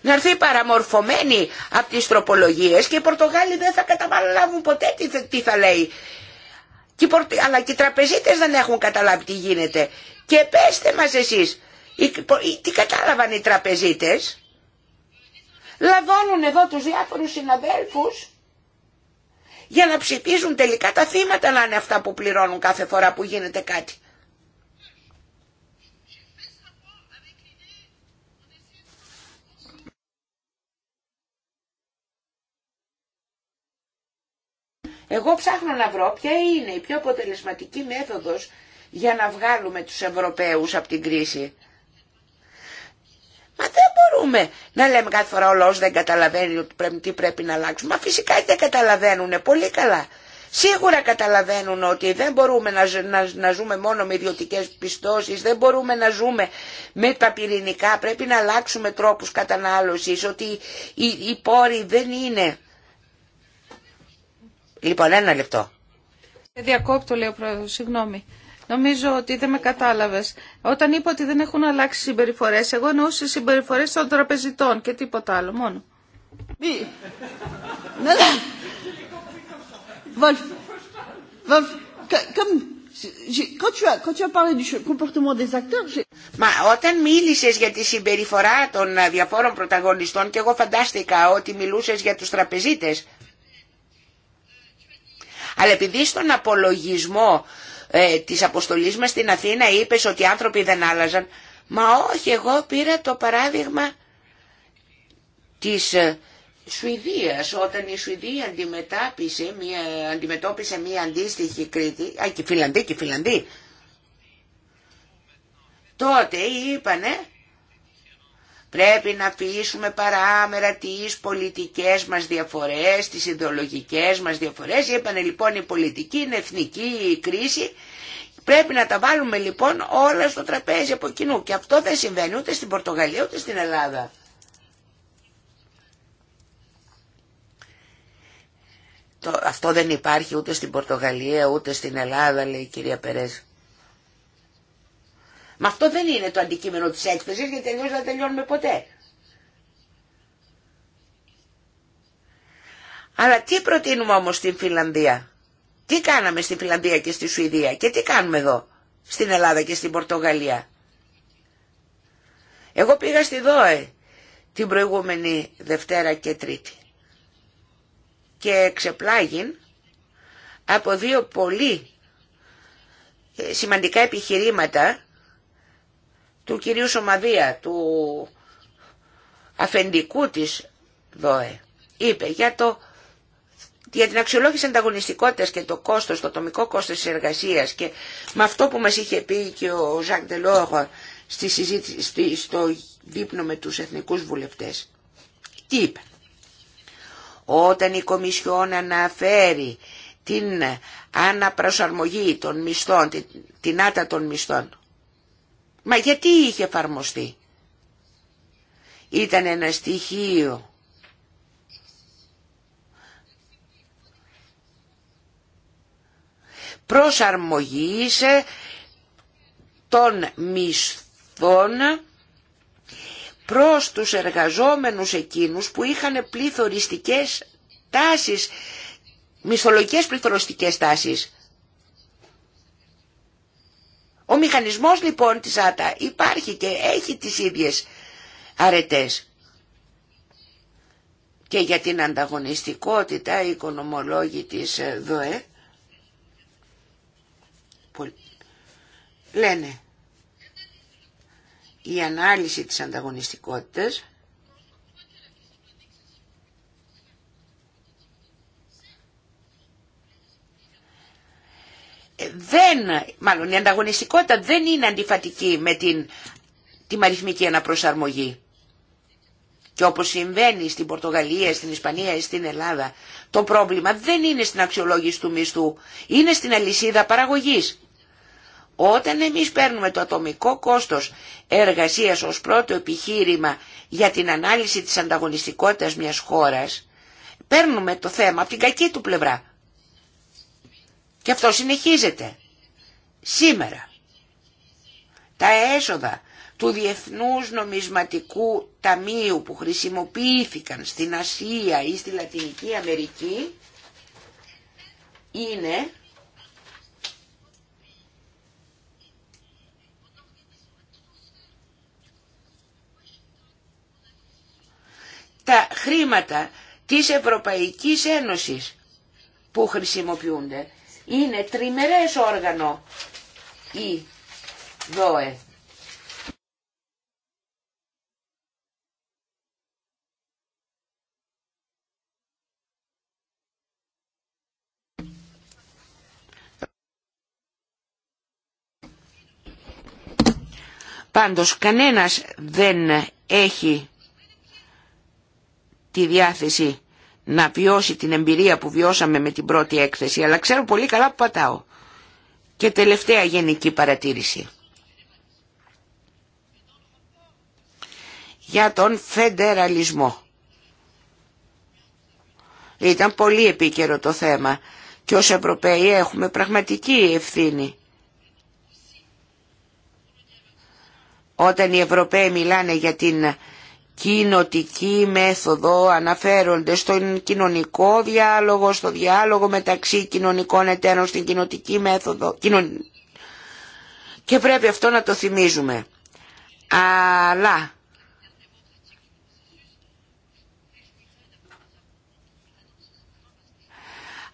Να έρθει παραμορφωμένη από τις τροπολογίες και οι Πορτογάλοι δεν θα καταλάβουν ποτέ τι θα λέει. Αλλά και οι τραπεζίτες δεν έχουν καταλάβει τι γίνεται. Και πέστε μας εσείς, τι κατάλαβαν οι τραπεζίτες λαδώνουν εδώ τους διάφορους συναδέλφους για να ψηφίζουν τελικά τα θύματα να είναι αυτά που πληρώνουν κάθε φορά που γίνεται κάτι. Εγώ ψάχνω να βρω ποια είναι η πιο αποτελεσματική μέθοδος για να βγάλουμε τους Ευρωπαίους από την κρίση. Μα δεν μπορούμε να λέμε κάθε φορά ο λαός δεν καταλαβαίνει ότι πρέπει, τι πρέπει να αλλάξουμε. Μα φυσικά δεν καταλαβαίνουν πολύ καλά. Σίγουρα καταλαβαίνουν ότι δεν μπορούμε να, να, ζούμε μόνο με ιδιωτικέ πιστώσεις, δεν μπορούμε να ζούμε με τα πυρηνικά, πρέπει να αλλάξουμε τρόπους κατανάλωσης, ότι οι, οι πόροι δεν είναι... Λοιπόν, ένα λεπτό. Διακόπτω, λέει συγγνώμη. Νομίζω ότι δεν με κατάλαβε. Όταν είπα ότι δεν έχουν αλλάξει συμπεριφορέ, εγώ εννοούσα συμπεριφορέ των τραπεζιτών και τίποτα άλλο μόνο. Μα όταν μίλησε για τη συμπεριφορά των ε, διαφόρων πρωταγωνιστών και εγώ φαντάστηκα ότι μιλούσε για του τραπεζίτε. Αλλά επειδή στον απολογισμό ε, της αποστολής μας στην Αθήνα είπες ότι οι άνθρωποι δεν άλλαζαν. Μα όχι, εγώ πήρα το παράδειγμα της ε, Σουηδίας, όταν η Σουηδία αντιμετώπισε μια, αντιμετώπισε μια αντίστοιχη Κρήτη, α, και Φιλανδή και τότε είπανε Πρέπει να αφήσουμε παράμερα τις πολιτικές μας διαφορές, τις ιδεολογικές μας διαφορές. Είπανε λοιπόν η πολιτική είναι εθνική η κρίση. Πρέπει να τα βάλουμε λοιπόν όλα στο τραπέζι από κοινού. Και αυτό δεν συμβαίνει ούτε στην Πορτογαλία ούτε στην Ελλάδα. Το, αυτό δεν υπάρχει ούτε στην Πορτογαλία ούτε στην Ελλάδα λέει η κυρία Περέζη. Μα αυτό δεν είναι το αντικείμενο της έκθεσης γιατί αλλιώς δεν τελειώνουμε ποτέ. Αλλά τι προτείνουμε όμως στην Φιλανδία. Τι κάναμε στη Φιλανδία και στη Σουηδία και τι κάνουμε εδώ στην Ελλάδα και στην Πορτογαλία. Εγώ πήγα στη ΔΟΕ την προηγούμενη Δευτέρα και Τρίτη και ξεπλάγιν από δύο πολύ ε, σημαντικά επιχειρήματα του κυρίου Σωμαδία, του αφεντικού της ΔΟΕ, είπε για, το, για την αξιολόγηση ανταγωνιστικότητας και το κόστος, το τομικό κόστος της εργασίας και με αυτό που μας είχε πει και ο Ζακ Τελόγο στη στο δείπνο με τους εθνικούς βουλευτές. Τι είπε. Όταν η Κομισιόν αναφέρει την αναπροσαρμογή των μισθών, την, την άτα των μισθών, Μα γιατί είχε εφαρμοστεί. Ήταν ένα στοιχείο προσαρμογής ε, των μισθών προς τους εργαζόμενους εκείνους που είχαν πληθωριστικές τάσεις, μισθολογικές πληθωριστικές τάσεις. Ο μηχανισμός λοιπόν της ΆΤΑ υπάρχει και έχει τις ίδιες αρετές. Και για την ανταγωνιστικότητα οι οικονομολόγοι της ε, ΔΟΕ λένε η ανάλυση της ανταγωνιστικότητας δεν, μάλλον η ανταγωνιστικότητα δεν είναι αντιφατική με την, τη μαριθμική αναπροσαρμογή. Και όπως συμβαίνει στην Πορτογαλία, στην Ισπανία ή στην Ελλάδα, το πρόβλημα δεν είναι στην αξιολόγηση του μισθού, είναι στην αλυσίδα παραγωγής. Όταν εμείς παίρνουμε το ατομικό κόστος εργασίας ως πρώτο επιχείρημα για την ανάλυση της ανταγωνιστικότητας μιας χώρας, παίρνουμε το θέμα από την κακή του πλευρά. Και αυτό συνεχίζεται. Σήμερα τα έσοδα του Διεθνούς Νομισματικού Ταμείου που χρησιμοποιήθηκαν στην Ασία ή στη Λατινική Αμερική είναι τα χρήματα της Ευρωπαϊκής Ένωσης που χρησιμοποιούνται είναι τριμερές όργανο η ΔΟΕ. Πάντως κανένας δεν έχει τη διάθεση να βιώσει την εμπειρία που βιώσαμε με την πρώτη έκθεση, αλλά ξέρω πολύ καλά που πατάω. Και τελευταία γενική παρατήρηση. Για τον φεντεραλισμό. Ήταν πολύ επίκαιρο το θέμα και ως Ευρωπαίοι έχουμε πραγματική ευθύνη. Όταν οι Ευρωπαίοι μιλάνε για την κοινοτική μέθοδο αναφέρονται στον κοινωνικό διάλογο, στο διάλογο μεταξύ κοινωνικών εταίρων στην κοινοτική μέθοδο και πρέπει αυτό να το θυμίζουμε. Αλλά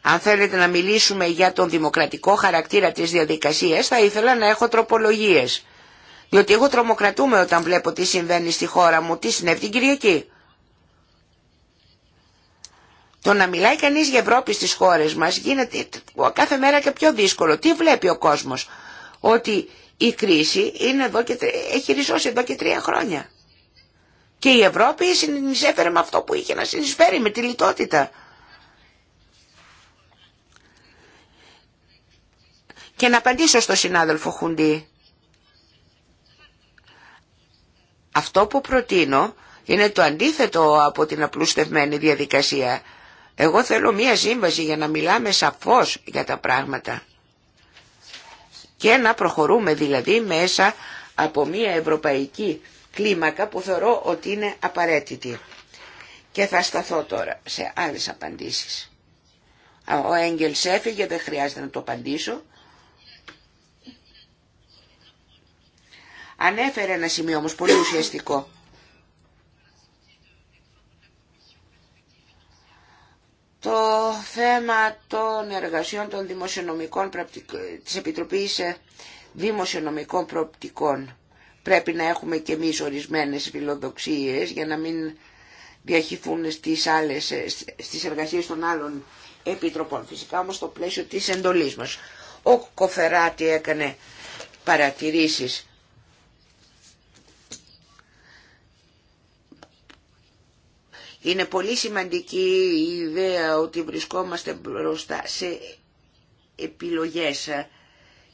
αν θέλετε να μιλήσουμε για τον δημοκρατικό χαρακτήρα της διαδικασίας θα ήθελα να έχω τροπολογίες. Διότι εγώ τρομοκρατούμε όταν βλέπω τι συμβαίνει στη χώρα μου, τι συνέβη την Κυριακή. Το να μιλάει κανείς για Ευρώπη στις χώρες μας γίνεται κάθε μέρα και πιο δύσκολο. Τι βλέπει ο κόσμος. Ότι η κρίση είναι εδώ και, έχει ριζώσει εδώ και τρία χρόνια. Και η Ευρώπη συνεισέφερε με αυτό που είχε να συνεισφέρει, με τη λιτότητα. Και να απαντήσω στον συνάδελφο Χουντή. Αυτό που προτείνω είναι το αντίθετο από την απλούστευμένη διαδικασία. Εγώ θέλω μία σύμβαση για να μιλάμε σαφώς για τα πράγματα και να προχωρούμε δηλαδή μέσα από μία ευρωπαϊκή κλίμακα που θεωρώ ότι είναι απαραίτητη. Και θα σταθώ τώρα σε άλλες απαντήσεις. Ο Έγγελς έφυγε, δεν χρειάζεται να το απαντήσω. Ανέφερε ένα σημείο όμως πολύ ουσιαστικό. Το θέμα των εργασιών των δημοσιονομικών της Επιτροπής ε, Δημοσιονομικών Προοπτικών. Πρέπει να έχουμε και εμείς ορισμένες φιλοδοξίες για να μην διαχυθούν στις, άλλες, ε, στις εργασίες των άλλων επιτροπών. Φυσικά όμως στο πλαίσιο της εντολής μας. Ο Κοφεράτη έκανε παρατηρήσεις Είναι πολύ σημαντική η ιδέα ότι βρισκόμαστε μπροστά σε επιλογές.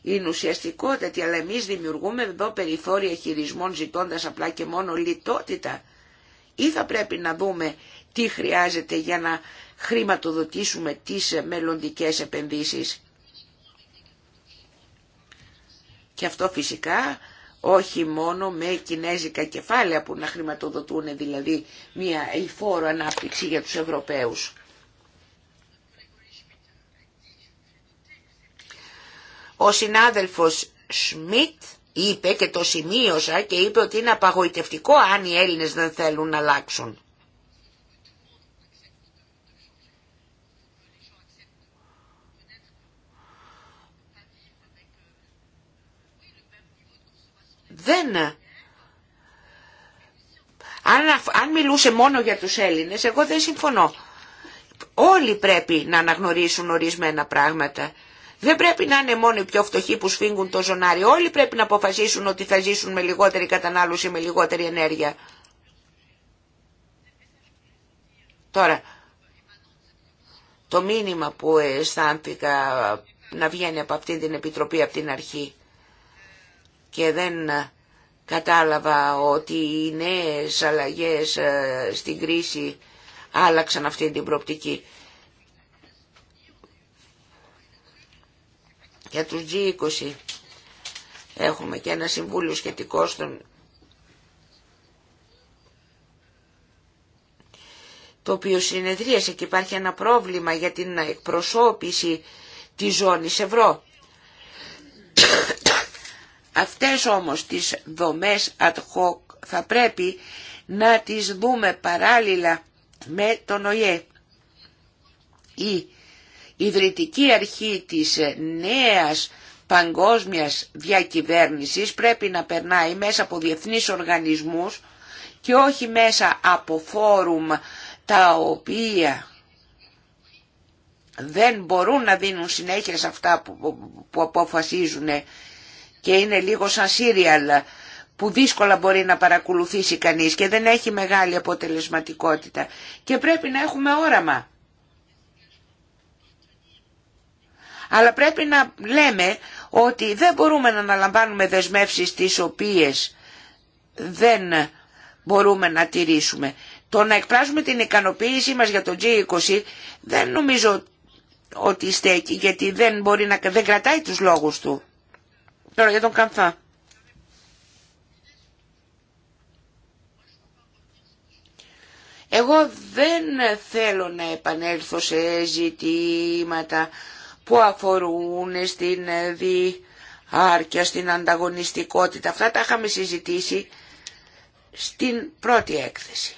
Είναι ουσιαστικότατη, αλλά εμείς δημιουργούμε εδώ περιθώρια χειρισμών ζητώντας απλά και μόνο λιτότητα. Ή θα πρέπει να δούμε τι χρειάζεται για να χρηματοδοτήσουμε τις μελλοντικές επενδύσεις. Και αυτό φυσικά όχι μόνο με κινέζικα κεφάλαια που να χρηματοδοτούν δηλαδή μια ειφόρο ανάπτυξη για τους Ευρωπαίους. Ο συνάδελφος Σμιτ είπε και το σημείωσα και είπε ότι είναι απαγοητευτικό αν οι Έλληνες δεν θέλουν να αλλάξουν. δεν... Αν, αν μιλούσε μόνο για τους Έλληνες, εγώ δεν συμφωνώ. Όλοι πρέπει να αναγνωρίσουν ορισμένα πράγματα. Δεν πρέπει να είναι μόνο οι πιο φτωχοί που σφίγγουν το ζωνάρι. Όλοι πρέπει να αποφασίσουν ότι θα ζήσουν με λιγότερη κατανάλωση, με λιγότερη ενέργεια. Τώρα, το μήνυμα που αισθάνθηκα να βγαίνει από αυτή την Επιτροπή από την αρχή και δεν Κατάλαβα ότι οι νέες αλλαγές ε, στην κρίση άλλαξαν αυτή την προοπτική. Για τους G20 έχουμε και ένα συμβούλιο σχετικό στον... το οποίο συνεδρίασε και υπάρχει ένα πρόβλημα για την εκπροσώπηση της ζώνης ευρώ. Αυτές όμως τις δομές ad hoc θα πρέπει να τις δούμε παράλληλα με τον ΟΙΕ. Η ιδρυτική αρχή της νέας παγκόσμιας διακυβέρνησης πρέπει να περνάει μέσα από διεθνείς οργανισμούς και όχι μέσα από φόρουμ τα οποία δεν μπορούν να δίνουν συνέχεια σε αυτά που αποφασίζουν και είναι λίγο σαν σύριαλ που δύσκολα μπορεί να παρακολουθήσει κανείς και δεν έχει μεγάλη αποτελεσματικότητα και πρέπει να έχουμε όραμα. Αλλά πρέπει να λέμε ότι δεν μπορούμε να αναλαμβάνουμε δεσμεύσεις τις οποίες δεν μπορούμε να τηρήσουμε. Το να εκφράζουμε την ικανοποίησή μας για το G20 δεν νομίζω ότι στέκει γιατί δεν, μπορεί να, δεν κρατάει τους λόγους του. Τώρα για τον Εγώ δεν θέλω να επανέλθω σε ζητήματα που αφορούν στην διάρκεια, στην ανταγωνιστικότητα. Αυτά τα είχαμε συζητήσει στην πρώτη έκθεση.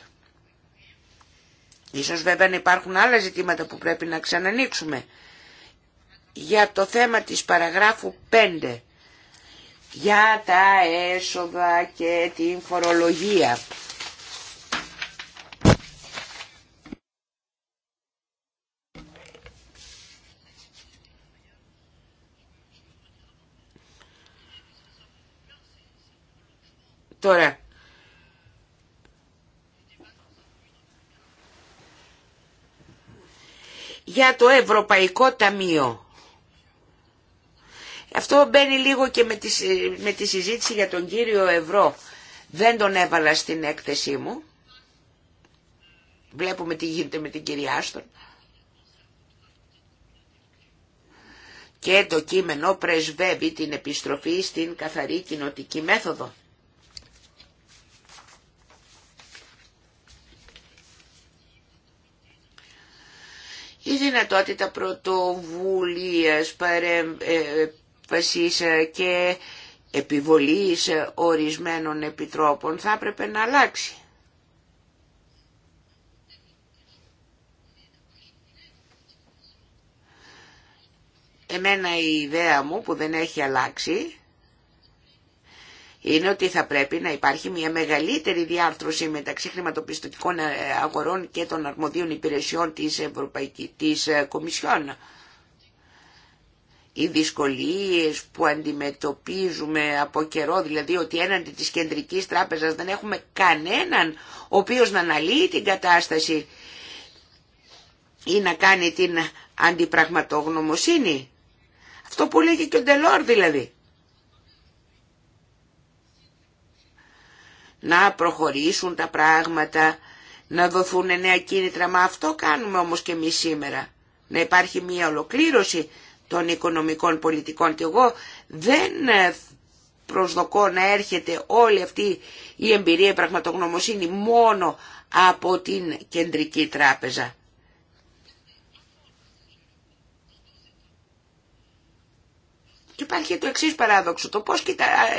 Ίσως βέβαια να υπάρχουν άλλα ζητήματα που πρέπει να ξανανοίξουμε. Για το θέμα της παραγράφου 5 για τα έσοδα και την φορολογία. Τώρα, για το Ευρωπαϊκό Ταμείο. Αυτό μπαίνει λίγο και με τη, με τη συζήτηση για τον κύριο Ευρώ. Δεν τον έβαλα στην έκθεσή μου. Βλέπουμε τι γίνεται με την κυρία Άστον. Και το κείμενο πρεσβεύει την επιστροφή στην καθαρή κοινοτική μέθοδο. Η δυνατότητα πρωτοβουλίας, παρεμ, ε, ε, και επιβολής ε, ορισμένων επιτρόπων θα έπρεπε να αλλάξει. Εμένα η ιδέα μου που δεν έχει αλλάξει είναι ότι θα πρέπει να υπάρχει μια μεγαλύτερη διάρθρωση μεταξύ χρηματοπιστωτικών ε, αγορών και των αρμοδίων υπηρεσιών της, Ευρωπαϊκής, της Κομισιόν οι δυσκολίες που αντιμετωπίζουμε από καιρό, δηλαδή ότι έναντι της κεντρικής τράπεζας δεν έχουμε κανέναν ο οποίος να αναλύει την κατάσταση ή να κάνει την αντιπραγματογνωμοσύνη. Αυτό που λέγει και ο Ντελόρ δηλαδή. Να προχωρήσουν τα πράγματα, να δοθούν νέα κίνητρα, μα αυτό κάνουμε όμως και εμείς σήμερα. Να υπάρχει μια ολοκλήρωση των οικονομικών πολιτικών και εγώ δεν ε, προσδοκώ να έρχεται όλη αυτή η εμπειρία η πραγματογνωμοσύνη μόνο από την Κεντρική Τράπεζα. Και υπάρχει το εξής παράδοξο, το πώς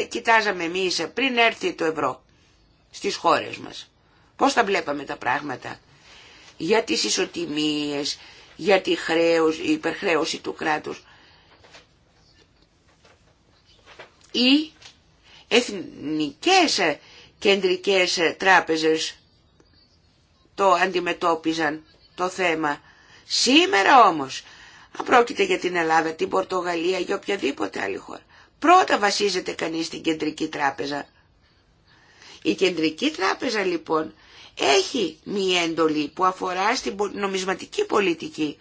κοιτάζαμε εμείς πριν έρθει το ευρώ στις χώρες μας. Πώς τα βλέπαμε τα πράγματα για τις ισοτιμίες, για τη η υπερχρέωση του κράτους ή εθνικές κεντρικές τράπεζες το αντιμετώπιζαν το θέμα. Σήμερα όμως, αν πρόκειται για την Ελλάδα, την Πορτογαλία ή οποιαδήποτε άλλη χώρα, πρώτα βασίζεται κανείς στην κεντρική τράπεζα. Η κεντρική τράπεζα λοιπόν έχει μία εντολή που αφορά στην νομισματική πολιτική.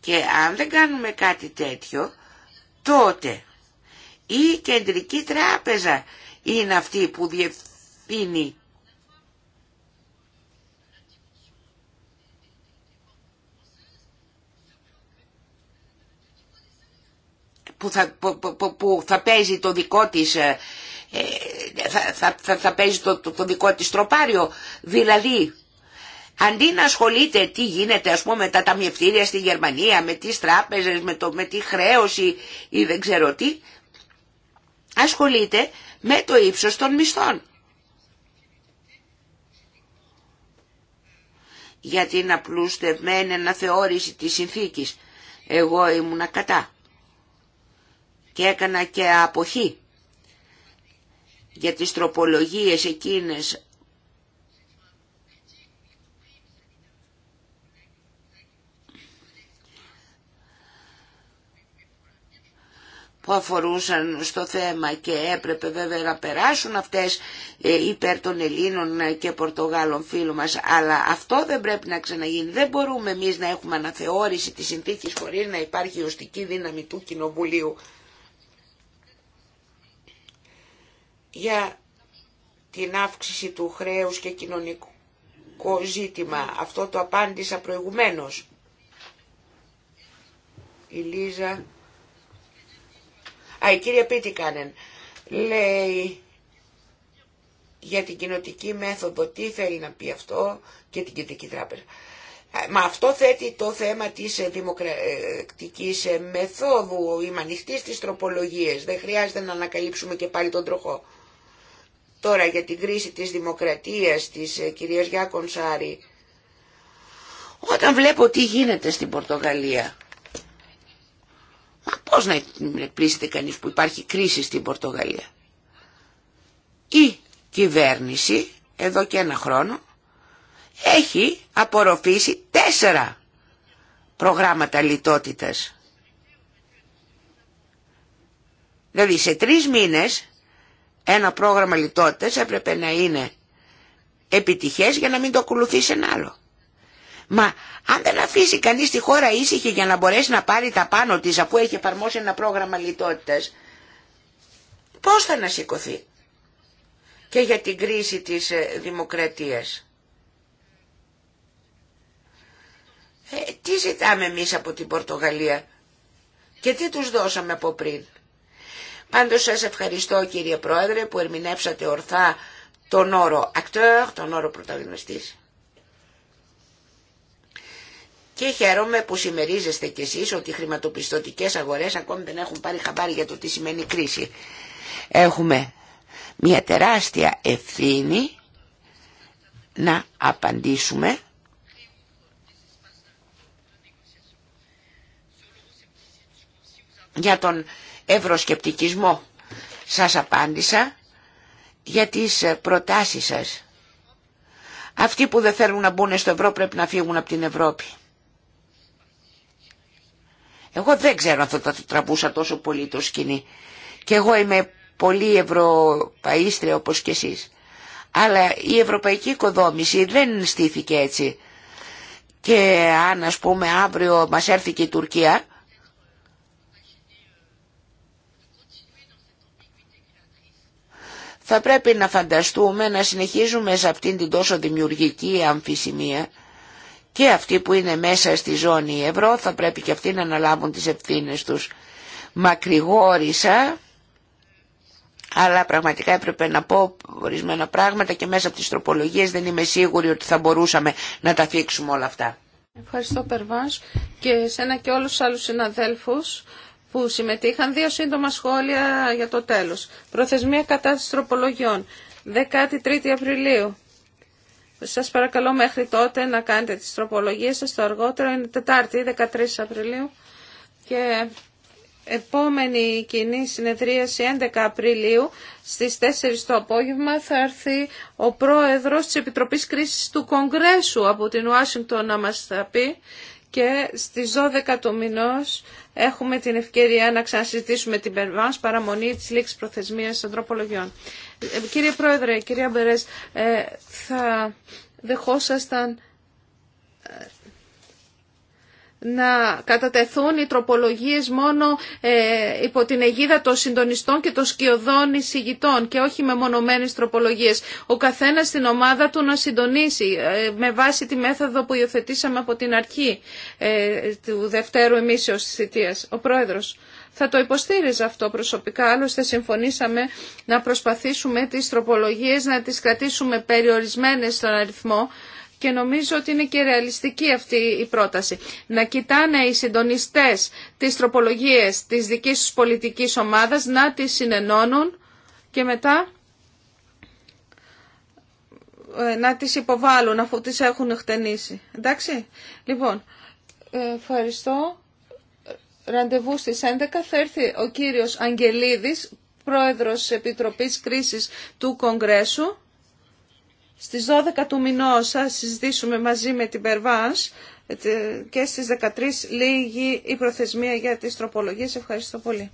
Και αν δεν κάνουμε κάτι τέτοιο, τότε η Κεντρική Τράπεζα είναι αυτή που διευθύνει που θα, θα παίζει το δικό της ε, ε, θα, θα, θα, παίζει το, δικό της τροπάριο δηλαδή Αντί να ασχολείται τι γίνεται ας πούμε με τα ταμιευτήρια στη Γερμανία, με τις τράπεζες, με, το, με τη χρέωση ή δεν ξέρω τι, ασχολείται με το ύψος των μισθών. πλούστε την να θεώρηση της συνθήκης, εγώ ήμουνα κατά και έκανα και αποχή για τις τροπολογίες εκείνες που αφορούσαν στο θέμα και έπρεπε βέβαια να περάσουν αυτές ε, υπέρ των Ελλήνων και Πορτογάλων φίλων μας αλλά αυτό δεν πρέπει να ξαναγίνει δεν μπορούμε εμείς να έχουμε αναθεώρηση της συνθήκης χωρίς να υπάρχει ουστική δύναμη του Κοινοβουλίου για την αύξηση του χρέους και κοινωνικό ζήτημα. Αυτό το απάντησα προηγουμένως. Η Λίζα... Α, η κυρία Πίτικανεν λέει για την κοινοτική μέθοδο τι θέλει να πει αυτό και την κοινωτική τράπεζα. Ε, μα αυτό θέτει το θέμα της ε, δημοκρατικής ε, μεθόδου, είμαι ανοιχτή στις τροπολογίες, δεν χρειάζεται να ανακαλύψουμε και πάλι τον τροχό. Τώρα για την κρίση της δημοκρατίας της ε, κυρίας Γιάκων Σάρη. Όταν βλέπω τι γίνεται στην Πορτογαλία, μα πώς να πλήσετε κανείς που υπάρχει κρίση στην Πορτογαλία. Η κυβέρνηση εδώ και ένα χρόνο έχει απορροφήσει τέσσερα προγράμματα λιτότητας. Δηλαδή σε τρεις μήνες ένα πρόγραμμα λιτότητας έπρεπε να είναι επιτυχές για να μην το ακολουθήσει ένα άλλο. Μα αν δεν αφήσει κανείς τη χώρα ήσυχη για να μπορέσει να πάρει τα πάνω της αφού έχει εφαρμόσει ένα πρόγραμμα λιτότητας, πώς θα να σηκωθεί και για την κρίση της ε, δημοκρατίας. Ε, τι ζητάμε εμείς από την Πορτογαλία και τι τους δώσαμε από πριν. Πάντως σας ευχαριστώ κύριε Πρόεδρε που ερμηνεύσατε ορθά τον όρο ακτέρ, τον όρο πρωταγωνιστής. Και χαίρομαι που σημερίζεστε κι εσείς ότι οι χρηματοπιστωτικές αγορές ακόμη δεν έχουν πάρει χαμπάρι για το τι σημαίνει κρίση. Έχουμε μια τεράστια ευθύνη να απαντήσουμε για τον ευρωσκεπτικισμό. Σας απάντησα για τις ε, προτάσεις σας. Αυτοί που δεν θέλουν να μπουν στο ευρώ πρέπει να φύγουν από την Ευρώπη. Εγώ δεν ξέρω αν θα το τραβούσα τόσο πολύ το σκηνή. Και εγώ είμαι πολύ ευρωπαίστρια όπως και εσείς. Αλλά η ευρωπαϊκή οικοδόμηση δεν στήθηκε έτσι. Και αν ας πούμε αύριο μας έρθει και η Τουρκία, θα πρέπει να φανταστούμε να συνεχίζουμε σε αυτήν την τόσο δημιουργική αμφισημία και αυτοί που είναι μέσα στη ζώνη ευρώ θα πρέπει και αυτοί να αναλάβουν τις ευθύνες τους. Μακρηγόρησα, αλλά πραγματικά έπρεπε να πω ορισμένα πράγματα και μέσα από τις τροπολογίες δεν είμαι σίγουρη ότι θα μπορούσαμε να τα φύξουμε όλα αυτά. Ευχαριστώ Περβάς και σένα και όλους τους άλλους συναδέλφους που συμμετείχαν. Δύο σύντομα σχόλια για το τέλος. Προθεσμία κατάσταση τροπολογιών. 13η Απριλίου. Σας παρακαλώ μέχρι τότε να κάνετε τις τροπολογίες σας. Το αργότερο είναι Τετάρτη, 13 Απριλίου. Και επόμενη κοινή συνεδρίαση 11 Απριλίου στις 4 το απόγευμα θα έρθει ο πρόεδρος της Επιτροπής Κρίσης του Κογκρέσου από την Ουάσιγκτον να μας θα πει και στις 12 του μηνός έχουμε την ευκαιρία να ξανασυζητήσουμε την περβάνς παραμονή της λήξης προθεσμίας των τροπολογιών. Ε, κύριε Πρόεδρε, κυρία Μπερές, ε, θα δεχόσασταν ε, να κατατεθούν οι τροπολογίες μόνο ε, υπό την αιγίδα των συντονιστών και των σκιωδών εισηγητών και όχι με μονομένες τροπολογίες. Ο καθένας στην ομάδα του να συντονίσει ε, με βάση τη μέθοδο που υιοθετήσαμε από την αρχή ε, του Δευτέρου Εμίσεως της θητείας. Ο Πρόεδρος. Θα το υποστήριζα αυτό προσωπικά, άλλωστε συμφωνήσαμε να προσπαθήσουμε τις τροπολογίες να τις κρατήσουμε περιορισμένες στον αριθμό και νομίζω ότι είναι και ρεαλιστική αυτή η πρόταση. Να κοιτάνε οι συντονιστές τις τροπολογίες της δικής τους πολιτικής ομάδας, να τις συνενώνουν και μετά ε, να τις υποβάλουν αφού τις έχουν χτενίσει. Εντάξει, λοιπόν, ε, ευχαριστώ. Ραντεβού στις 11 θα έρθει ο κύριος Αγγελίδης, πρόεδρος Επιτροπής Κρίσης του Κογκρέσου. Στις 12 του μηνός θα συζητήσουμε μαζί με την Περβάνς ε, και στις 13 λίγη η προθεσμία για τις τροπολογίες. Ευχαριστώ πολύ.